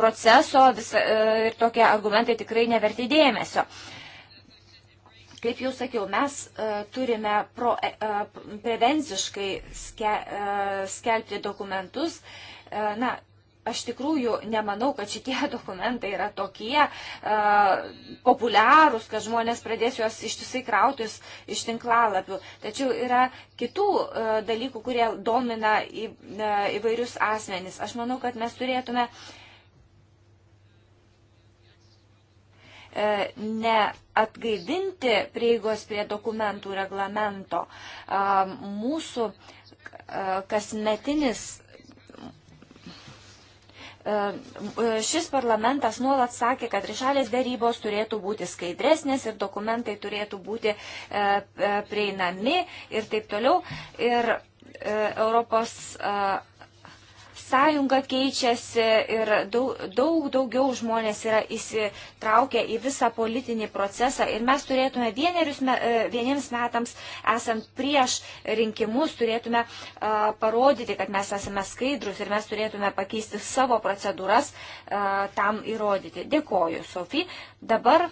proceso visa, ir tokie argumentai tikrai neverti dėmesio. Uh, Kaip jau sakiau, mes e, turime pro, e, e, prevenciškai ske, skelbti dokumentus. Na, aš tikrųjų nemanau, kad šitie (laughs) dokumentai yra tokie uh, populiarūs, kad žmonės pradės juos ištisai krautis iš tinklalapių. Tačiau yra kitų uh, dalykų, kurie domina į, uh, įvairius asmenys. Aš manau, kad mes turėtume uh, E, neatgaivinti prieigos prie dokumentų reglamento. E, mūsų e, kasmetinis šis parlamentas nuolat sakė, kad trišalės dėrybos turėtų būti skaidresnės ir dokumentai turėtų būti prieinami ir taip toliau. Ir Europos sąjunga keičiasi ir daug, daug daugiau žmonės yra įsitraukę į visą politinį procesą ir mes turėtume vienerius, me, e, vieniems metams esant prieš rinkimus turėtume a, parodyti, kad mes esame skaidrus ir mes turėtume pakeisti savo procedūras a, tam įrodyti. Dėkoju, Sofija. Dabar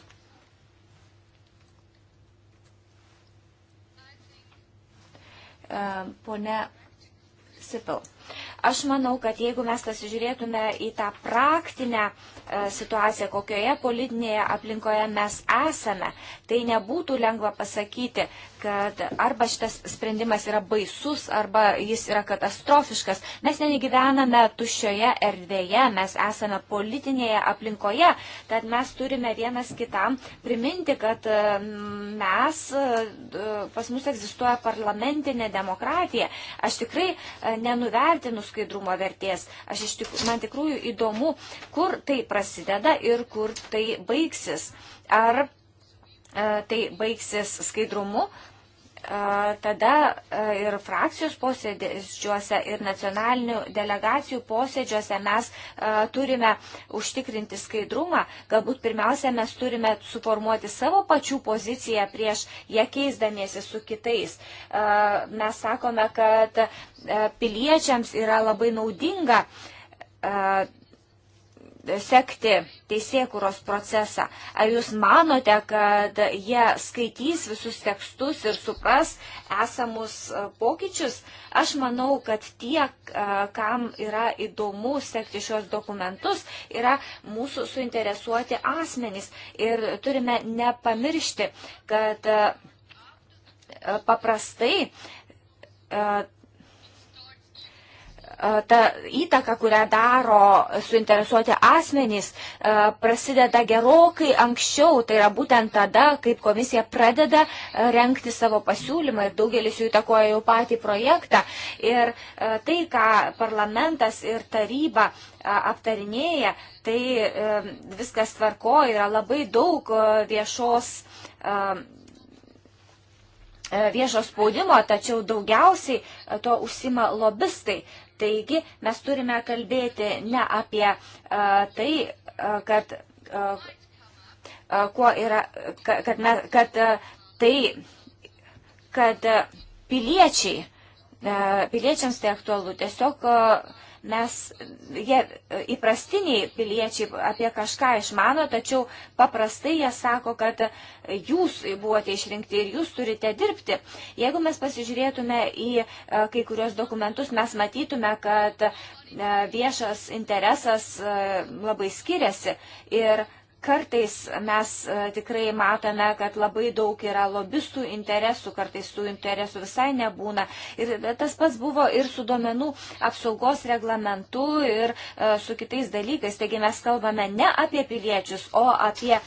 ponia Sipil. Aš manau, kad jeigu mes pasižiūrėtume į tą praktinę e, situaciją, kokioje politinėje aplinkoje mes esame, tai nebūtų lengva pasakyti, kad arba šitas sprendimas yra baisus, arba jis yra katastrofiškas. Mes negyvename tuščioje erdvėje, mes esame politinėje aplinkoje, tad mes turime vienas kitam priminti, kad e, mes, e, pas mus egzistuoja parlamentinė demokratija. Aš tikrai nenuvertinus skaidrumo vertės. Aš iš tikrųjų, man tikrųjų įdomu, kur tai prasideda ir kur tai baigsis. Ar e, tai baigsis skaidrumu, tada ir frakcijos posėdžiuose, ir nacionalinių delegacijų posėdžiuose mes turime užtikrinti skaidrumą. Galbūt pirmiausia, mes turime suformuoti savo pačių poziciją prieš ją keisdamiesi su kitais. Mes sakome, kad piliečiams yra labai naudinga sekti teisėkuros procesą. Ar jūs manote, kad jie skaitys visus tekstus ir supras esamus e, pokyčius? Aš manau, kad tie, e, kam yra įdomu sekti šios dokumentus, yra mūsų suinteresuoti asmenys. Ir turime nepamiršti, kad e, paprastai ta įtaka, kurią daro suinteresuoti asmenys, prasideda gerokai anksčiau, tai yra būtent tada, kaip komisija pradeda renkti savo pasiūlymą ir daugelis jų įtakoja jau patį projektą. Ir tai, ką parlamentas ir taryba aptarinėja, tai viskas tvarko, yra labai daug viešos viešo spaudimo, tačiau daugiausiai to užsima lobistai. Taigi mes turime kalbėti ne apie tai, kad, kuo yra, kad, mes, kad tai, kad piliečiai, piliečiams tai aktualu, tiesiog Mes, jie įprastiniai piliečiai apie kažką išmano, tačiau paprastai jie sako, kad jūs buvote išrinkti ir jūs turite dirbti. Jeigu mes pasižiūrėtume į e, kai kurios dokumentus, mes matytume, kad e, viešas interesas e, labai skiriasi. Ir Kartais mes e, tikrai matome, kad labai daug yra lobistų interesų, kartais tų interesų visai nebūna. Ir tas pats buvo ir su duomenų apsaugos reglamentu ir e, su kitais dalykais. Taigi mes kalbame ne apie piliečius, o apie e,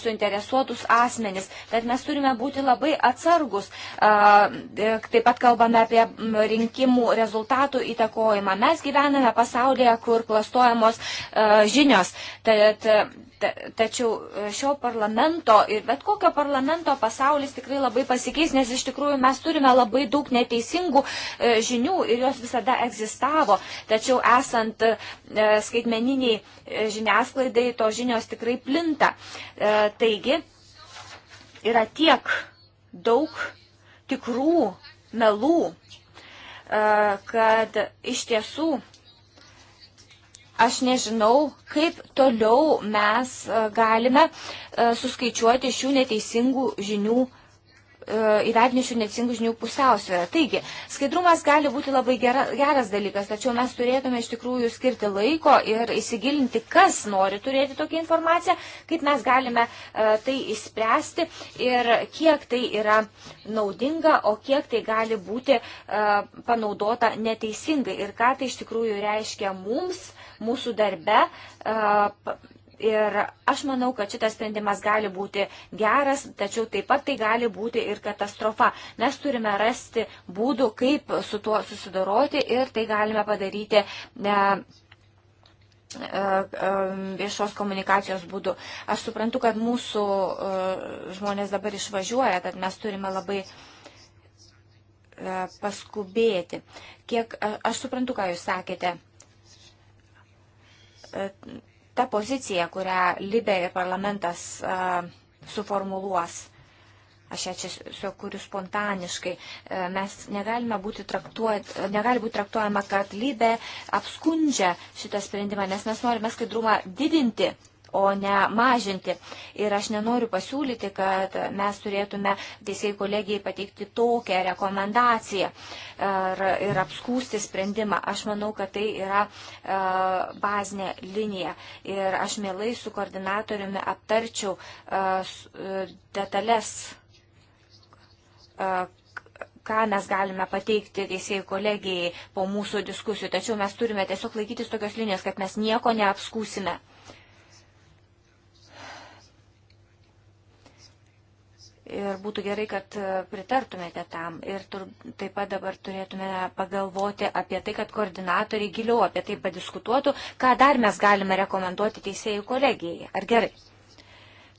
suinteresuotus asmenis. Tad mes turime būti labai atsargus. Taip pat kalbame apie rinkimų rezultatų įtakojimą. Mes gyvename pasaulyje, kur klastojamos žinios. Tad, tačiau e, šio parlamento ir bet kokio parlamento pasaulis tikrai labai pasikeis, nes iš tikrųjų mes turime labai daug neteisingų e, žinių ir jos visada egzistavo. Tačiau esant e, skaitmeniniai žiniasklaidai, to žinios tikrai plinta. Taigi yra tiek daug tikrų melų kad iš tiesų Aš nežinau, kaip toliau mes e, galime e, suskaičiuoti šių neteisingų žinių E, įvedinčių necingų žinių pusiausvėrą. Taigi, skaidrumas gali būti labai gera, geras dalykas, tačiau mes turėtume iš tikrųjų skirti laiko ir įsigilinti, kas nori turėti tokią informaciją, kaip mes galime e, tai įspręsti ir kiek tai yra naudinga, o kiek tai gali būti e, panaudota neteisingai ir ką tai iš tikrųjų reiškia mums, mūsų darbe Ir aš manau, kad šitas sprendimas gali būti geras, tačiau taip pat tai gali būti ir katastrofa. Mes turime rasti būdų, kaip su tuo susidoroti ir tai galime padaryti. Ne, e, e, viešos komunikacijos būdu. Aš suprantu, kad mūsų e, žmonės dabar išvažiuoja, tad mes turime labai paskubėti. Kiek aš suprantu, ką jūs sakėte ta pozicija, kurią Libė ir parlamentas suformuluos. Aš ją čia sukūriu spontaniškai. E, mes negalime būti traktuot, negali būti traktuojama, kad Libė apskundžia šitą sprendimą, nes mes norime skaidrumą didinti o ne mažinti. Ir aš nenoriu pasiūlyti, kad mes turėtume teisėjų kolegijai pateikti tokią rekomendaciją ir, ir apskūsti sprendimą. Aš manau, kad tai yra e, bazinė linija. Ir aš mielai su koordinatoriumi aptarčiau e, e, detalės ką mes galime pateikti teisėjų kolegijai po mūsų diskusijų. Tačiau mes turime tiesiog laikytis tokios linijos, kad mes nieko neapskūsime. ir būtų gerai, kad e, pritartumėte tam. Ir tur, taip pat dabar turėtume pagalvoti apie tai, kad koordinatoriai giliau apie tai padiskutuotų, ką dar mes galime rekomenduoti teisėjų kolegijai. Ar gerai?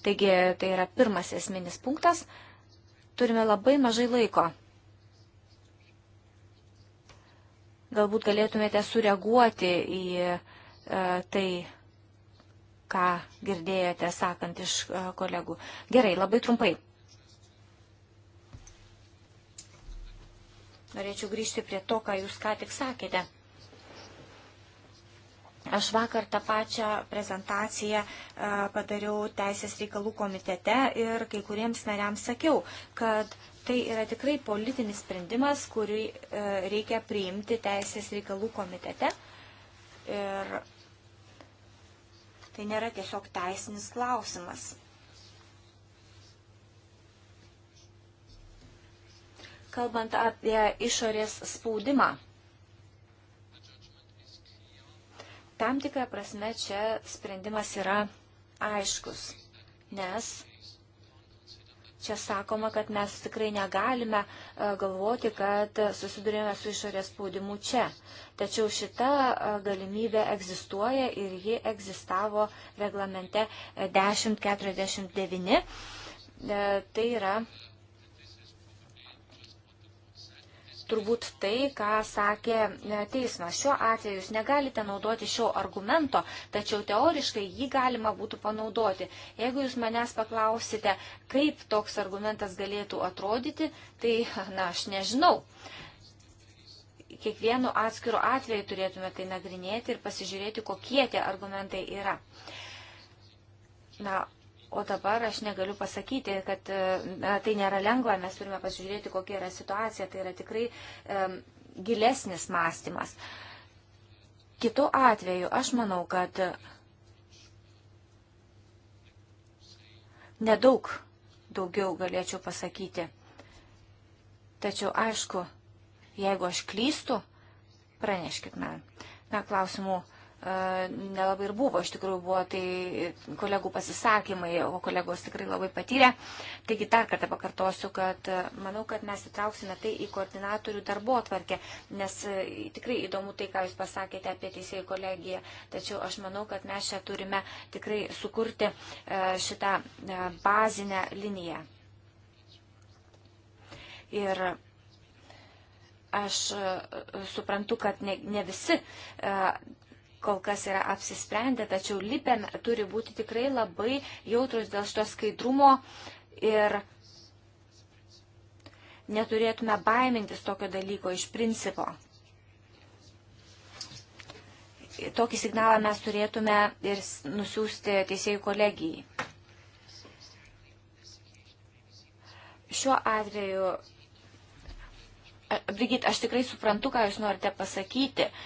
Taigi tai yra pirmas esminis punktas. Turime labai mažai laiko. Galbūt galėtumėte sureaguoti į e, tai ką girdėjote sakant iš e, kolegų. Gerai, labai trumpai. Norėčiau grįžti prie to, ką jūs ką tik sakėte. Aš vakar tą pačią prezentaciją padariau Teisės reikalų komitete ir kai kuriems nariams sakiau, kad tai yra tikrai politinis sprendimas, kurį reikia priimti Teisės reikalų komitete. Ir tai nėra tiesiog teisinis klausimas. kalbant apie išorės spaudimą. Tam tikrą prasme čia sprendimas yra aiškus, nes čia sakoma, kad mes tikrai negalime e, galvoti, kad susidurėme su išorės spaudimu čia. Tačiau šita e, galimybė egzistuoja ir ji egzistavo reglamente 1049. E, tai yra turbūt tai, ką sakė e, teismas. Šiuo atveju jūs negalite naudoti šio argumento, tačiau teoriškai jį galima būtų panaudoti. Jeigu jūs manęs paklausite, kaip toks argumentas galėtų atrodyti, tai, na, aš nežinau. Kiekvienu atskiru atveju turėtume tai nagrinėti ir pasižiūrėti, kokie tie argumentai yra. Na, O dabar aš negaliu pasakyti, kad e, na, tai nėra lengva, mes turime pasižiūrėti, kokia yra situacija, tai yra tikrai um, gilesnis mąstymas. Kitu atveju aš manau, kad nedaug daugiau galėčiau pasakyti. Tačiau aišku, jeigu aš klystu, praneškit man. Na, klausimų E, nelabai ir buvo, iš tikrųjų buvo tai kolegų pasisakymai, o kolegos tikrai labai patyrė. Taigi dar kartą pakartosiu, kad e, manau, kad mes įtrauksime tai į koordinatorių darbo atvarkę, nes e, tikrai įdomu tai, ką Jūs pasakėte apie teisėjų kolegiją, tačiau aš manau, kad mes čia turime tikrai sukurti šitą bazinę liniją. Ir aš suprantu, kad ne, ne visi kol kas yra apsisprendę, tačiau Libė turi būti tikrai labai jautrus dėl šito skaidrumo ir neturėtume baimintis tokio dalyko iš principo. Tokį signalą mes turėtume ir nusiųsti teisėjų kolegijai. Šiuo atveju, Brigit, aš tikrai suprantu, ką Jūs norite pasakyti. Uh,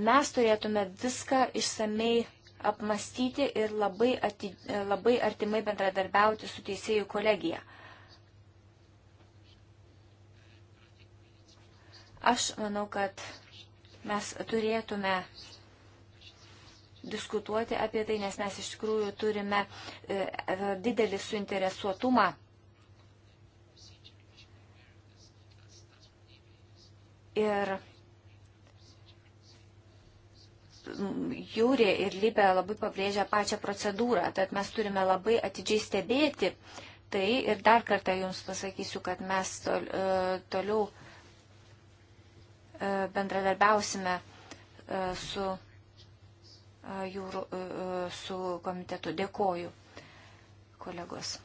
mes turėtume viską išsamei apmastyti ir labai, ati, labai artimai bendradarbiauti su teisėjų kolegija. Aš manau, kad mes turėtume diskutuoti apie tai, nes mes iš tikrųjų turime e, e, didelį suinteresuotumą. Ir Jūri ir Libė labai pabrėžia pačią procedūrą, tad mes turime labai atidžiai stebėti tai ir dar kartą jums pasakysiu, kad mes tol, e, toliau e, bendradarbiausime e, su, jūrų, su komitetu. Dėkoju, kolegos.